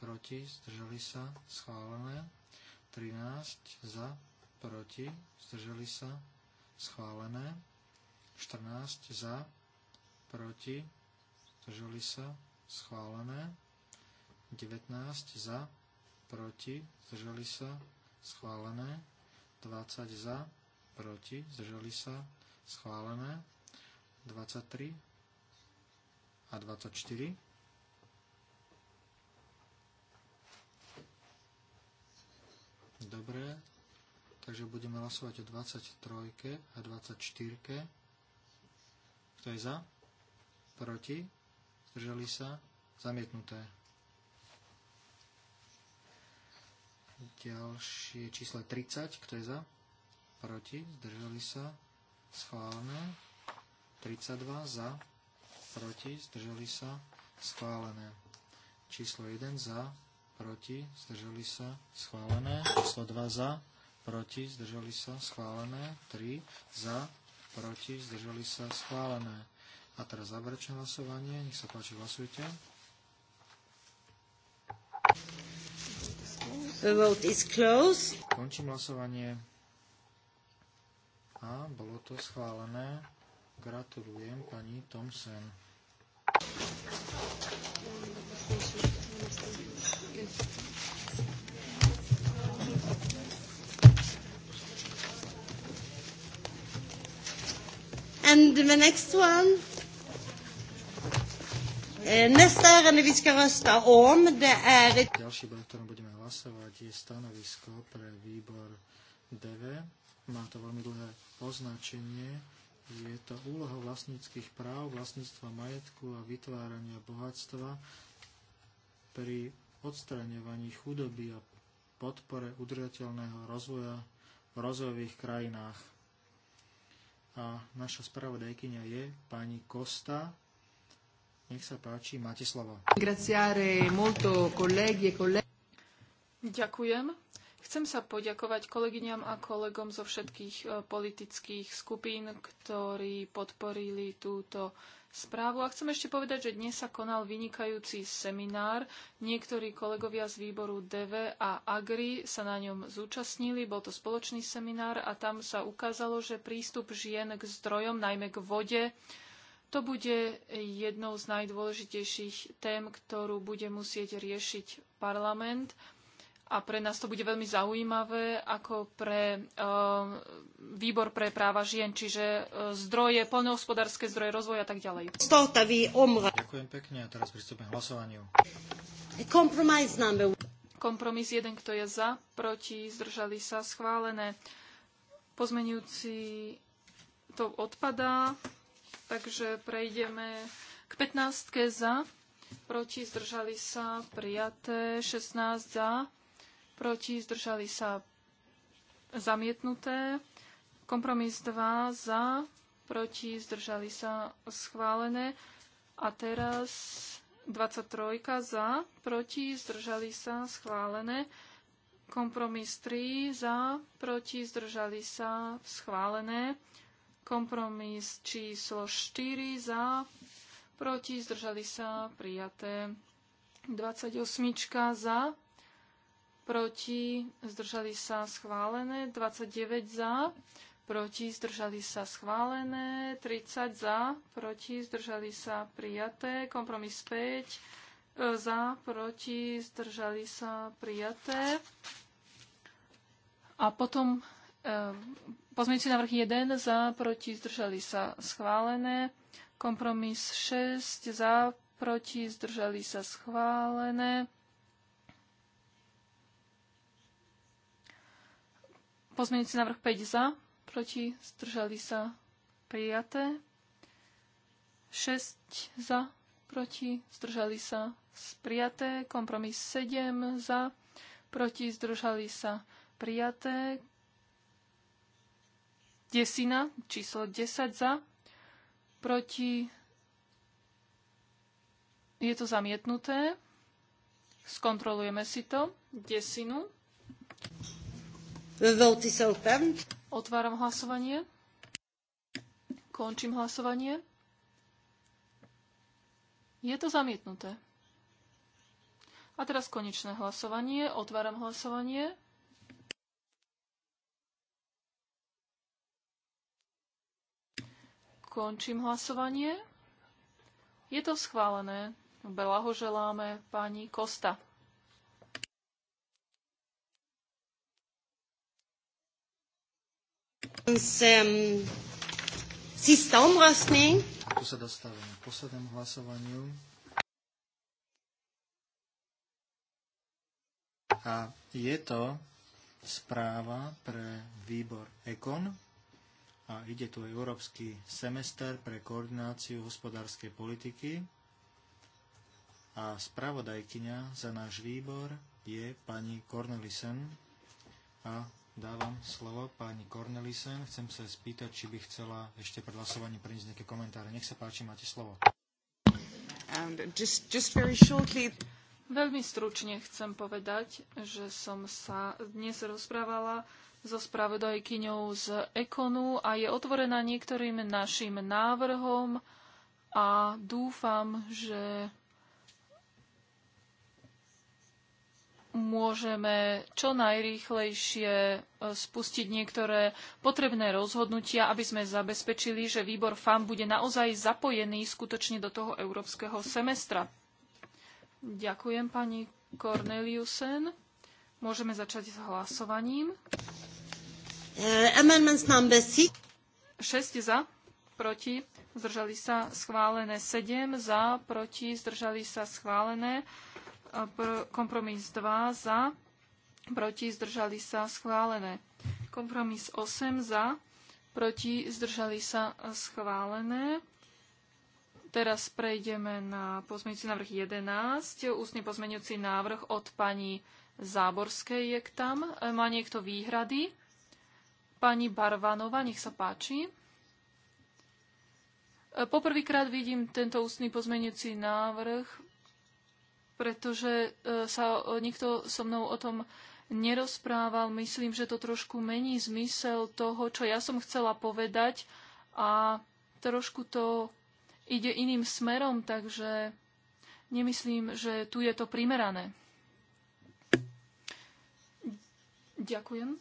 proti, zdržali sa schválené. 13 za, proti, zdržali sa schválené. 14 za, proti, zdržali sa schválené schválené. 19 za, proti, zdržali sa, schválené. 20 za, proti, zdržali sa, schválené. 23 a 24. Dobre, takže budeme hlasovať o 23 a 24. Kto je za? Proti? Zdržali sa? Zamietnuté. Ďalšie číslo 30. Kto je za? Proti. Zdržali sa? Schválené. 32. Za. Proti. Zdržali sa? Schválené. Číslo 1. Za. Proti. Zdržali sa? Schválené. Číslo 2. Za. Proti. Zdržali sa? Schválené. 3. Za. Proti. Zdržali sa? Schválené. A teraz záverečné hlasovanie. Nech sa páči, hlasujte. The vote is closed. Končím hlasovanie. A bolo to schválené. Gratulujem pani Thompson. And the next one Eh, Nästa ärende vi ska rösta om det är er Ďalší bod, ktorom budeme hlasovať, je stanovisko pre výbor DV. Má to veľmi dlhé označenie. Je to úloha vlastníckých práv, vlastníctva majetku a vytvárania bohatstva pri odstraňovaní chudoby a podpore udržateľného rozvoja v rozvojových krajinách. A naša spravodajkynia je pani Kosta, nech sa páči, máte slovo. E Ďakujem. Chcem sa poďakovať kolegyňam a kolegom zo všetkých e, politických skupín, ktorí podporili túto správu. A chcem ešte povedať, že dnes sa konal vynikajúci seminár. Niektorí kolegovia z výboru DV a Agri sa na ňom zúčastnili. Bol to spoločný seminár a tam sa ukázalo, že prístup žien k zdrojom, najmä k vode, to bude jednou z najdôležitejších tém, ktorú bude musieť riešiť parlament. A pre nás to bude veľmi zaujímavé, ako pre e, výbor pre práva žien, čiže eh, zdroje, poľnohospodárske zdroje, rozvoja a tak ďalej. Ďakujem pekne a teraz pristúpim k hlasovaniu. Kompromis jeden, kto je za, proti, zdržali sa, schválené. Pozmenujúci to odpadá takže prejdeme k 15 za, proti zdržali sa prijaté, 16 za, proti zdržali sa zamietnuté, kompromis 2 za, proti zdržali sa schválené a teraz 23 za, proti zdržali sa schválené, kompromis 3 za, proti zdržali sa schválené, Kompromis číslo 4 za, proti, zdržali sa, prijaté. 28 za, proti, zdržali sa, schválené. 29 za, proti, zdržali sa, schválené. 30 za, proti, zdržali sa, prijaté. Kompromis 5 e, za, proti, zdržali sa, prijaté. A potom Ehm, pozmeňujúci návrh 1 za, proti, zdržali sa schválené. Kompromis 6 za, proti, zdržali sa schválené. Pozmeňujúci návrh 5 za, proti, zdržali sa prijaté. 6 za, proti, zdržali sa prijaté. Kompromis 7 za, proti, zdržali sa prijaté desina, číslo 10 za, proti, je to zamietnuté, skontrolujeme si to, desinu. Otváram hlasovanie. Končím hlasovanie. Je to zamietnuté. A teraz konečné hlasovanie. Otváram hlasovanie. Končím hlasovanie. Je to schválené. Blahoželáme pani Kosta. Ähm, tu sa dostávame k poslednému hlasovaniu. A je to správa pre výbor EKON, a ide tu európsky semester pre koordináciu hospodárskej politiky a spravodajkyňa za náš výbor je pani Cornelisen a dávam slovo pani Cornelisen. Chcem sa spýtať, či by chcela ešte pred hlasovaním priniesť nejaké komentáre. Nech sa páči, máte slovo. Just, just Veľmi stručne chcem povedať, že som sa dnes rozprávala so spravodajkyňou z Ekonu a je otvorená niektorým našim návrhom a dúfam, že môžeme čo najrýchlejšie e, spustiť niektoré potrebné rozhodnutia, aby sme zabezpečili, že výbor FAM bude naozaj zapojený skutočne do toho európskeho semestra. Ďakujem pani Corneliusen. Môžeme začať s hlasovaním. 6. Eh, za, proti, zdržali sa schválené. 7 eh, za, proti, zdržali sa schválené. Kompromis 2 za, proti, zdržali sa schválené. Kompromis 8 za, proti, zdržali sa schválené. Teraz prejdeme na pozmeňujúci návrh 11. Ústne pozmeňujúci návrh od pani Záborskej je k tam. Eh, má niekto výhrady? Pani Barvanova, nech sa páči. E, poprvýkrát vidím tento ústny pozmenujúci návrh, pretože e, sa e, nikto so mnou o tom nerozprával. Myslím, že to trošku mení zmysel toho, čo ja som chcela povedať a trošku to ide iným smerom, takže nemyslím, že tu je to primerané. Ďakujem.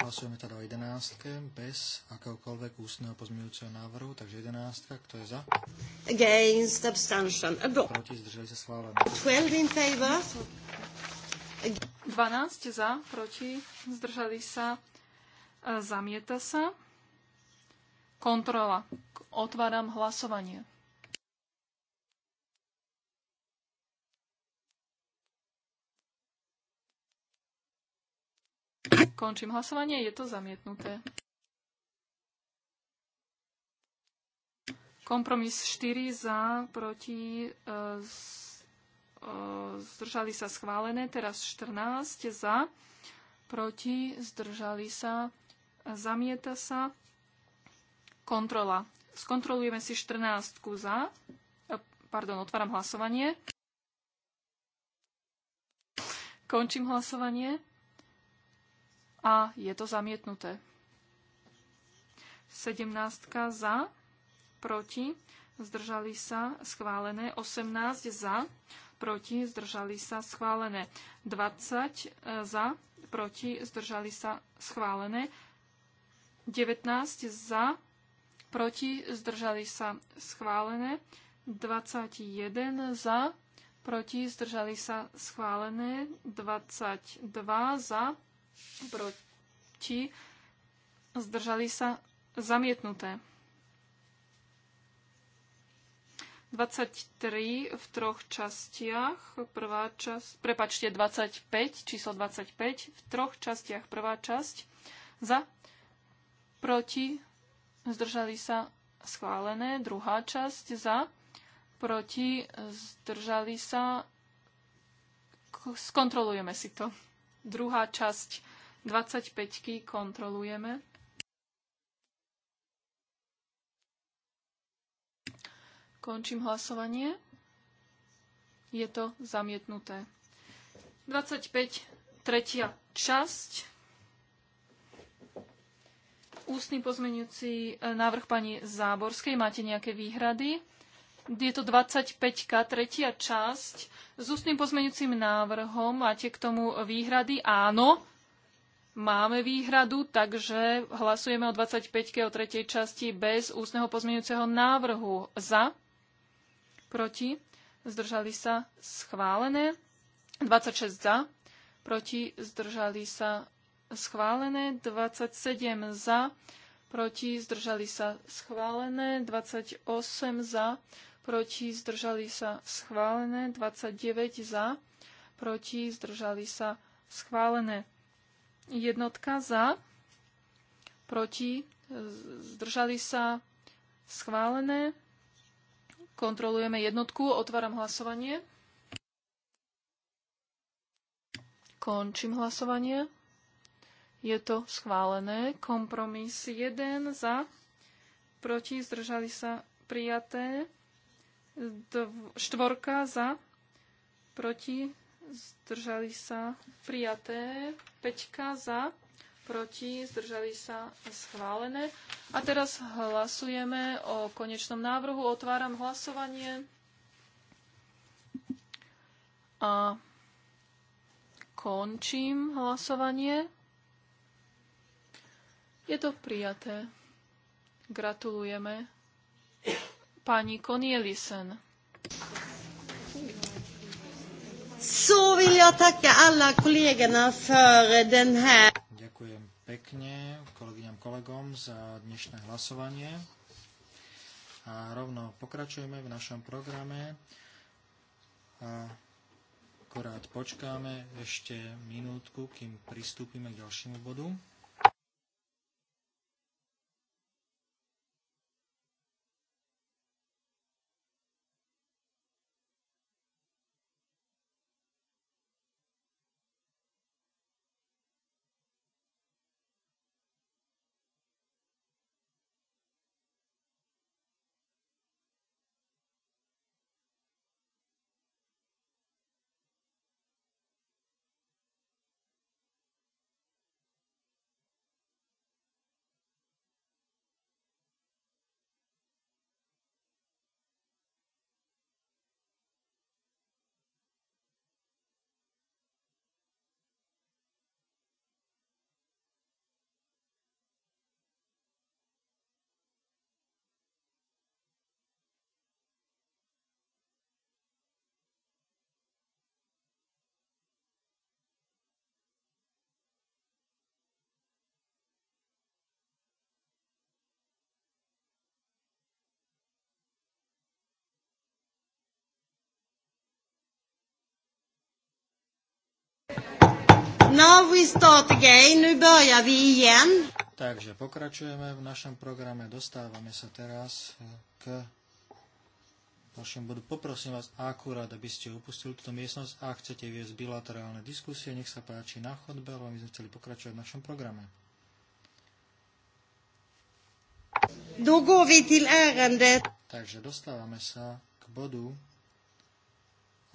Hlasujeme teda o 11. bez akéhokoľvek ústneho pozmeňujúceho návrhu, takže 11. Kto je za? Against abstention. Proti zdržali sa schválené. 12 in favor. 12 za, proti, zdržali sa, e, zamieta sa. Kontrola. Otváram hlasovanie. Končím hlasovanie, je to zamietnuté. Kompromis 4 za, proti, e, e, zdržali sa schválené, teraz 14 za, proti, zdržali sa, zamieta sa. Kontrola. Skontrolujeme si 14 za. E, pardon, otváram hlasovanie. Končím hlasovanie a je to zamietnuté. 17 za, proti, zdržali sa, schválené. 18 za, proti, zdržali sa, schválené. 20 e, za, proti, zdržali sa, schválené. 19 za, proti, zdržali sa, schválené. 21 za, proti, zdržali sa, schválené. 22 za, proti, zdržali sa zamietnuté. 23 v troch častiach, prvá časť, prepačte, 25, číslo 25, v troch častiach prvá časť, za, proti, zdržali sa schválené, druhá časť za, proti, zdržali sa, skontrolujeme si to. Druhá časť 25 kontrolujeme. Končím hlasovanie. Je to zamietnuté. 25, tretia časť. Ústny pozmenujúci e, návrh pani Záborskej. Máte nejaké výhrady? Je to 25, tretia časť. S ústnym pozmeňujúcim návrhom máte k tomu výhrady? Áno, máme výhradu, takže hlasujeme o 25. o tretej časti bez ústneho pozmeňujúceho návrhu. Za? Proti? Zdržali sa? Schválené. 26 za. Proti? Zdržali sa? Schválené. 27 za. Proti? Zdržali sa? Schválené. 28 za proti zdržali sa schválené, 29 za, proti zdržali sa schválené. Jednotka za, proti zdržali sa schválené. Kontrolujeme jednotku, otváram hlasovanie. Končím hlasovanie. Je to schválené. Kompromis 1 za, proti, zdržali sa prijaté. Dv- štvorka za, proti, zdržali sa prijaté. Peťka za, proti, zdržali sa schválené. A teraz hlasujeme o konečnom návrhu. Otváram hlasovanie. A končím hlasovanie. Je to prijaté. Gratulujeme pani Cornelissen. Så vill jag tacka alla kollegorna för den här... Ďakujem pekne kolegyňam kolegom za dnešné hlasovanie. A rovno pokračujeme v našom programe. A akorát počkáme ešte minútku, kým pristúpime k ďalšiemu bodu. Now we start again. Nu börjar vi igen. Takže pokračujeme v našom programe. Dostávame sa teraz k ďalšiemu bodu. Poprosím vás akurát, aby ste opustili túto miestnosť. Ak chcete viesť bilaterálne diskusie, nech sa páči na chodbe, lebo my sme chceli pokračovať v našom programe. Takže dostávame sa k bodu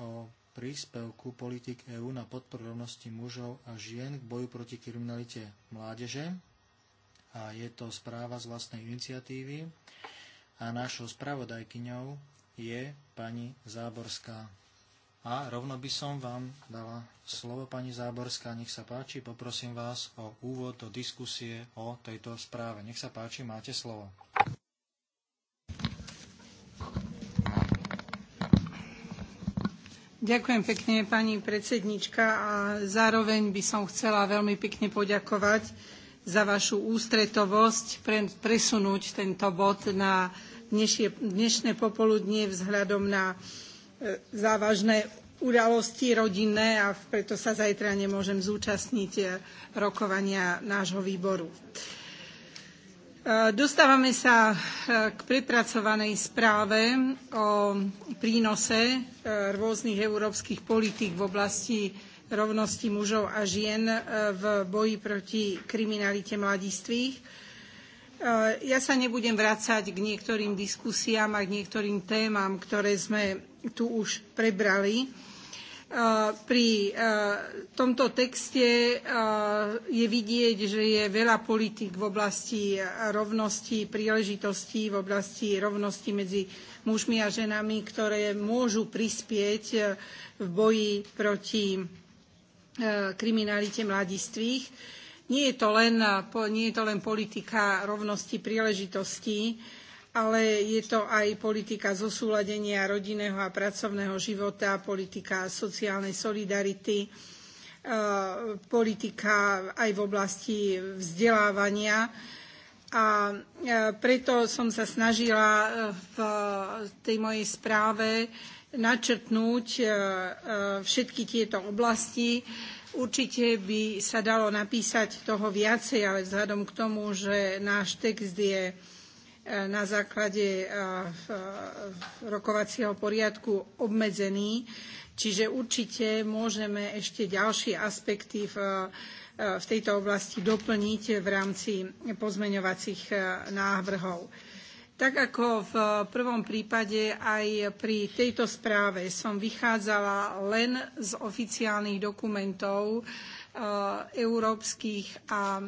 o príspevku politik EÚ na podporu rovnosti mužov a žien k boju proti kriminalite mládeže. A je to správa z vlastnej iniciatívy. A našou spravodajkyňou je pani Záborská. A rovno by som vám dala slovo, pani Záborská. Nech sa páči, poprosím vás o úvod do diskusie o tejto správe. Nech sa páči, máte slovo. Ďakujem pekne, pani predsedníčka. a zároveň by som chcela veľmi pekne poďakovať za vašu ústretovosť presunúť tento bod na dnešné popoludnie vzhľadom na e, závažné udalosti rodinné a preto sa zajtra nemôžem zúčastniť e, rokovania nášho výboru. Dostávame sa eh, k prepracovanej správe o prínose eh, rôznych európskych politík v oblasti rovnosti mužov a žien eh, v boji proti kriminalite mladistvých. Ja sa nebudem vrácať k niektorým diskusiám a k niektorým témam, ktoré sme tu už prebrali pri tomto texte je vidieť, že je veľa politik v oblasti rovnosti príležitostí, v oblasti rovnosti medzi mužmi a ženami, ktoré môžu prispieť v boji proti kriminalite mladistvých. Nie je to len, nie je to len politika rovnosti príležitostí, ale je to aj politika zosúladenia rodinného a pracovného života, politika sociálnej solidarity, e, politika aj v oblasti vzdelávania. A e, preto som sa snažila e, v tej mojej správe načrtnúť všetky tieto oblasti. Určite by sa dalo napísať toho viacej, ale vzhľadom k tomu, že náš text je Eh, na základe eh, eh, rokovacieho poriadku obmedzený, čiže určite môžeme ešte ďalšie aspekty v, v tejto oblasti doplniť v rámci pozmeňovacích návrhov. Tak ako v prvom prípade aj pri tejto správe som vychádzala len z oficiálnych dokumentov európskych a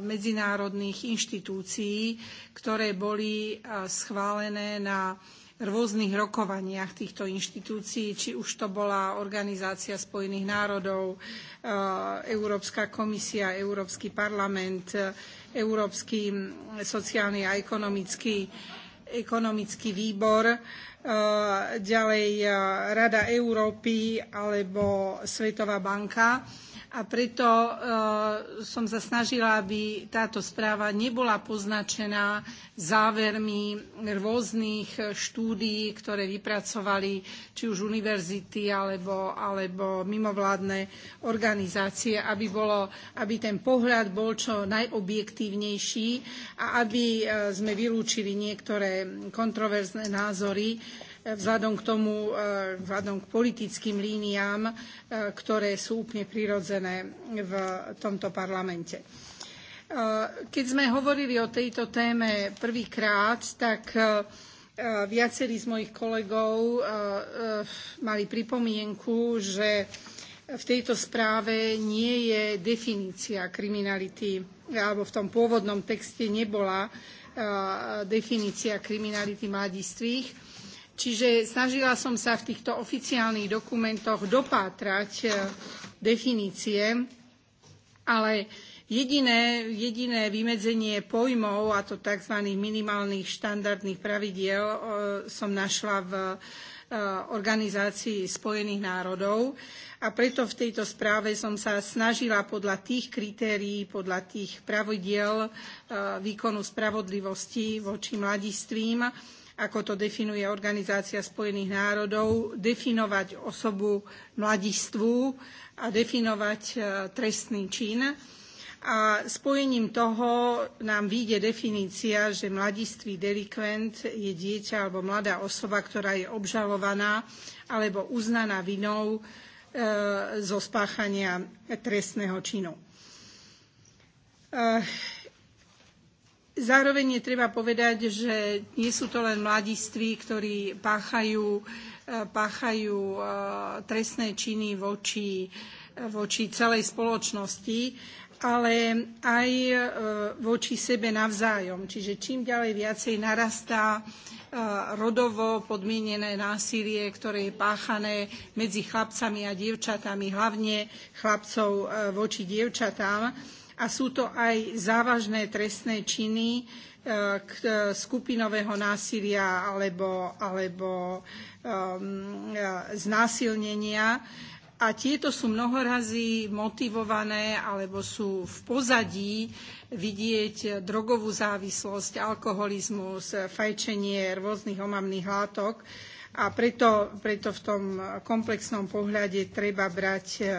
medzinárodných inštitúcií, ktoré boli schválené na rôznych rokovaniach týchto inštitúcií, či už to bola Organizácia spojených národov, Európska komisia, Európsky parlament, Európsky sociálny a ekonomický, ekonomický výbor, ďalej Rada Európy alebo Svetová banka a preto e, som sa snažila, aby táto správa nebola poznačená závermi rôznych štúdií, ktoré vypracovali či už univerzity alebo, alebo mimovládne organizácie, aby, bolo, aby ten pohľad bol čo najobjektívnejší a aby eh, sme vylúčili niektoré kontroverzné názory vzhľadom k tomu, eh, vzhľadom k politickým líniám, eh, ktoré sú úplne prirodzené v tomto parlamente. Eh, keď sme hovorili o tejto téme prvýkrát, tak viacerí z mojich kolegov mali pripomienku, že v tejto správe nie je definícia kriminality, alebo v tom pôvodnom texte nebola definícia kriminality mladistvých. Čiže snažila som sa v týchto oficiálnych dokumentoch dopátrať e, definície, ale jediné, jediné vymedzenie pojmov, a to tzv. minimálnych štandardných pravidiel, e, som našla v e, Organizácii spojených národov a preto v tejto správe som sa snažila podľa tých kritérií, podľa tých pravidiel výkonu spravodlivosti voči mladistvím ako to definuje Organizácia spojených národov, definovať osobu mladistvu a definovať e, trestný čin. A spojením toho nám vyjde definícia, že mladistvý delikvent je dieťa alebo mladá osoba, ktorá je obžalovaná alebo uznaná vinou e, zo spáchania trestného činu. E, Zároveň je treba povedať, že nie sú to len mladiství, ktorí páchajú, e, páchajú e, trestné činy voči, e, voči celej spoločnosti, ale aj voči sebe navzájom. Čiže čím ďalej viacej narastá rodovo podmienené násilie, ktoré je páchané medzi chlapcami a dievčatami, hlavne chlapcov voči dievčatám a sú to aj závažné trestné činy e, k e, skupinového násilia alebo, alebo um, znásilnenia. A tieto sú mnohorazí motivované alebo sú v pozadí vidieť drogovú závislosť, alkoholizmus, fajčenie rôznych omamných látok. A preto, preto v tom komplexnom pohľade treba brať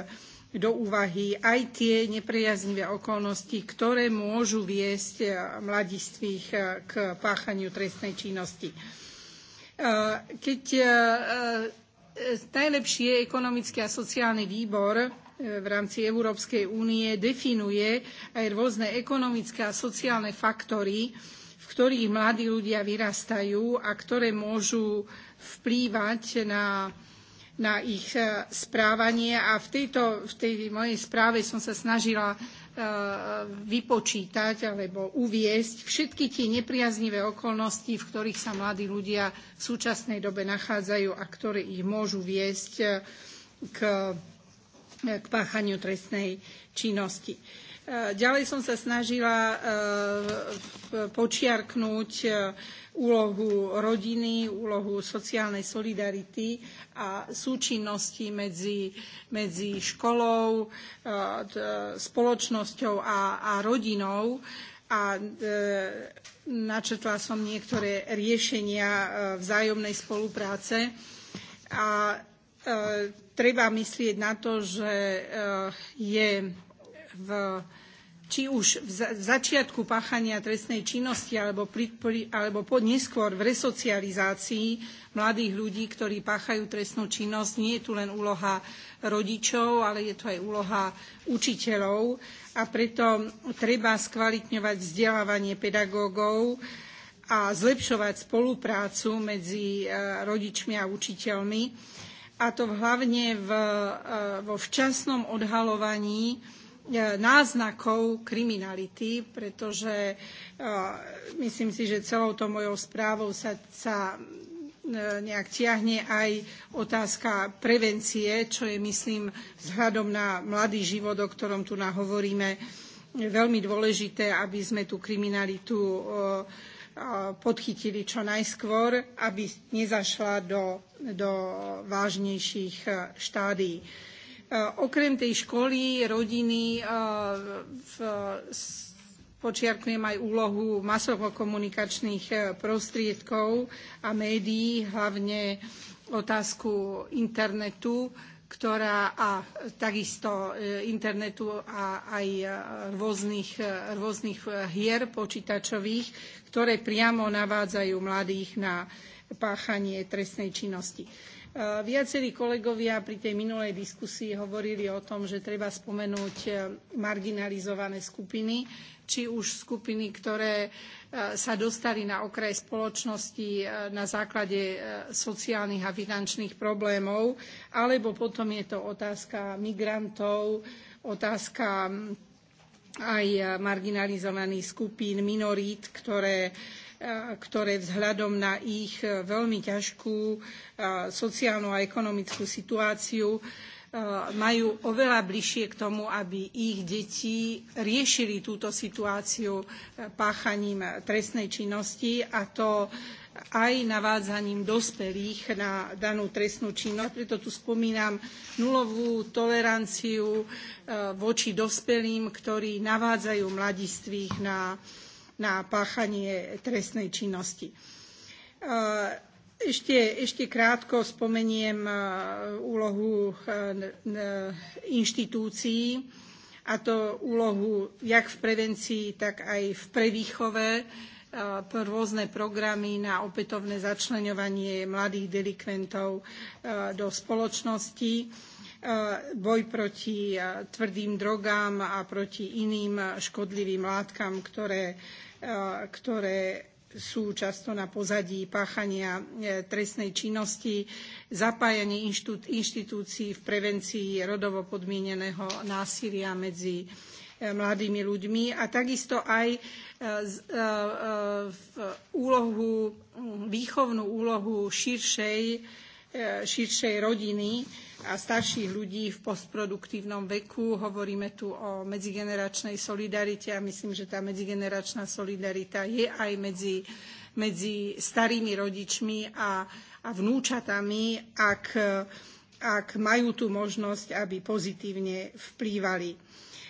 do úvahy aj tie nepriaznivé okolnosti, ktoré môžu viesť eh, mladistvých eh, k páchaniu trestnej činnosti. Eh, keď najlepšie ekonomický a sociálny výbor v rámci Európskej únie definuje aj rôzne ekonomické a sociálne faktory, v ktorých mladí ľudia vyrastajú a ktoré môžu vplývať na na ich e, správanie a v, tejto, v tej mojej správe som sa snažila e, vypočítať alebo uviesť všetky tie nepriaznivé okolnosti, v ktorých sa mladí ľudia v súčasnej dobe nachádzajú a ktoré ich môžu viesť e, k, k páchaniu trestnej činnosti. E, ďalej som sa snažila e, počiarknúť e, úlohu rodiny, úlohu sociálnej solidarity a súčinnosti medzi, medzi školou, spoločnosťou a, a rodinou. A načetla som niektoré riešenia vzájomnej spolupráce. A treba myslieť na to, že je v, či už v, začiatku páchania trestnej činnosti alebo, pri, pri, alebo neskôr v resocializácii mladých ľudí, ktorí páchajú trestnú činnosť. Nie je tu len úloha rodičov, ale je to aj úloha učiteľov a preto treba skvalitňovať vzdelávanie pedagógov a zlepšovať spoluprácu medzi e, rodičmi a učiteľmi a to hlavne v, e, vo včasnom odhalovaní E, náznakov kriminality, pretože e, myslím si, že celou tou mojou správou sa, sa e, nejak tiahne aj otázka prevencie, čo je, myslím, vzhľadom na mladý život, o ktorom tu nahovoríme, veľmi dôležité, aby sme tú kriminalitu podchytili čo najskôr, aby nezašla do, do vážnejších štádií Eh, okrem tej školy, rodiny, eh, počiarkujem aj úlohu masovo-komunikačných eh, prostriedkov a médií, hlavne otázku internetu, ktorá a takisto internetu a aj rôznych, rôznych hier počítačových, ktoré priamo navádzajú mladých na páchanie trestnej činnosti. Eh, viacerí kolegovia pri tej minulej diskusii hovorili o tom, že treba spomenúť eh, marginalizované skupiny, či už skupiny, ktoré eh, sa dostali na okraj spoločnosti na základe sociálnych a finančných problémov, alebo potom je to otázka migrantov, otázka mm, aj marginalizovaných skupín, minorít, ktoré ktoré vzhľadom na ich e, veľmi ťažkú e, sociálnu a ekonomickú situáciu e, majú oveľa bližšie k tomu, aby ich deti riešili túto situáciu páchaním trestnej činnosti a to aj navádzaním dospelých na danú trestnú činnosť. Preto tu spomínam nulovú toleranciu voči dospelým, ktorí navádzajú mladistvých na na páchanie trestnej činnosti. E, ešte, ešte krátko spomeniem e, úlohu e, inštitúcií, a to úlohu jak v prevencii, tak aj v prevýchove, rôzne programy na opätovné začleňovanie mladých delikventov do spoločnosti, boj proti tvrdým drogám a proti iným škodlivým látkam, ktoré E, ktoré sú často na pozadí páchania e, trestnej činnosti, zapájanie inštitúcií v prevencii rodovo podmieneného násilia medzi e, mladými ľuďmi a takisto aj úlohu, výchovnú úlohu širšej, širšej rodiny, a starších ľudí v postproduktívnom veku. Hovoríme tu o medzigeneračnej solidarite a myslím, že tá medzigeneračná solidarita je aj medzi, medzi starými rodičmi a, a vnúčatami, ak, ak majú tú možnosť, aby pozitívne vplývali.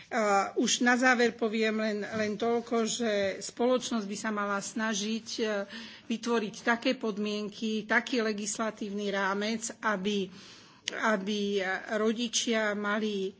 Uh, už na záver poviem len, len toľko, že spoločnosť by sa mala snažiť uh, vytvoriť také podmienky, taký legislatívny rámec, aby aby rodičia mali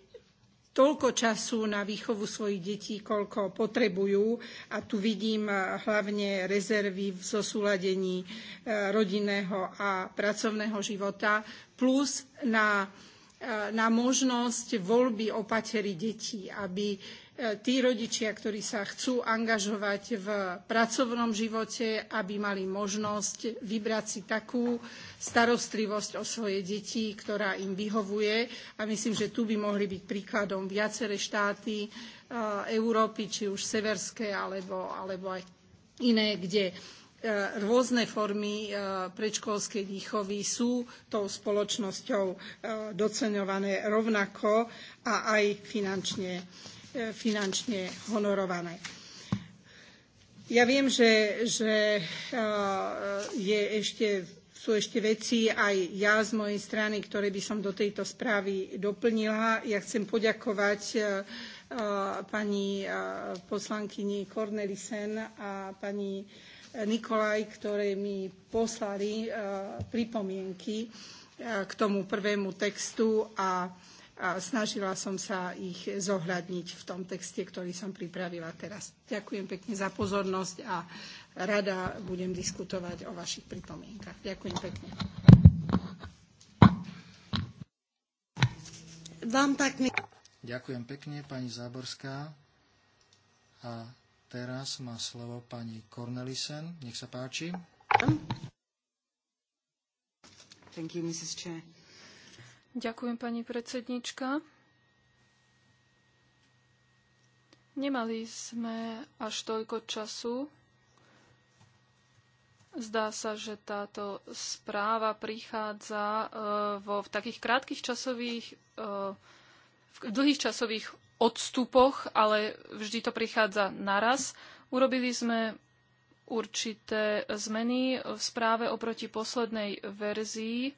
toľko času na výchovu svojich detí, koľko potrebujú. A tu vidím eh, hlavne rezervy v zosúladení eh, rodinného a pracovného života, plus na, eh, na možnosť voľby opatery detí, aby E, tí rodičia, ktorí sa chcú angažovať v pracovnom živote, aby mali možnosť vybrať si takú starostlivosť o svoje deti, ktorá im vyhovuje. A myslím, že tu by mohli byť príkladom viaceré štáty e, Európy, či už severské, alebo, alebo aj iné, kde e, rôzne formy predškolskej výchovy sú tou spoločnosťou doceňované rovnako a aj finančne. E, finančne honorované. Ja viem, že, že e, je ešte, sú ešte veci aj ja z mojej strany, ktoré by som do tejto správy doplnila. Ja chcem poďakovať e, pani poslankyni Cornelisen a pani Nikolaj, ktoré mi poslali pripomienky k tomu prvému textu a a snažila som sa ich zohľadniť v tom texte, ktorý som pripravila teraz. Ďakujem pekne za pozornosť a rada budem diskutovať o vašich pripomienkach. Ďakujem pekne. Vám tak... Ďakujem pekne, pani Záborská. A teraz má slovo pani Cornelisen. Nech sa páči. Thank you, Mrs. Chair. Ďakujem, pani predsednička. Nemali sme až toľko času. Zdá sa, že táto správa prichádza e, vo, v takých krátkých časových, e, v dlhých časových odstupoch, ale vždy to prichádza naraz. Urobili sme určité zmeny v správe oproti poslednej verzii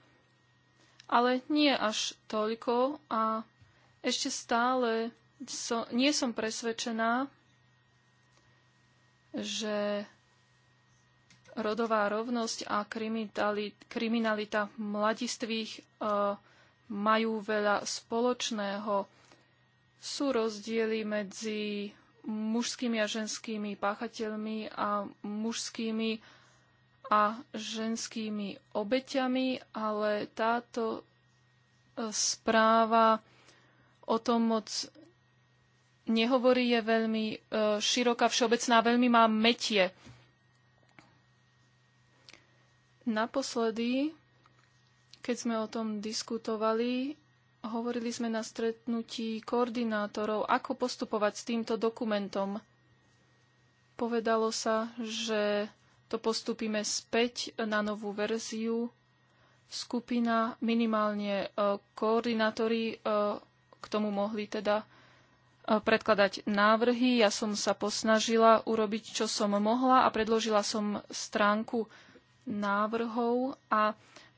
ale nie až toľko a ešte stále so, nie som presvedčená, že rodová rovnosť a kriminalita mladistvých e, majú veľa spoločného. Sú rozdiely medzi mužskými a ženskými páchateľmi a mužskými a ženskými obeťami, ale táto e, správa o tom moc nehovorí, je veľmi e, široká, všeobecná, veľmi má metie. Naposledy, keď sme o tom diskutovali, hovorili sme na stretnutí koordinátorov, ako postupovať s týmto dokumentom. Povedalo sa, že to postupíme späť na novú verziu. Skupina, minimálne e, koordinátori e, k tomu mohli teda e, predkladať návrhy. Ja som sa posnažila urobiť, čo som mohla a predložila som stránku návrhov a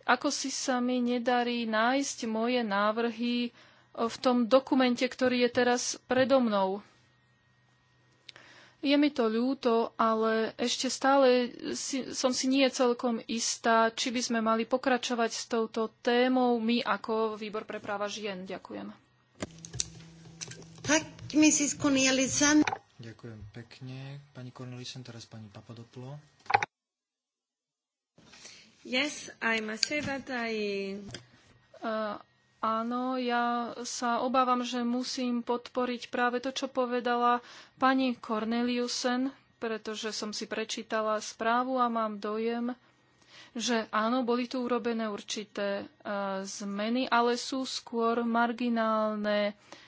ako si sa mi nedarí nájsť moje návrhy v tom dokumente, ktorý je teraz predo mnou. Je mi to ľúto, ale ešte stále si, som si nie celkom istá, či by sme mali pokračovať s touto témou my ako Výbor pre práva žien. Ďakujem. Tak, Mrs. Cornelissen. Ďakujem pekne. Pani Cornelissen, teraz pani Papadoplo. Yes, I'm a servant. I... Uh, Áno, ja sa obávam, že musím podporiť práve to, čo povedala pani Corneliusen, pretože som si prečítala správu a mám dojem, že áno, boli tu urobené určité uh, zmeny, ale sú skôr marginálne uh,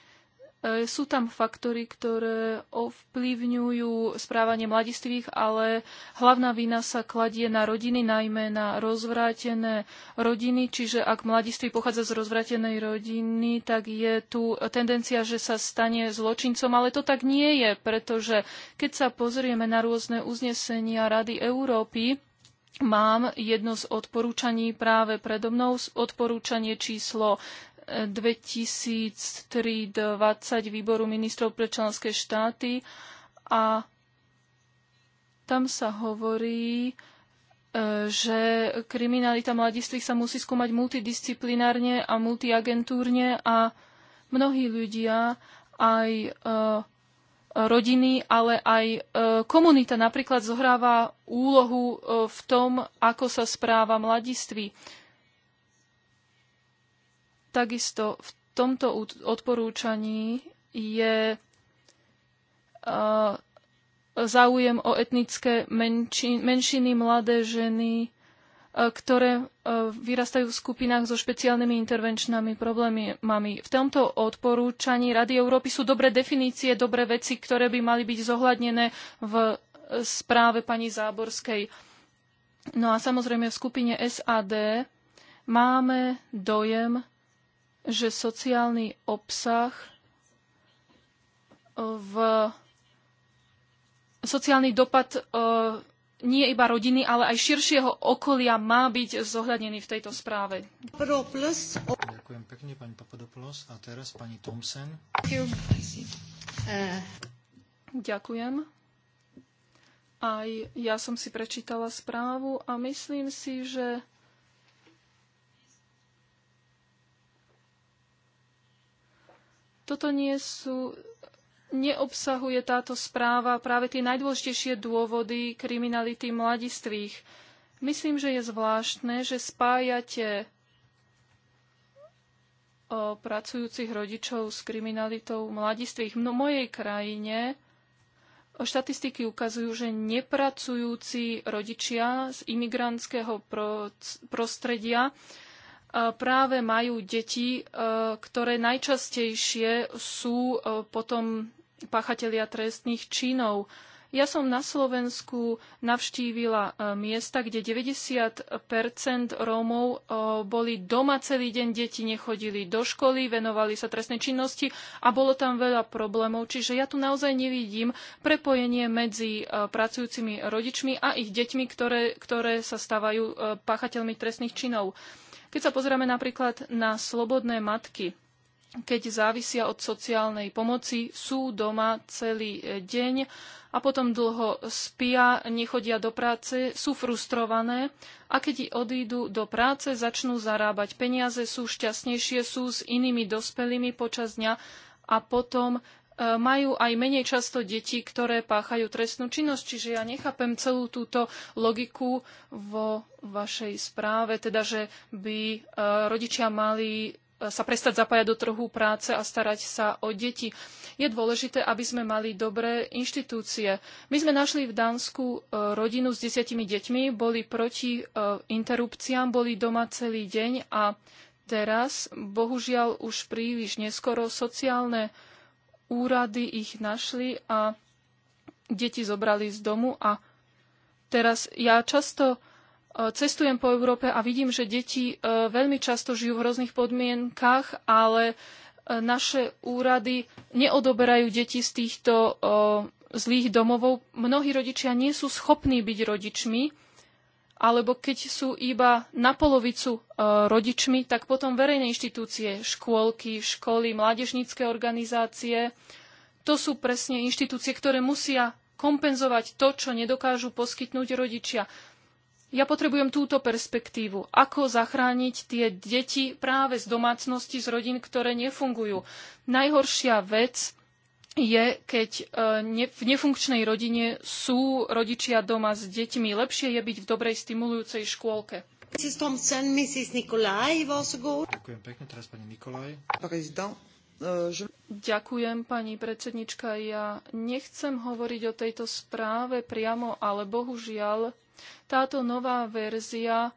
E, sú tam faktory, ktoré ovplyvňujú správanie mladistvých, ale hlavná vina sa kladie na rodiny, najmä na rozvrátené rodiny. Čiže ak mladistvý pochádza z rozvrátenej rodiny, tak je tu tendencia, že sa stane zločincom, ale to tak nie je, pretože keď sa pozrieme na rôzne uznesenia Rady Európy, Mám jedno z odporúčaní práve predo mnou, odporúčanie číslo 2003-2020 výboru ministrov pre členské štáty a tam sa hovorí, e, že kriminalita mladistvých sa musí skúmať multidisciplinárne a multiagentúrne a mnohí ľudia, aj e, rodiny, ale aj e, komunita napríklad zohráva úlohu v tom, ako sa správa mladiství. Takisto v tomto odporúčaní je záujem o etnické menšiny, menšiny mladé ženy, ktoré vyrastajú v skupinách so špeciálnymi intervenčnými problémami. V tomto odporúčaní Rady Európy sú dobré definície, dobré veci, ktoré by mali byť zohľadnené v e, správe pani Záborskej. No a samozrejme v skupine SAD máme dojem, že sociálny obsah eh, v sociálny dopad eh, nie iba rodiny, ale aj širšieho okolia má byť zohľadnený v tejto správe. Ďakujem pekne, pani Papadopoulos. A teraz pani Thompson. Eh. Ďakujem. Aj ja som si prečítala správu a myslím si, že Toto nie sú neobsahuje táto správa práve tie najdôležitejšie dôvody kriminality mladistvých. Myslím, že je zvláštne, že spájate o pracujúcich rodičov s kriminalitou mladistvých. No, v mojej krajine štatistiky ukazujú, že nepracujúci rodičia z imigrantského prostredia práve majú deti, e, ktoré najčastejšie sú e, potom pachatelia trestných činov. Ja som na Slovensku navštívila e, miesta, kde 90 Rómov boli doma celý deň, deti nechodili do školy, venovali sa trestnej činnosti a bolo tam veľa problémov. Čiže ja tu naozaj nevidím prepojenie medzi pracujúcimi rodičmi a ich deťmi, ktoré, ktoré sa stávajú pachateľmi trestných činov. Keď sa pozrieme napríklad na slobodné matky, keď závisia od sociálnej pomoci, sú doma celý e, deň a potom dlho spia, nechodia do práce, sú frustrované a keď odídu do práce, začnú zarábať peniaze, sú šťastnejšie, sú s inými dospelými počas dňa a potom E, majú aj menej často deti, ktoré páchajú trestnú činnosť. Čiže ja nechápem celú túto logiku vo vašej správe, teda že by e, rodičia mali e, sa prestať zapájať do trhu práce a starať sa o deti. Je dôležité, aby sme mali dobré inštitúcie. My sme našli v Dánsku rodinu s desiatimi deťmi, boli proti interrupciám, boli doma celý deň a teraz, bohužiaľ už príliš neskoro, sociálne úrady ich našli a deti zobrali z domu a teraz ja často e, cestujem po Európe a vidím, že deti e, veľmi často žijú v hrozných podmienkach, ale e, naše úrady neodoberajú deti z týchto zlých domovov. Mnohí rodičia nie sú schopní byť rodičmi, alebo keď sú iba na polovicu e, rodičmi, tak potom verejné inštitúcie, škôlky, školy, mládežnícke organizácie, to sú presne inštitúcie, ktoré musia kompenzovať to, čo nedokážu poskytnúť rodičia. Ja potrebujem túto perspektívu. Ako zachrániť tie deti práve z domácnosti, z rodín, ktoré nefungujú. Najhoršia vec je, keď e, v nefunkčnej rodine sú rodičia doma s deťmi. Lepšie je byť v dobrej stimulujúcej škôlke. Mrs. Thompson, Mrs. Nikolaj, Ďakujem pekne, teraz pani Nikolaj. E, Ďakujem, pani predsednička. Ja nechcem hovoriť o tejto správe priamo, ale bohužiaľ táto nová verzia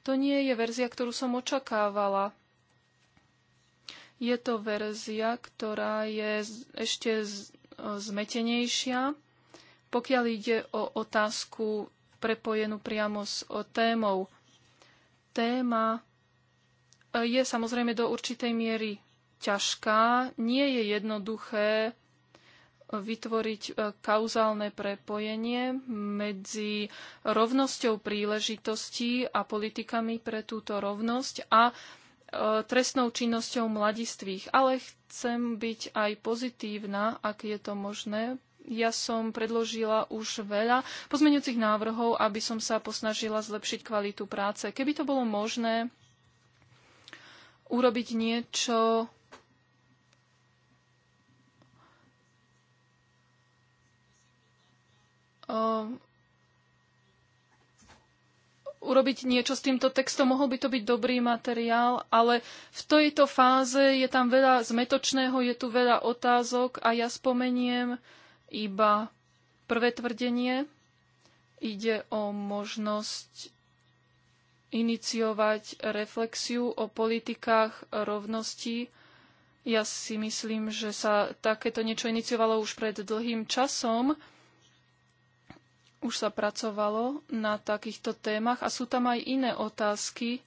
to nie je verzia, ktorú som očakávala. Je to verzia, ktorá je ešte zmetenejšia, pokiaľ ide o otázku prepojenú priamo s témou. Téma e, je samozrejme do určitej miery ťažká. Nie je jednoduché e, vytvoriť e, kauzálne prepojenie medzi rovnosťou príležitostí a politikami pre túto rovnosť a E, trestnou činnosťou mladistvých. Ale chcem byť aj pozitívna, ak je to možné. Ja som predložila už veľa pozmeňujúcich návrhov, aby som sa posnažila zlepšiť kvalitu práce. Keby to bolo možné urobiť niečo e, urobiť niečo s týmto textom. Mohol by to byť dobrý materiál, ale v tejto fáze je tam veľa zmetočného, je tu veľa otázok a ja spomeniem iba prvé tvrdenie. Ide o možnosť iniciovať reflexiu o politikách rovnosti. Ja si myslím, že sa takéto niečo iniciovalo už pred dlhým časom už sa pracovalo na takýchto témach a sú tam aj iné otázky.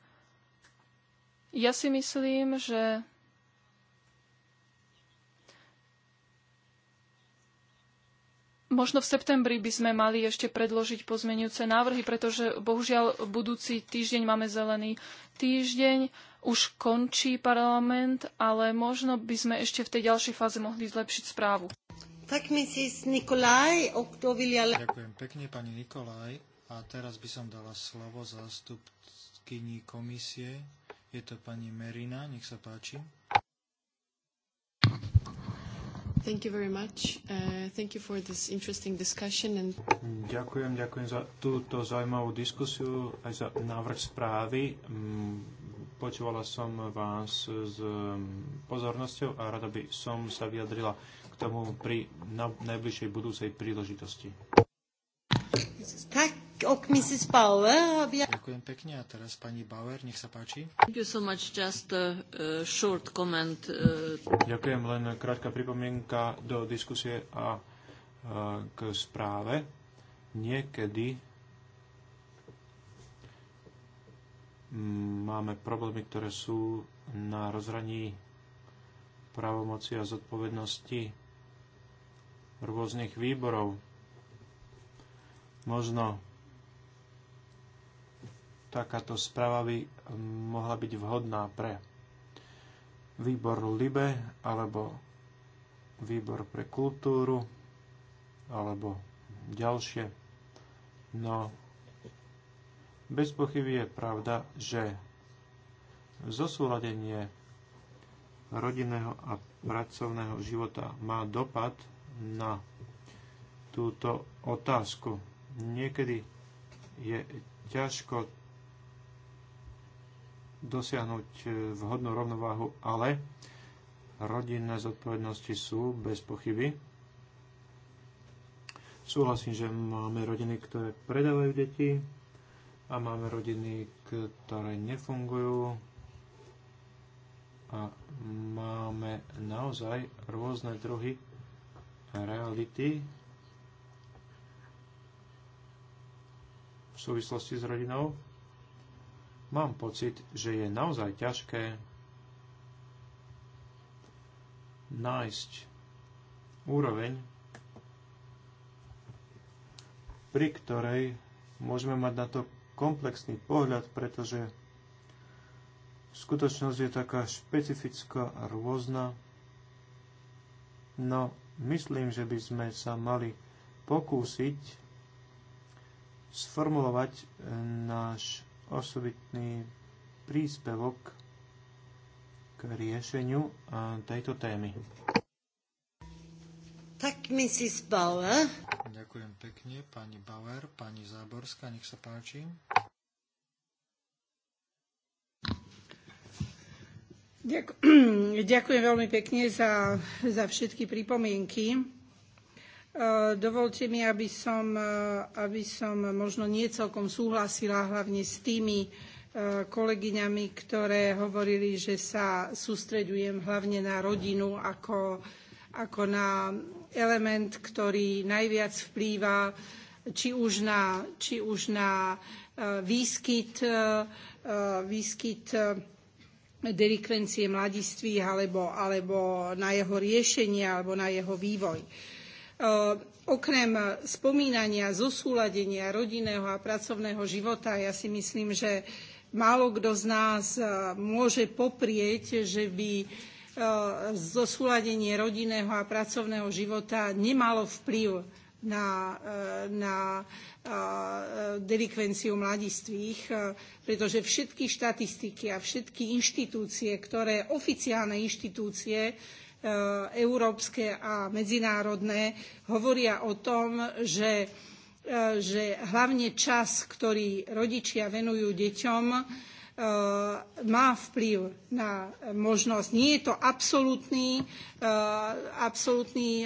Ja si myslím, že Možno v septembri by sme mali ešte predložiť pozmenujúce návrhy, pretože bohužiaľ budúci týždeň máme zelený týždeň, už končí parlament, ale možno by sme ešte v tej ďalšej fáze mohli zlepšiť správu. Tak Mrs. Nikolaj, och då Ďakujem pekne, pani Nikolaj. A teraz by som dala slovo zástupkyni komisie. Je to pani Merina, nech sa páči. Thank you very much. Uh, thank you for this interesting discussion. And... Ďakujem, ďakujem za túto zaujímavú diskusiu, aj za návrh správy. Mm, počúvala som vás s mm, pozornosťou a rada by som sa vyjadrila tomu pri na najbližšej budúcej príležitosti. Tak, ok, Mrs. Bauer. Ďakujem pekne. A teraz pani Bauer, nech sa páči. Thank you so much. Just a, uh, short comment. Uh... Ďakujem, len krátka pripomienka do diskusie a uh, k správe. Niekedy máme problémy, ktoré sú na rozhraní právomoci a zodpovednosti rôznych výborov. Možno takáto správa by um, mohla byť vhodná pre výbor LIBE alebo výbor pre kultúru alebo ďalšie. No, bez pochyby je pravda, že zosúladenie rodinného a pracovného života má dopad na túto otázku. Niekedy je ťažko dosiahnuť e, vhodnú rovnováhu, ale rodinné zodpovednosti sú bez pochyby. Súhlasím, že máme rodiny, ktoré predávajú deti a máme rodiny, ktoré nefungujú a máme naozaj rôzne druhy reality v súvislosti s rodinou, mám pocit, že je naozaj ťažké nájsť úroveň, pri ktorej môžeme mať na to komplexný pohľad, pretože skutočnosť je taká špecifická, rôzna, no myslím, že by sme sa mali pokúsiť sformulovať e, náš osobitný príspevok k riešeniu e, tejto témy. Tak, Mrs. Bauer. Ďakujem pekne, pani Bauer, pani Záborská, nech sa páči. Ďakujem veľmi pekne za, za všetky pripomienky. E, dovolte mi, aby som, e, aby som možno nie celkom súhlasila hlavne s tými e, kolegyňami, ktoré hovorili, že sa sústreďujem hlavne na rodinu ako, ako na element, ktorý najviac vplýva či už na, či už na výskyt, výskyt delikvencie mladistvých alebo, alebo na jeho riešenie alebo na jeho vývoj. E, okrem spomínania, zosúladenia rodinného a pracovného života, ja si myslím, že málo kto z nás e, môže poprieť, že by e, zosúladenie rodinného a pracovného života nemalo vplyv na, eh, na eh, delikvenciu mladistvých, eh, pretože všetky štatistiky a všetky inštitúcie, ktoré oficiálne inštitúcie európske a medzinárodné hovoria o tom, že, že hlavne čas, ktorý rodičia venujú deťom, má vplyv na možnosť. Nie je to absolútny, absolútny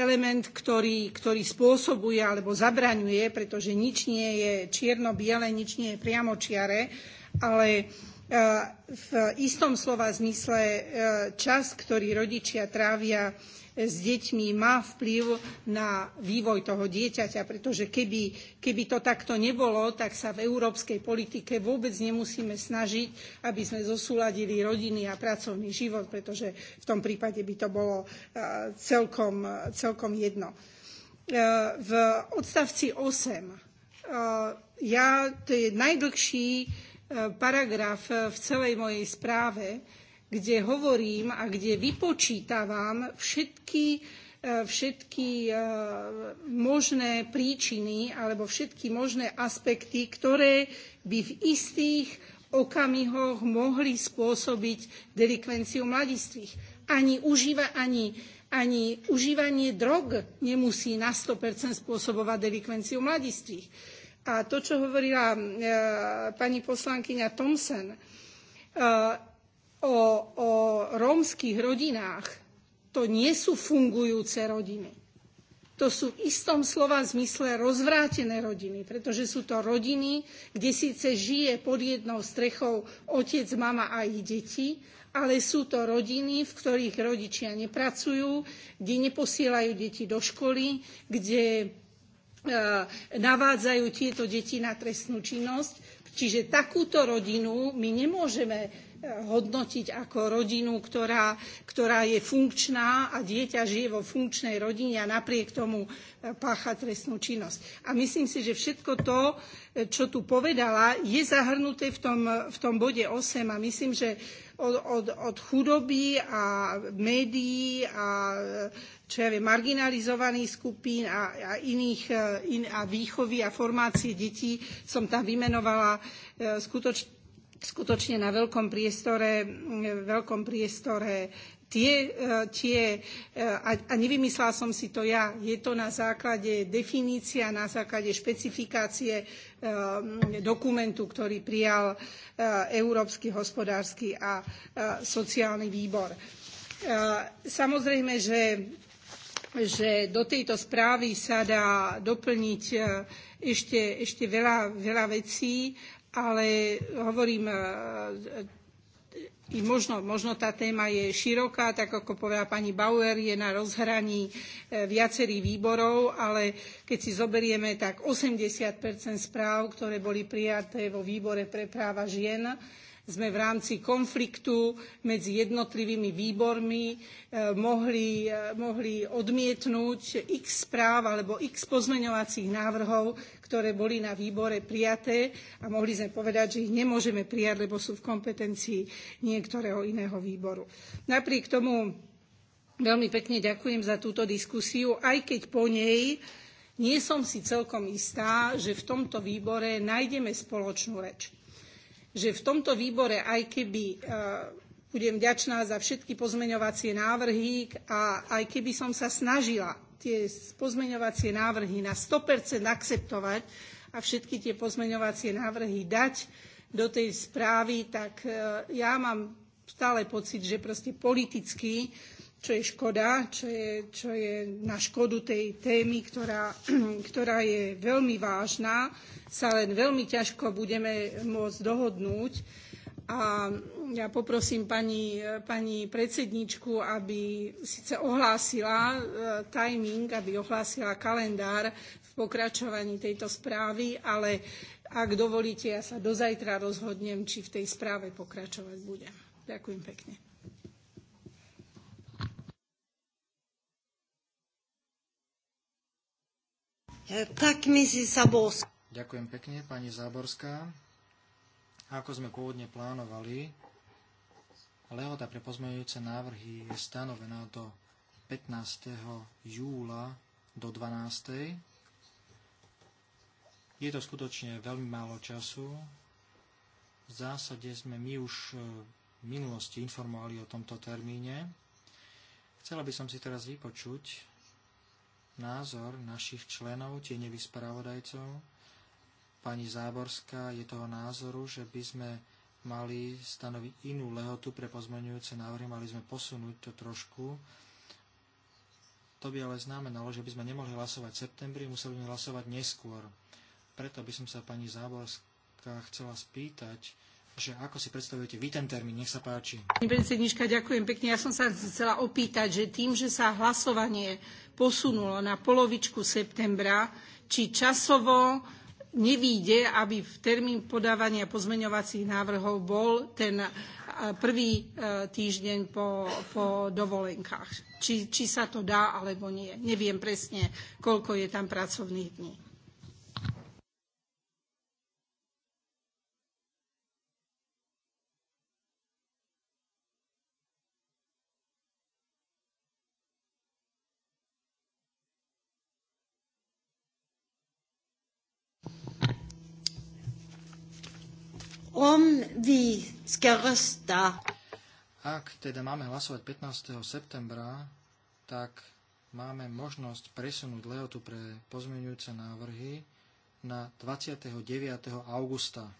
element, ktorý, ktorý spôsobuje alebo zabraňuje, pretože nič nie je čierno-biele, nič nie je priamočiare, ale e, v istom slova zmysle e, čas, ktorý rodičia trávia s deťmi má vplyv na vývoj toho dieťaťa, pretože keby, keby to takto nebolo, tak sa v európskej politike vôbec nemusíme snažiť, aby sme zosúladili rodiny a pracovný život, pretože v tom prípade by to bolo e, celkom, celkom jedno. E, v odstavci 8 e, ja, to je najdlhší paragraf v celej mojej správe, kde hovorím a kde vypočítavam všetky e, všetky e, možné príčiny alebo všetky možné aspekty, ktoré by v istých okamihoch mohli spôsobiť delikvenciu mladistvých. Ani, užíva, ani, ani užívanie drog nemusí na 100% spôsobovať delikvenciu mladistvých. A to, čo hovorila e, pani poslankyňa Thompson, e, o, o rómskych rodinách, to nie sú fungujúce rodiny. To sú v istom slova zmysle rozvrátené rodiny, pretože sú to rodiny, kde síce žije pod jednou strechou otec, mama a ich deti, ale sú to rodiny, v ktorých rodičia nepracujú, kde neposielajú deti do školy, kde e, navádzajú tieto deti na trestnú činnosť. Čiže takúto rodinu my nemôžeme hodnotiť ako rodinu, ktorá, ktorá je funkčná a dieťa žije vo funkčnej rodine a napriek tomu e, pácha trestnú činnosť. A myslím si, že všetko to, e, čo tu povedala, je zahrnuté v tom, v tom bode 8 a myslím, že od, od, od chudoby a médií a čo ja viem, marginalizovaných skupín a, a iných e, in, a výchovy a formácie detí som tam vymenovala skutočne skutočne na veľkom priestore, veľkom priestore tie, e, tie e, a, a nevymyslela som si to ja, je to na základe definícia, na základe špecifikácie e, dokumentu, ktorý prijal Európsky hospodársky a sociálny výbor. Samozrejme, že že do tejto správy sa dá doplniť ešte, ešte veľa, veľa vecí ale hovorím, e, e, i možno, možno tá téma je široká, tak ako povedala pani Bauer, je na rozhraní e, viacerých výborov, ale keď si zoberieme tak 80 správ, ktoré boli prijaté vo výbore pre práva žien, sme v rámci konfliktu medzi jednotlivými výbormi e, mohli, e, mohli odmietnúť x správ alebo x pozmeňovacích návrhov, ktoré boli na výbore prijaté a mohli sme povedať, že ich nemôžeme prijať, lebo sú v kompetencii niektorého iného výboru. Napriek tomu veľmi pekne ďakujem za túto diskusiu, aj keď po nej nie som si celkom istá, že v tomto výbore nájdeme spoločnú reč že v tomto výbore, aj keby e, budem vďačná za všetky pozmeňovacie návrhy a aj keby som sa snažila tie pozmeňovacie návrhy na 100% akceptovať a všetky tie pozmeňovacie návrhy dať do tej správy, tak e, ja mám stále pocit, že proste politicky uh, čo je škoda, čo je, čo je na škodu tej témy, ktorá, ktorá je veľmi vážna, sa len veľmi ťažko budeme môcť dohodnúť. A ja poprosím pani, pani predsedničku, aby síce ohlásila e, timing, aby ohlásila kalendár v pokračovaní tejto správy, ale ak dovolíte, ja sa dozajtra rozhodnem, či v tej správe pokračovať budem. Ďakujem pekne. Tak, Mrs. Zaborská. Ďakujem pekne, pani Záborská. Ako sme pôvodne plánovali, lehota pre pozmeňujúce návrhy je stanovená do 15. júla do 12. Je to skutočne veľmi málo času. V zásade sme my už e, v minulosti informovali o tomto termíne. Chcela by som si teraz vypočuť názor našich členov, tieňových spravodajcov. Pani Záborská je toho názoru, že by sme mali stanoviť inú lehotu pre pozmeňujúce návrhy, mali sme posunúť to trošku. To by ale znamenalo, že by sme nemohli hlasovať v septembri, museli sme hlasovať neskôr. Preto by som sa pani Záborská chcela spýtať, že ako si predstavujete vy ten termín. Nech sa páči. Pani predsednička, ďakujem pekne. Ja som sa chcela opýtať, že tým, že sa hlasovanie posunulo na polovičku septembra, či časovo nevíde, aby v termín podávania pozmeňovacích návrhov bol ten prvý e, týždeň po, po dovolenkách. Či, či sa to dá, alebo nie. Neviem presne, koľko je tam pracovných dní. om vi ska rösta. Ak teda máme hlasovať 15. septembra, tak máme možnosť presunúť lehotu pre pozmeňujúce návrhy na 29. augusta.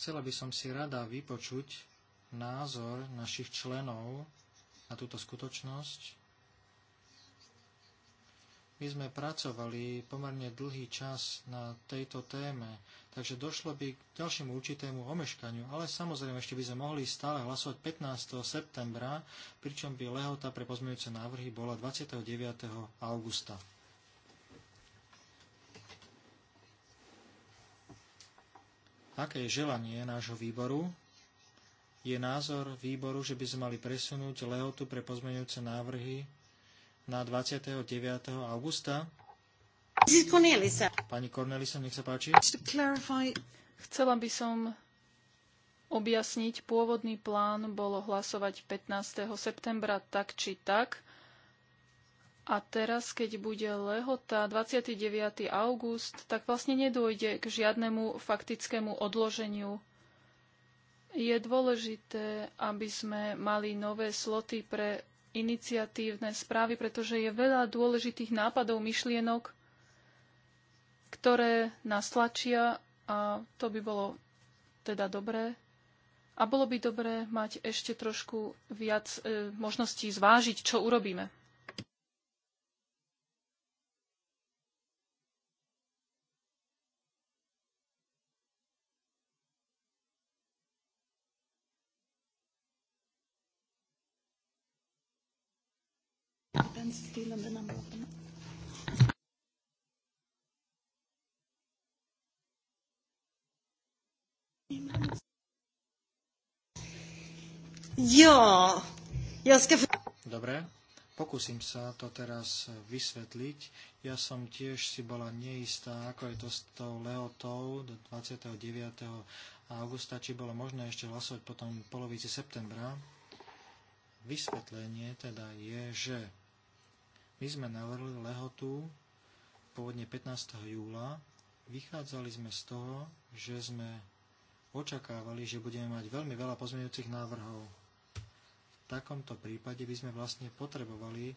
Chcela by som si rada vypočuť názor našich členov na túto skutočnosť, my sme pracovali pomerne dlhý čas na tejto téme, takže došlo by k ďalšiemu určitému omeškaniu, ale samozrejme ešte by sme mohli stále hlasovať 15. septembra, pričom by lehota pre pozmeňujúce návrhy bola 29. augusta. Aké je želanie nášho výboru? Je názor výboru, že by sme mali presunúť lehotu pre pozmeňujúce návrhy na 29. augusta. Pani Cornelisa, nech sa páči. Chcela by som objasniť, pôvodný plán bolo hlasovať 15. septembra tak či tak. A teraz, keď bude lehota 29. august, tak vlastne nedôjde k žiadnemu faktickému odloženiu. Je dôležité, aby sme mali nové sloty pre iniciatívne správy, pretože je veľa dôležitých nápadov, myšlienok, ktoré nás tlačia a to by bolo teda dobré. A bolo by dobré mať ešte trošku viac e, možností zvážiť, čo urobíme. still Ja, ja ska... Dobre, pokúsim sa to teraz vysvetliť. Ja som tiež si bola neistá, ako je to s tou Leotou do 29. augusta, či bolo možné ešte hlasovať potom polovici septembra. Vysvetlenie teda je, že my sme navrli lehotu pôvodne 15. júla. Vychádzali sme z toho, že sme očakávali, že budeme mať veľmi veľa pozmeňujúcich návrhov. V takomto prípade by sme vlastne potrebovali e,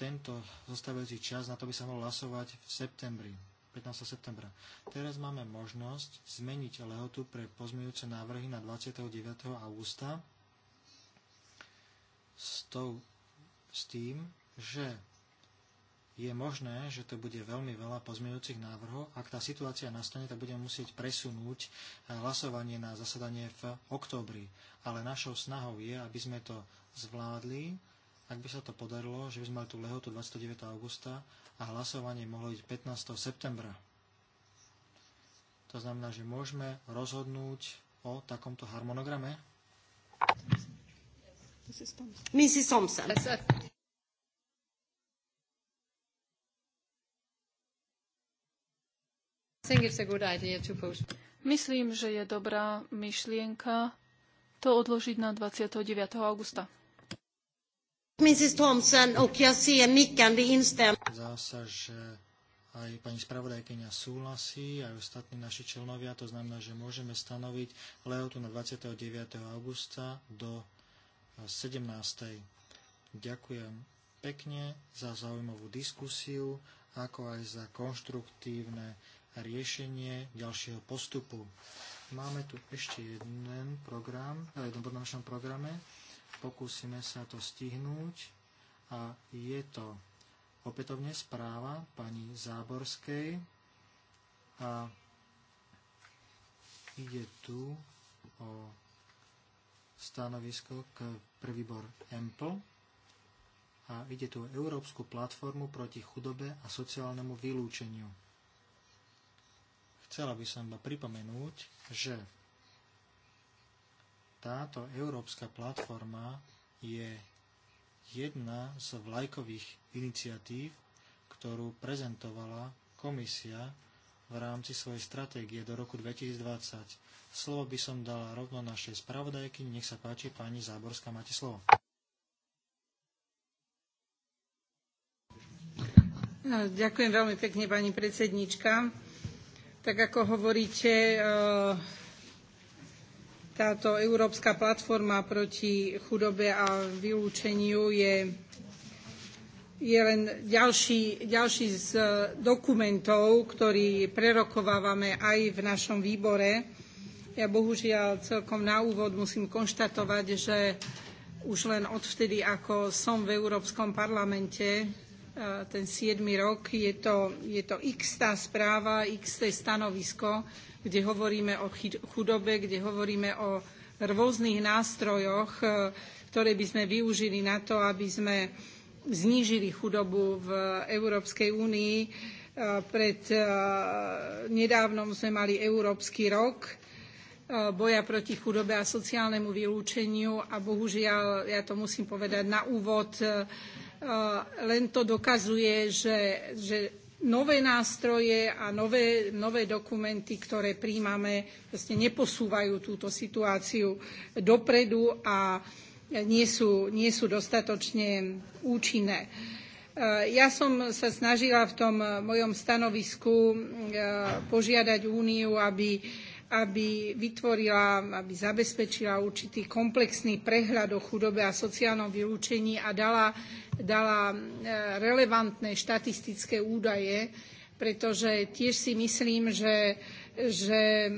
tento zostávajúci čas, na to by sa mohlo hlasovať v septembri, 15. septembra. Teraz máme možnosť zmeniť lehotu pre pozmeňujúce návrhy na 29. augusta s, tou, s tým, že je možné, že to bude veľmi veľa pozmeňujúcich návrhov. Ak tá situácia nastane, tak budeme musieť presunúť eh, hlasovanie na zasadanie v októbri. Ale našou snahou je, aby sme to zvládli, ak by sa to podarilo, že by sme mali tú lehotu 29. augusta a hlasovanie mohlo byť 15. septembra. To znamená, že môžeme rozhodnúť o takomto harmonograme? Mrs. Thompson. Myslím, že je dobrá myšlienka to odložiť na 29. augusta. Mrs. Thompson, och jag ser nickande instäm. že aj pani spravodajkenia súhlasí, aj ostatní naši členovia, to znamená, že môžeme stanoviť lehotu na 29. augusta do 17. E, Ďakujem pekne za zaujímavú diskusiu, ako aj za konštruktívne riešenie ďalšieho postupu. Máme tu ešte jeden program, e, jeden bod na našom programe. Pokúsime sa to stihnúť a je to opätovne správa pani Záborskej a ide tu o stanovisko k prvýbor EMPL a ide tu o Európsku platformu proti chudobe a sociálnemu vylúčeniu. Chcela by som iba pripomenúť, že táto európska platforma je jedna z vlajkových iniciatív, ktorú prezentovala komisia v rámci svojej stratégie do roku 2020. Slovo by som dala rovno našej spravodajky. Nech sa páči, pani Záborská, máte slovo. ďakujem veľmi pekne, pani predsednička tak ako hovoríte, eh, táto Európska platforma proti chudobe a vylúčeniu je, je len ďalší, ďalší z eh, dokumentov, ktorý prerokovávame aj v našom výbore. Ja bohužiaľ celkom na úvod musím konštatovať, že už len odvtedy, ako som v Európskom parlamente, Eh, ten 7. rok. Je to, je to x tá správa, x té stanovisko, kde hovoríme o chudobe, kde hovoríme o rôznych nástrojoch, eh, ktoré by sme využili na to, aby sme znížili chudobu v Európskej únii. Eh, pred nedávnom sme mali Európsky rok, boja proti chudobe a sociálnemu vylúčeniu a bohužiaľ, ja to musím povedať na úvod, len to dokazuje, že, že nové nástroje a nové, nové dokumenty, ktoré príjmame, vlastne neposúvajú túto situáciu dopredu a nie sú, nie sú dostatočne účinné. E, ja som sa snažila v tom mojom stanovisku e, požiadať Úniu, aby aby vytvorila, aby zabezpečila určitý komplexný prehľad o chudobe a sociálnom vylúčení a dala, dala e, relevantné štatistické údaje, pretože tiež si myslím, že, že e,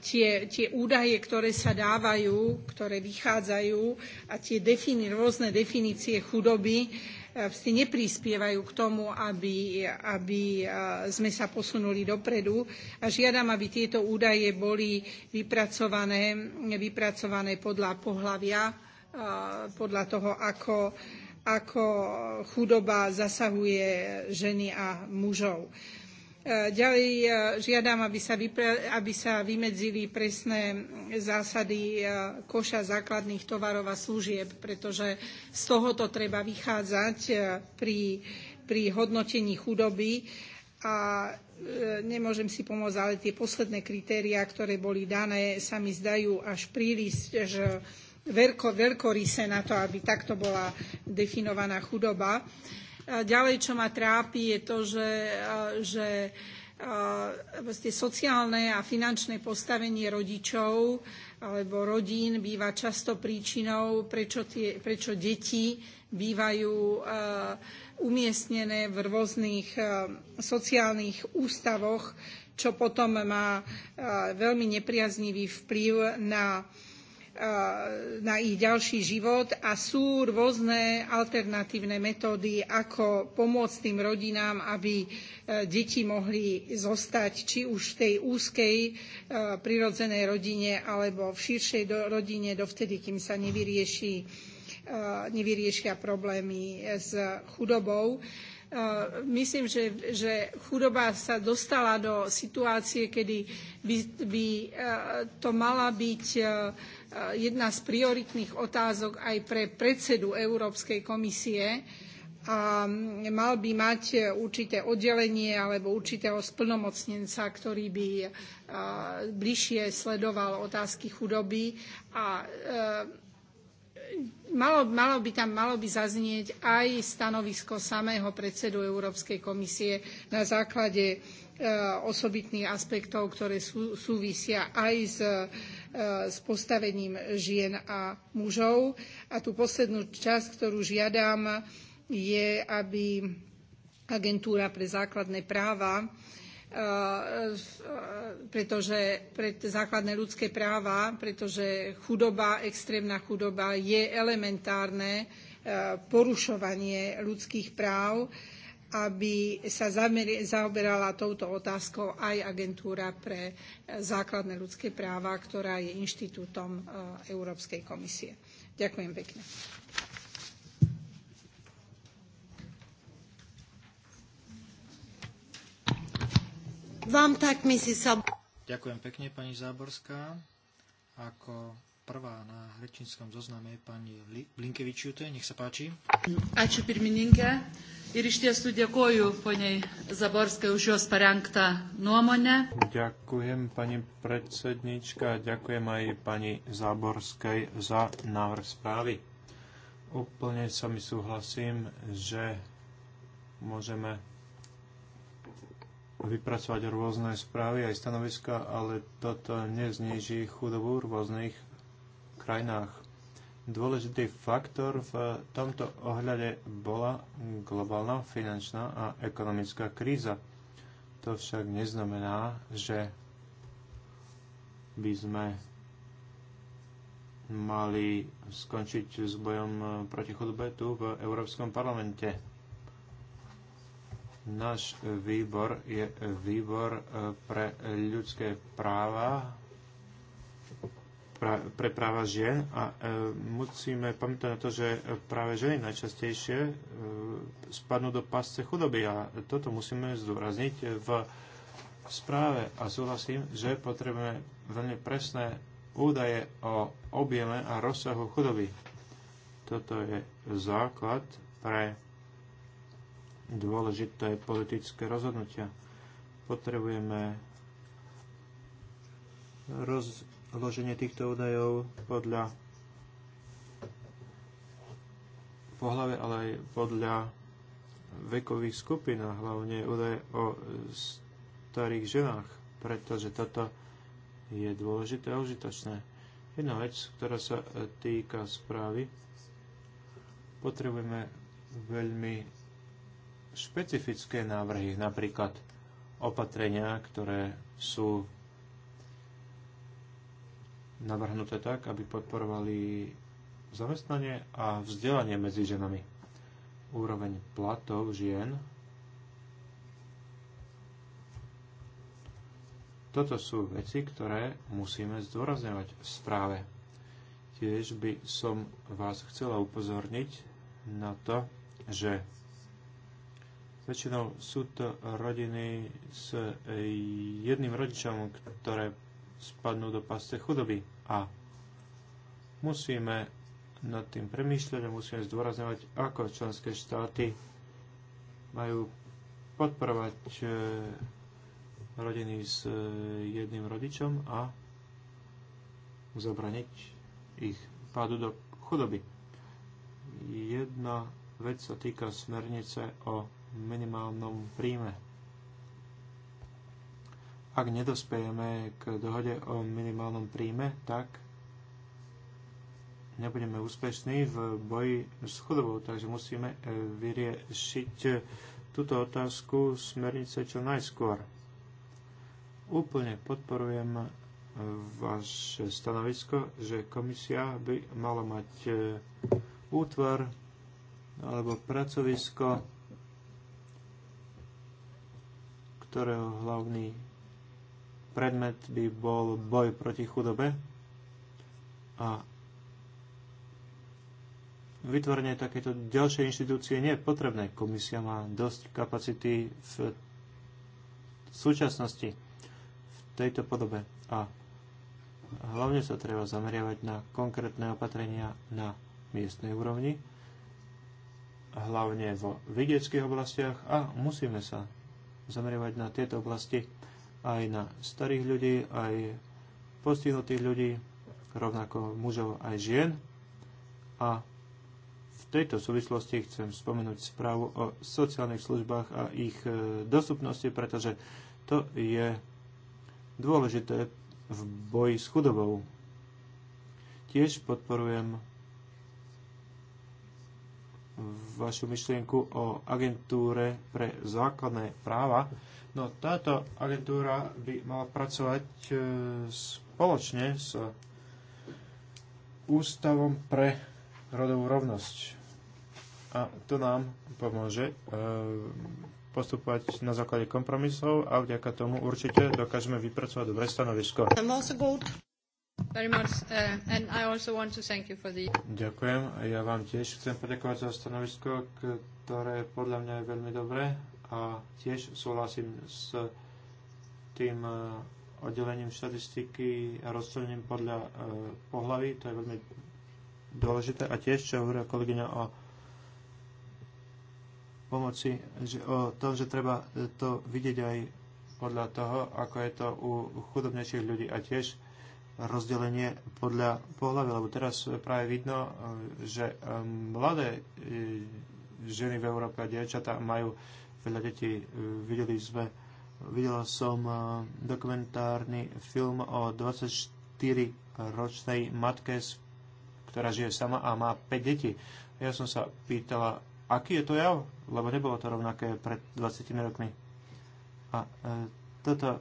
tie, tie údaje, ktoré sa dávajú, ktoré vychádzajú a tie defini- rôzne definície chudoby, vlastne neprispievajú k tomu, aby, aby e, sme sa posunuli dopredu. A žiadam, aby tieto údaje boli vypracované, vypracované podľa pohlavia, e, podľa toho, ako, ako chudoba zasahuje ženy a mužov. E, ďalej e, žiadam, aby sa, vypre, aby sa vymedzili presné zásady e, koša základných tovarov a služieb, pretože z tohoto treba vychádzať pri, pri hodnotení chudoby a nemôžem si pomôcť, ale tie posledné kritériá, ktoré boli dané, sa mi zdajú až príliš že veľko, na to, aby takto bola definovaná chudoba. Uh, Ďalej, čo ma trápi, je to, že, že vlastne sociálne a finančné postavenie rodičov alebo rodín býva často príčinou, prečo, tie, prečo deti bývajú umiestnené v rôznych sociálnych ústavoch, čo potom má veľmi nepriaznivý vplyv na Eh, na ich ďalší život a sú rôzne alternatívne metódy, ako pomôcť tým rodinám, aby eh, deti mohli zostať či už v tej úzkej eh, prirodzenej rodine alebo v širšej rodine dovtedy, kým sa nevyrieši, nevyriešia problémy s chudobou myslím, že, že chudoba sa dostala do situácie, kedy by, by to mala byť Eh, jedna z prioritných otázok aj pre predsedu Európskej komisie. A mal by mať určité oddelenie alebo určitého splnomocnenca, ktorý by eh, bližšie sledoval otázky chudoby a eh, Malo, malo, by tam malo by zaznieť aj stanovisko samého predsedu Európskej komisie na základe osobitných aspektov, ktoré sú, súvisia aj s E, s postavením žien a mužov. A tú poslednú časť, ktorú žiadam, je, aby agentúra pre základné práva e, e, pretože pred základné ľudské práva, pretože chudoba, extrémna chudoba je elementárne porušovanie ľudských práv aby sa zaoberala touto otázkou aj agentúra pre e, základné ľudské práva, ktorá je inštitútom e, Európskej komisie. Ďakujem pekne. Vám tak, Ďakujem pekne, pani Záborská. Ako prvá na rečníckom zozname pani Blinkevičiute. Nech sa páči. Ir iš tiesų dėkoju poniai Zaborskai už jos parengtą nuomonę. Ďakujem pani predsednička, ďakujem aj pani Zaborskai za návrh správy. Úplne sa mi súhlasím, že môžeme vypracovať rôzne správy aj stanoviska, ale toto nezniží chudobu v rôznych krajinách Dôležitý faktor v tomto ohľade bola globálna finančná a ekonomická kríza. To však neznamená, že by sme mali skončiť s bojom proti chudobe tu v Európskom parlamente. Náš výbor je výbor eh, pre ľudské práva pre práva žien a e, musíme pamätať na to, že práve ženy najčastejšie e, spadnú do pasce chudoby a toto musíme zdôrazniť v správe a súhlasím, že potrebujeme veľmi presné údaje o objeme a rozsahu chudoby. Toto je základ pre dôležité politické rozhodnutia. Potrebujeme roz, vloženie týchto údajov podľa pohľave, ale aj podľa vekových skupín a hlavne údaje o starých ženách, pretože toto je dôležité a užitočné. Jedna vec, ktorá sa týka správy, potrebujeme veľmi špecifické návrhy, napríklad opatrenia, ktoré sú navrhnuté tak, aby podporovali zamestnanie a vzdelanie medzi ženami. Úroveň platov žien. Toto sú veci, ktoré musíme zdôrazňovať v správe. Tiež by som vás chcela upozorniť na to, že väčšinou sú to rodiny s eh, jedným rodičom, ktoré spadnú do paste chudoby. A musíme nad tým premýšľať a musíme zdôrazňovať, ako členské štáty majú podporovať e, rodiny s e, jedným rodičom a zabraniť ich pádu do chudoby. Jedna vec sa týka smernice o minimálnom príjme ak nedospejeme k dohode o minimálnom príjme, tak nebudeme úspešní v boji s chudobou, takže musíme e, vyriešiť e, túto otázku smernice čo najskôr. Úplne podporujem e, vaše stanovisko, že komisia by mala mať útvar alebo pracovisko, ktorého hlavný Predmet by bol boj proti chudobe a vytvorenie takéto ďalšej inštitúcie nie je potrebné. Komisia má dosť kapacity v súčasnosti v tejto podobe a hlavne sa treba zameriavať na konkrétne opatrenia na miestnej úrovni, hlavne vo vidieckých oblastiach a musíme sa zameriavať na tieto oblasti aj na starých ľudí, aj postihnutých ľudí, rovnako mužov aj žien. A v tejto súvislosti chcem spomenúť správu o sociálnych službách a ich e, dostupnosti, pretože to je dôležité v boji s chudobou. Tiež podporujem vašu myšlienku o agentúre pre základné práva, No táto agentúra by mala pracovať e, spoločne s Ústavom pre rodovú rovnosť. A to nám pomôže e, postupovať na základe kompromisov a vďaka tomu určite dokážeme vypracovať dobré stanovisko. Uh, Ďakujem. a Ja vám tiež chcem poďakovať za stanovisko, ktoré podľa mňa je veľmi dobré a tiež súhlasím s tým e, oddelením štatistiky a rozstrojením podľa e, pohlavy, to je veľmi dôležité a tiež, čo hovorila kolegyňa o pomoci, že, o tom, že treba to vidieť aj podľa toho, ako je to u chudobnejších ľudí a tiež rozdelenie podľa pohľavy, lebo teraz práve vidno, e, že mladé ženy v Európe a dievčatá majú veľa detí. E, videli sme, videla som e, dokumentárny film o 24-ročnej matke, ktorá žije sama a má 5 detí. Ja som sa pýtala, aký je to jav, lebo nebolo to rovnaké pred 20 rokmi. A e, toto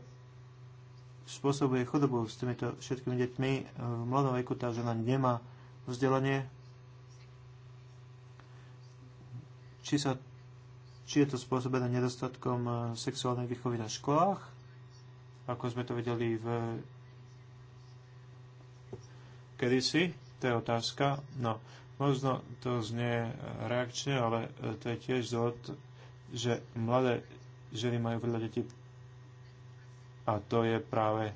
spôsobuje chodobu s týmito všetkými deťmi. V mladom veku tá žena nemá vzdelanie. Či sa či je to spôsobené nedostatkom e, sexuálnej výchovy na školách, ako sme to videli. v kedysi, to je otázka. No, možno to znie reakčne, ale e, to je tiež dôvod, že mladé ženy majú veľa detí a to je práve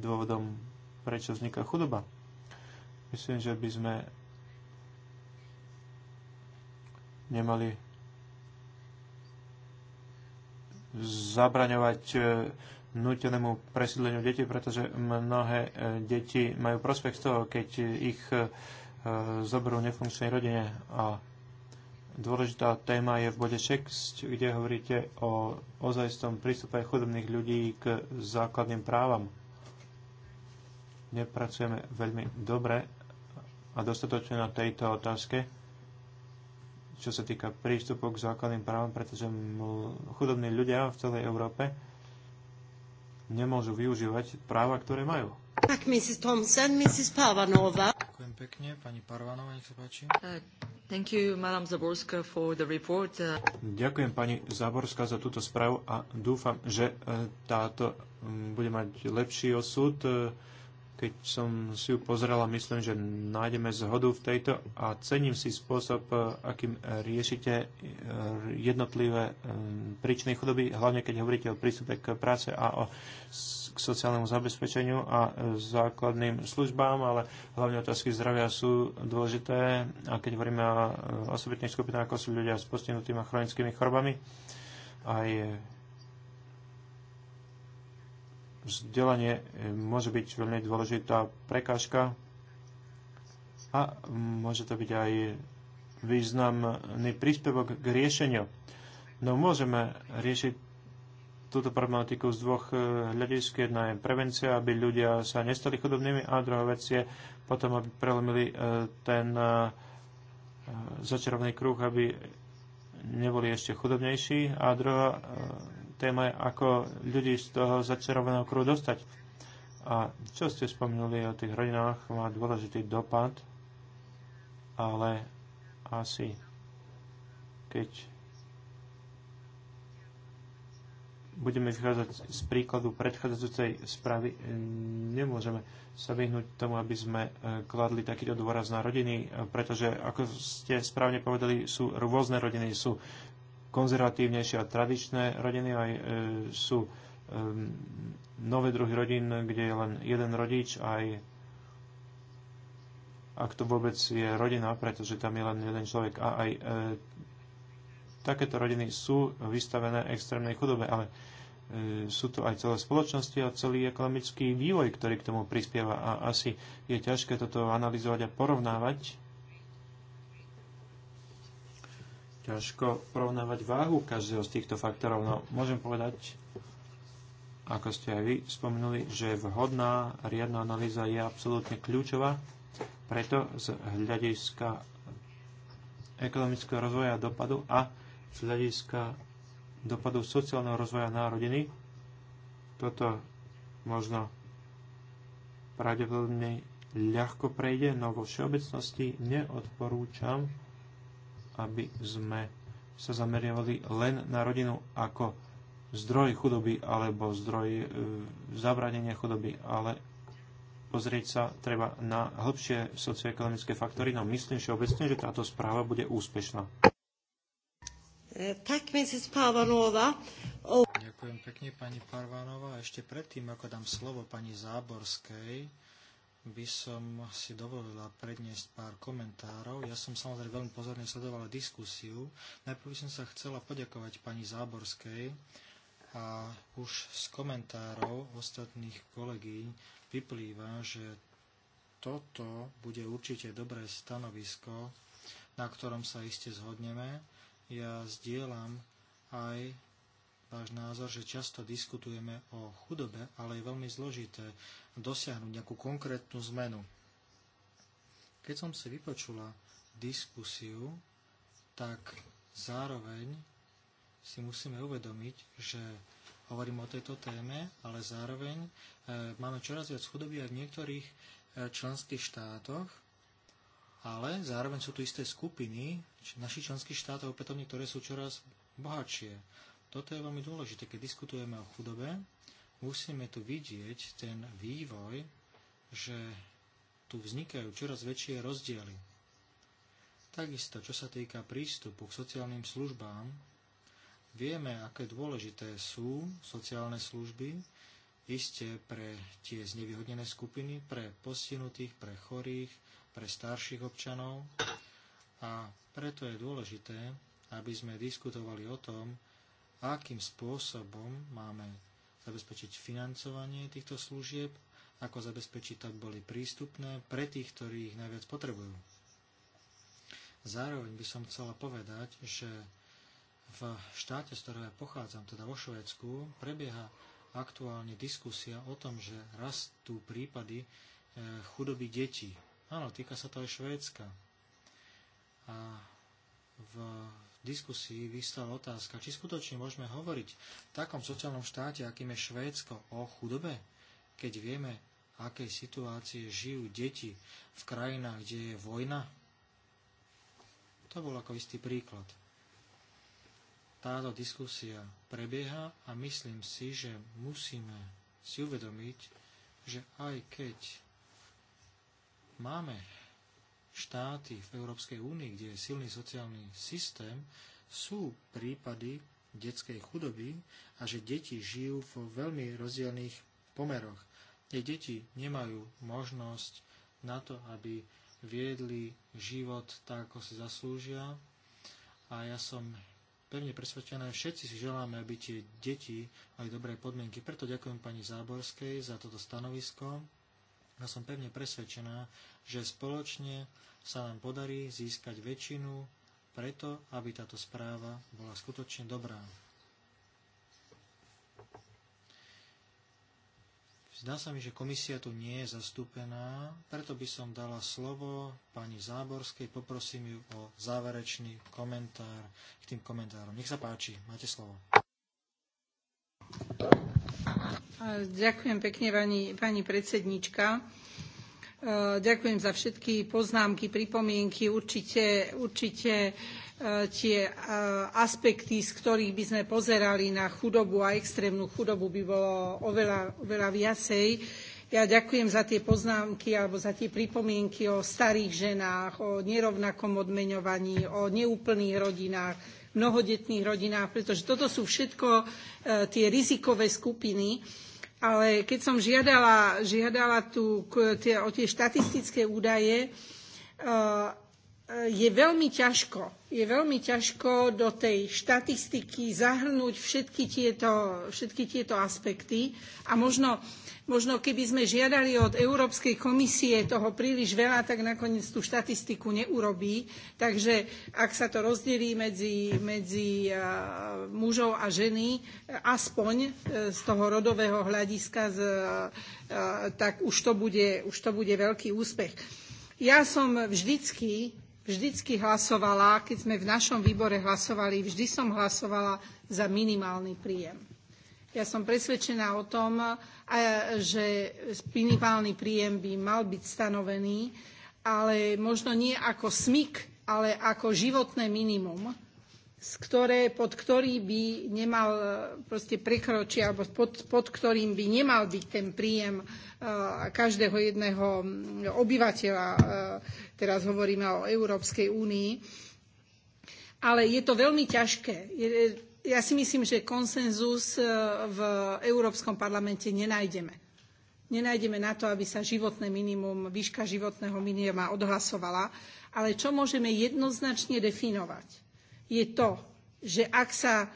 dôvodom, prečo vzniká chudoba. Myslím, že by sme nemali zabraňovať e, nutenému presídleniu detí, pretože mnohé e, deti majú prospekt z toho, keď ich e, zoberú nefunkčnej rodine. A dôležitá téma je v bode 6, kde hovoríte o ozajstvom prístupe chudobných ľudí k základným právam. Nepracujeme veľmi dobre a dostatočne na tejto otázke čo sa týka prístupu k základným právam, pretože chudobní ľudia v celej Európe nemôžu využívať práva, ktoré majú. Tak, Mrs. Thompson, Mrs. Parvanova. Ďakujem pekne, pani Parvanova, nech sa páči. Uh, thank you, Madam Zaborska, for the report. Uh... Ďakujem pani Zaborska, za túto správu a dúfam, že uh, táto um, bude mať lepší osud. Uh, keď som si ju pozrela, myslím, že nájdeme zhodu v tejto a cením si spôsob, e, akým riešite e, jednotlivé e, príčiny chudoby, hlavne keď hovoríte o prístupe k práce a o k sociálnemu zabezpečeniu a základným službám, ale hlavne otázky zdravia sú dôležité. A keď hovoríme o osobitných skupinách, ako sú ľudia s postihnutými chronickými chorobami, aj vzdelanie eh, môže byť veľmi dôležitá prekážka a môže to byť aj významný príspevok k riešeniu. No môžeme riešiť túto problematiku z dvoch eh, hľadisk. Jedna je prevencia, aby ľudia sa nestali chudobnými a druhá vec je potom, aby prelomili eh, ten začarovný kruh, aby neboli ešte chudobnejší a druhá téma je, ako ľudí z toho začarovaného kruhu dostať. A čo ste spomínali o tých rodinách, má dôležitý dopad, ale asi keď budeme vychádzať z príkladu predchádzajúcej správy, nemôžeme sa vyhnúť tomu, aby sme e, kladli takýto dôraz na rodiny, e, pretože, ako ste správne povedali, sú rôzne rodiny, sú konzervatívnejšie a tradičné rodiny, aj e, sú nové druhy rodín, kde je len jeden rodič, aj ak to vôbec je rodina, pretože tam je len jeden človek. A aj e, takéto rodiny sú vystavené extrémnej chudobe, ale e, sú to aj celé spoločnosti a celý ekonomický vývoj, ktorý k tomu prispieva. A asi je ťažké toto analyzovať a porovnávať ťažko porovnávať váhu každého z týchto faktorov. No, môžem povedať, ako ste aj vy spomenuli, že vhodná riadna analýza je absolútne kľúčová, preto z hľadiska ekonomického rozvoja a dopadu a z hľadiska dopadu sociálneho rozvoja na rodiny toto možno pravdepodobne ľahko prejde, no vo všeobecnosti neodporúčam aby sme sa zameriavali len na rodinu ako zdroj chudoby alebo zdroj e, zabranenia chudoby, ale pozrieť sa treba na hĺbšie socioekonomické faktory, no myslím obecne, že táto správa bude úspešná. E, Ďakujem pekne, pani Parvanova. Ešte predtým, ako dám slovo pani Záborskej, by som si dovolila predniesť pár komentárov. Ja som samozrejme veľmi pozorne sledovala diskusiu. Najprv by som sa chcela poďakovať pani Záborskej a už z komentárov ostatných kolegí vyplýva, že toto bude určite dobré stanovisko, na ktorom sa iste zhodneme. Ja zdieľam aj váš názor, že často diskutujeme o chudobe, ale je veľmi zložité dosiahnuť nejakú konkrétnu zmenu. Keď som si vypočula diskusiu, tak zároveň si musíme uvedomiť, že hovorím o tejto téme, ale zároveň e, máme čoraz viac chudoby aj v niektorých e, členských štátoch, ale zároveň sú tu isté skupiny naši členských štátov opätovne, ktoré sú čoraz bohatšie. Toto je veľmi dôležité, keď diskutujeme o chudobe. Musíme tu vidieť ten vývoj, že tu vznikajú čoraz väčšie rozdiely. Takisto, čo sa týka prístupu k sociálnym službám, vieme, aké dôležité sú sociálne služby, isté pre tie znevýhodnené skupiny, pre postihnutých, pre chorých, pre starších občanov. A preto je dôležité, aby sme diskutovali o tom, akým spôsobom máme zabezpečiť financovanie týchto služieb, ako zabezpečiť, aby boli prístupné pre tých, ktorí ich najviac potrebujú. Zároveň by som chcela povedať, že v štáte, z ktorého pochádzam, teda vo Švédsku, prebieha aktuálne diskusia o tom, že rastú prípady eh, chudoby detí. Áno, týka sa to aj Švédska. A v diskusii vystala otázka, či skutočne môžeme hovoriť v takom sociálnom štáte, akým je Švédsko, o chudobe, keď vieme, akej situácie žijú deti v krajinách, kde je vojna. To bol ako istý príklad. Táto diskusia prebieha a myslím si, že musíme si uvedomiť, že aj keď máme štáty v Európskej únii, kde je silný sociálny systém, sú prípady detskej chudoby a že deti žijú vo veľmi rozdielných pomeroch. Tie deti nemajú možnosť na to, aby viedli život tak, ako si zaslúžia. A ja som pevne presvedčená, všetci si želáme, aby tie deti mali dobré podmienky. Preto ďakujem pani Záborskej za toto stanovisko ja som pevne presvedčená, že spoločne sa nám podarí získať väčšinu preto, aby táto správa bola skutočne dobrá. Zdá sa mi, že komisia tu nie je zastúpená, preto by som dala slovo pani Záborskej, poprosím ju o záverečný komentár k tým komentárom. Nech sa páči, máte slovo. Ďakujem pekne, pani, predsednička. E, ďakujem za všetky poznámky, pripomienky. Určite, určite e, tie e, aspekty, z ktorých by sme pozerali na chudobu a extrémnu chudobu, by bolo oveľa, oveľa viacej. Ja ďakujem za tie poznámky alebo za tie pripomienky o starých ženách, o nerovnakom odmeňovaní, o neúplných rodinách, mnohodetných rodinách, pretože toto sú všetko e, tie rizikové skupiny. Ale keď som žiadala, žiadala tu, tie, o tie štatistické údaje, e, Eh, je veľmi ťažko, je veľmi ťažko do tej štatistiky zahrnúť všetky tieto, všetky tieto aspekty a možno, možno keby sme žiadali od Európskej komisie toho príliš veľa, tak nakoniec tú štatistiku neurobí. Takže ak sa to rozdelí medzi, medzi eh, mužov a ženy, eh, aspoň z toho rodového hľadiska, z, tak už to, bude, už to bude veľký úspech. Ja som vždycky vždycky hlasovala, keď sme v našom výbore hlasovali, vždy som hlasovala za minimálny príjem. Ja som presvedčená o tom, že minimálny príjem by mal byť stanovený, ale možno nie ako smyk, ale ako životné minimum ktoré, pod ktorý by nemal e, proste prekročiť, alebo pod, pod ktorým by nemal byť ten príjem e, každého jedného obyvateľa. E, teraz hovoríme o Európskej únii. Ale je to veľmi ťažké. Ja si myslím, že konsenzus v Európskom parlamente nenájdeme. Nenájdeme na to, aby sa životné minimum, výška životného minima odhlasovala. Ale čo môžeme jednoznačne definovať? je to, že ak sa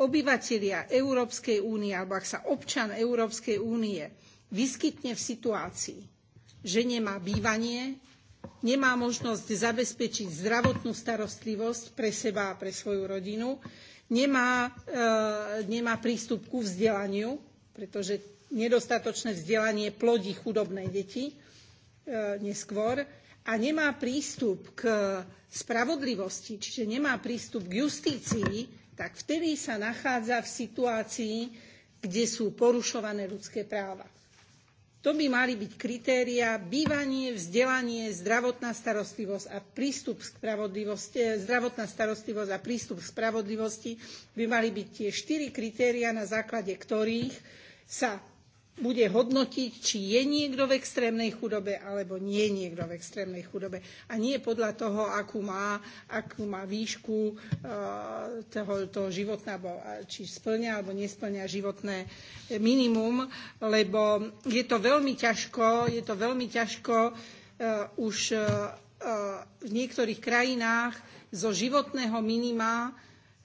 obyvatelia Európskej únie alebo ak sa občan Európskej únie vyskytne v situácii, že nemá bývanie, nemá možnosť zabezpečiť zdravotnú starostlivosť pre seba a pre svoju rodinu, nemá, e, nemá prístup ku vzdelaniu, pretože nedostatočné vzdelanie plodí chudobné deti e, neskôr, a nemá prístup k spravodlivosti, čiže nemá prístup k justícii, tak vtedy sa nachádza v situácii, kde sú porušované ľudské práva. To by mali byť kritéria bývanie, vzdelanie, zdravotná starostlivosť a prístup k spravodlivosti, eh, zdravotná starostlivosť a prístup k spravodlivosti by mali byť tie štyri kritéria, na základe ktorých sa bude hodnotiť, či je niekto v extrémnej chudobe alebo nie je niekto v extrémnej chudobe. A nie podľa toho, akú má, akú má výšku eh, toho, toho životná, či splňa alebo nesplňa životné minimum, lebo je to veľmi ťažko, je to veľmi ťažko eh, už eh, v niektorých krajinách zo životného minima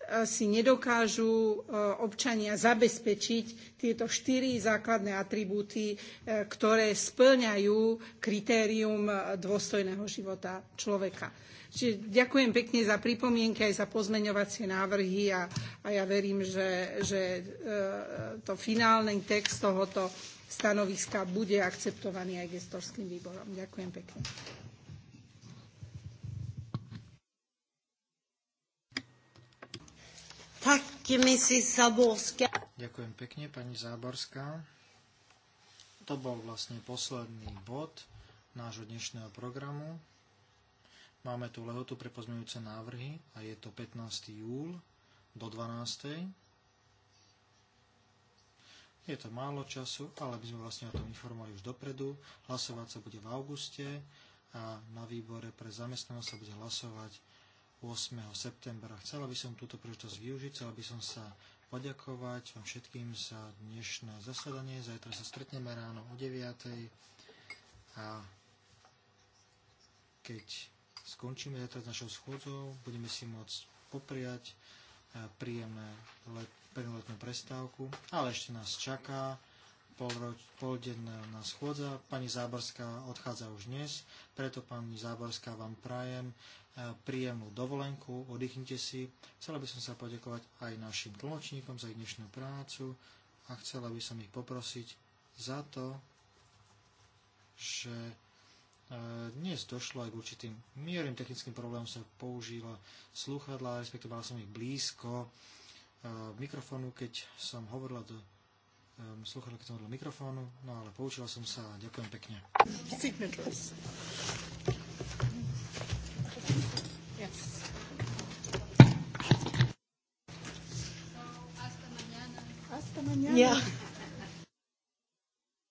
E, si nedokážu e, občania zabezpečiť tieto štyri základné atribúty, e, ktoré splňajú kritérium dôstojného života človeka. Čiže ďakujem pekne za pripomienky aj za pozmeňovacie návrhy a, a ja verím, že, že to finálny text tohoto stanoviska bude akceptovaný aj gestorským výborom. Ďakujem pekne. Ďakujem pekne, pani Záborská. To bol vlastne posledný bod nášho dnešného programu. Máme tu lehotu pre pozmeňujúce návrhy a je to 15. júl do 12. Je to málo času, ale by sme vlastne o tom informovali už dopredu. Hlasovať sa bude v auguste a na výbore pre zamestnanosť sa bude hlasovať 8. septembra. Chcela by som túto príležitosť využiť, chcela by som sa poďakovať vám všetkým za dnešné zasadanie. Zajtra sa stretneme ráno o 9. A keď skončíme zajtra s našou schôdzou, budeme si môcť popriať e, príjemné let, letnú prestávku, ale ešte nás čaká poldenná schôdza. Pani Záborská odchádza už dnes, preto pani Záborská vám prajem E, príjemnú dovolenku, oddychnite si. Chcela by som sa poďakovať aj našim tlmočníkom za ich dnešnú prácu a chcela by som ich poprosiť za to, že e, dnes došlo aj k určitým miernym technickým problémom, sa použila slúchadla, respektíve som ich blízko e, mikrofónu, keď som hovorila do slúchadla, keď som hovorila mikrofónu, no ale poučila som sa a ďakujem pekne.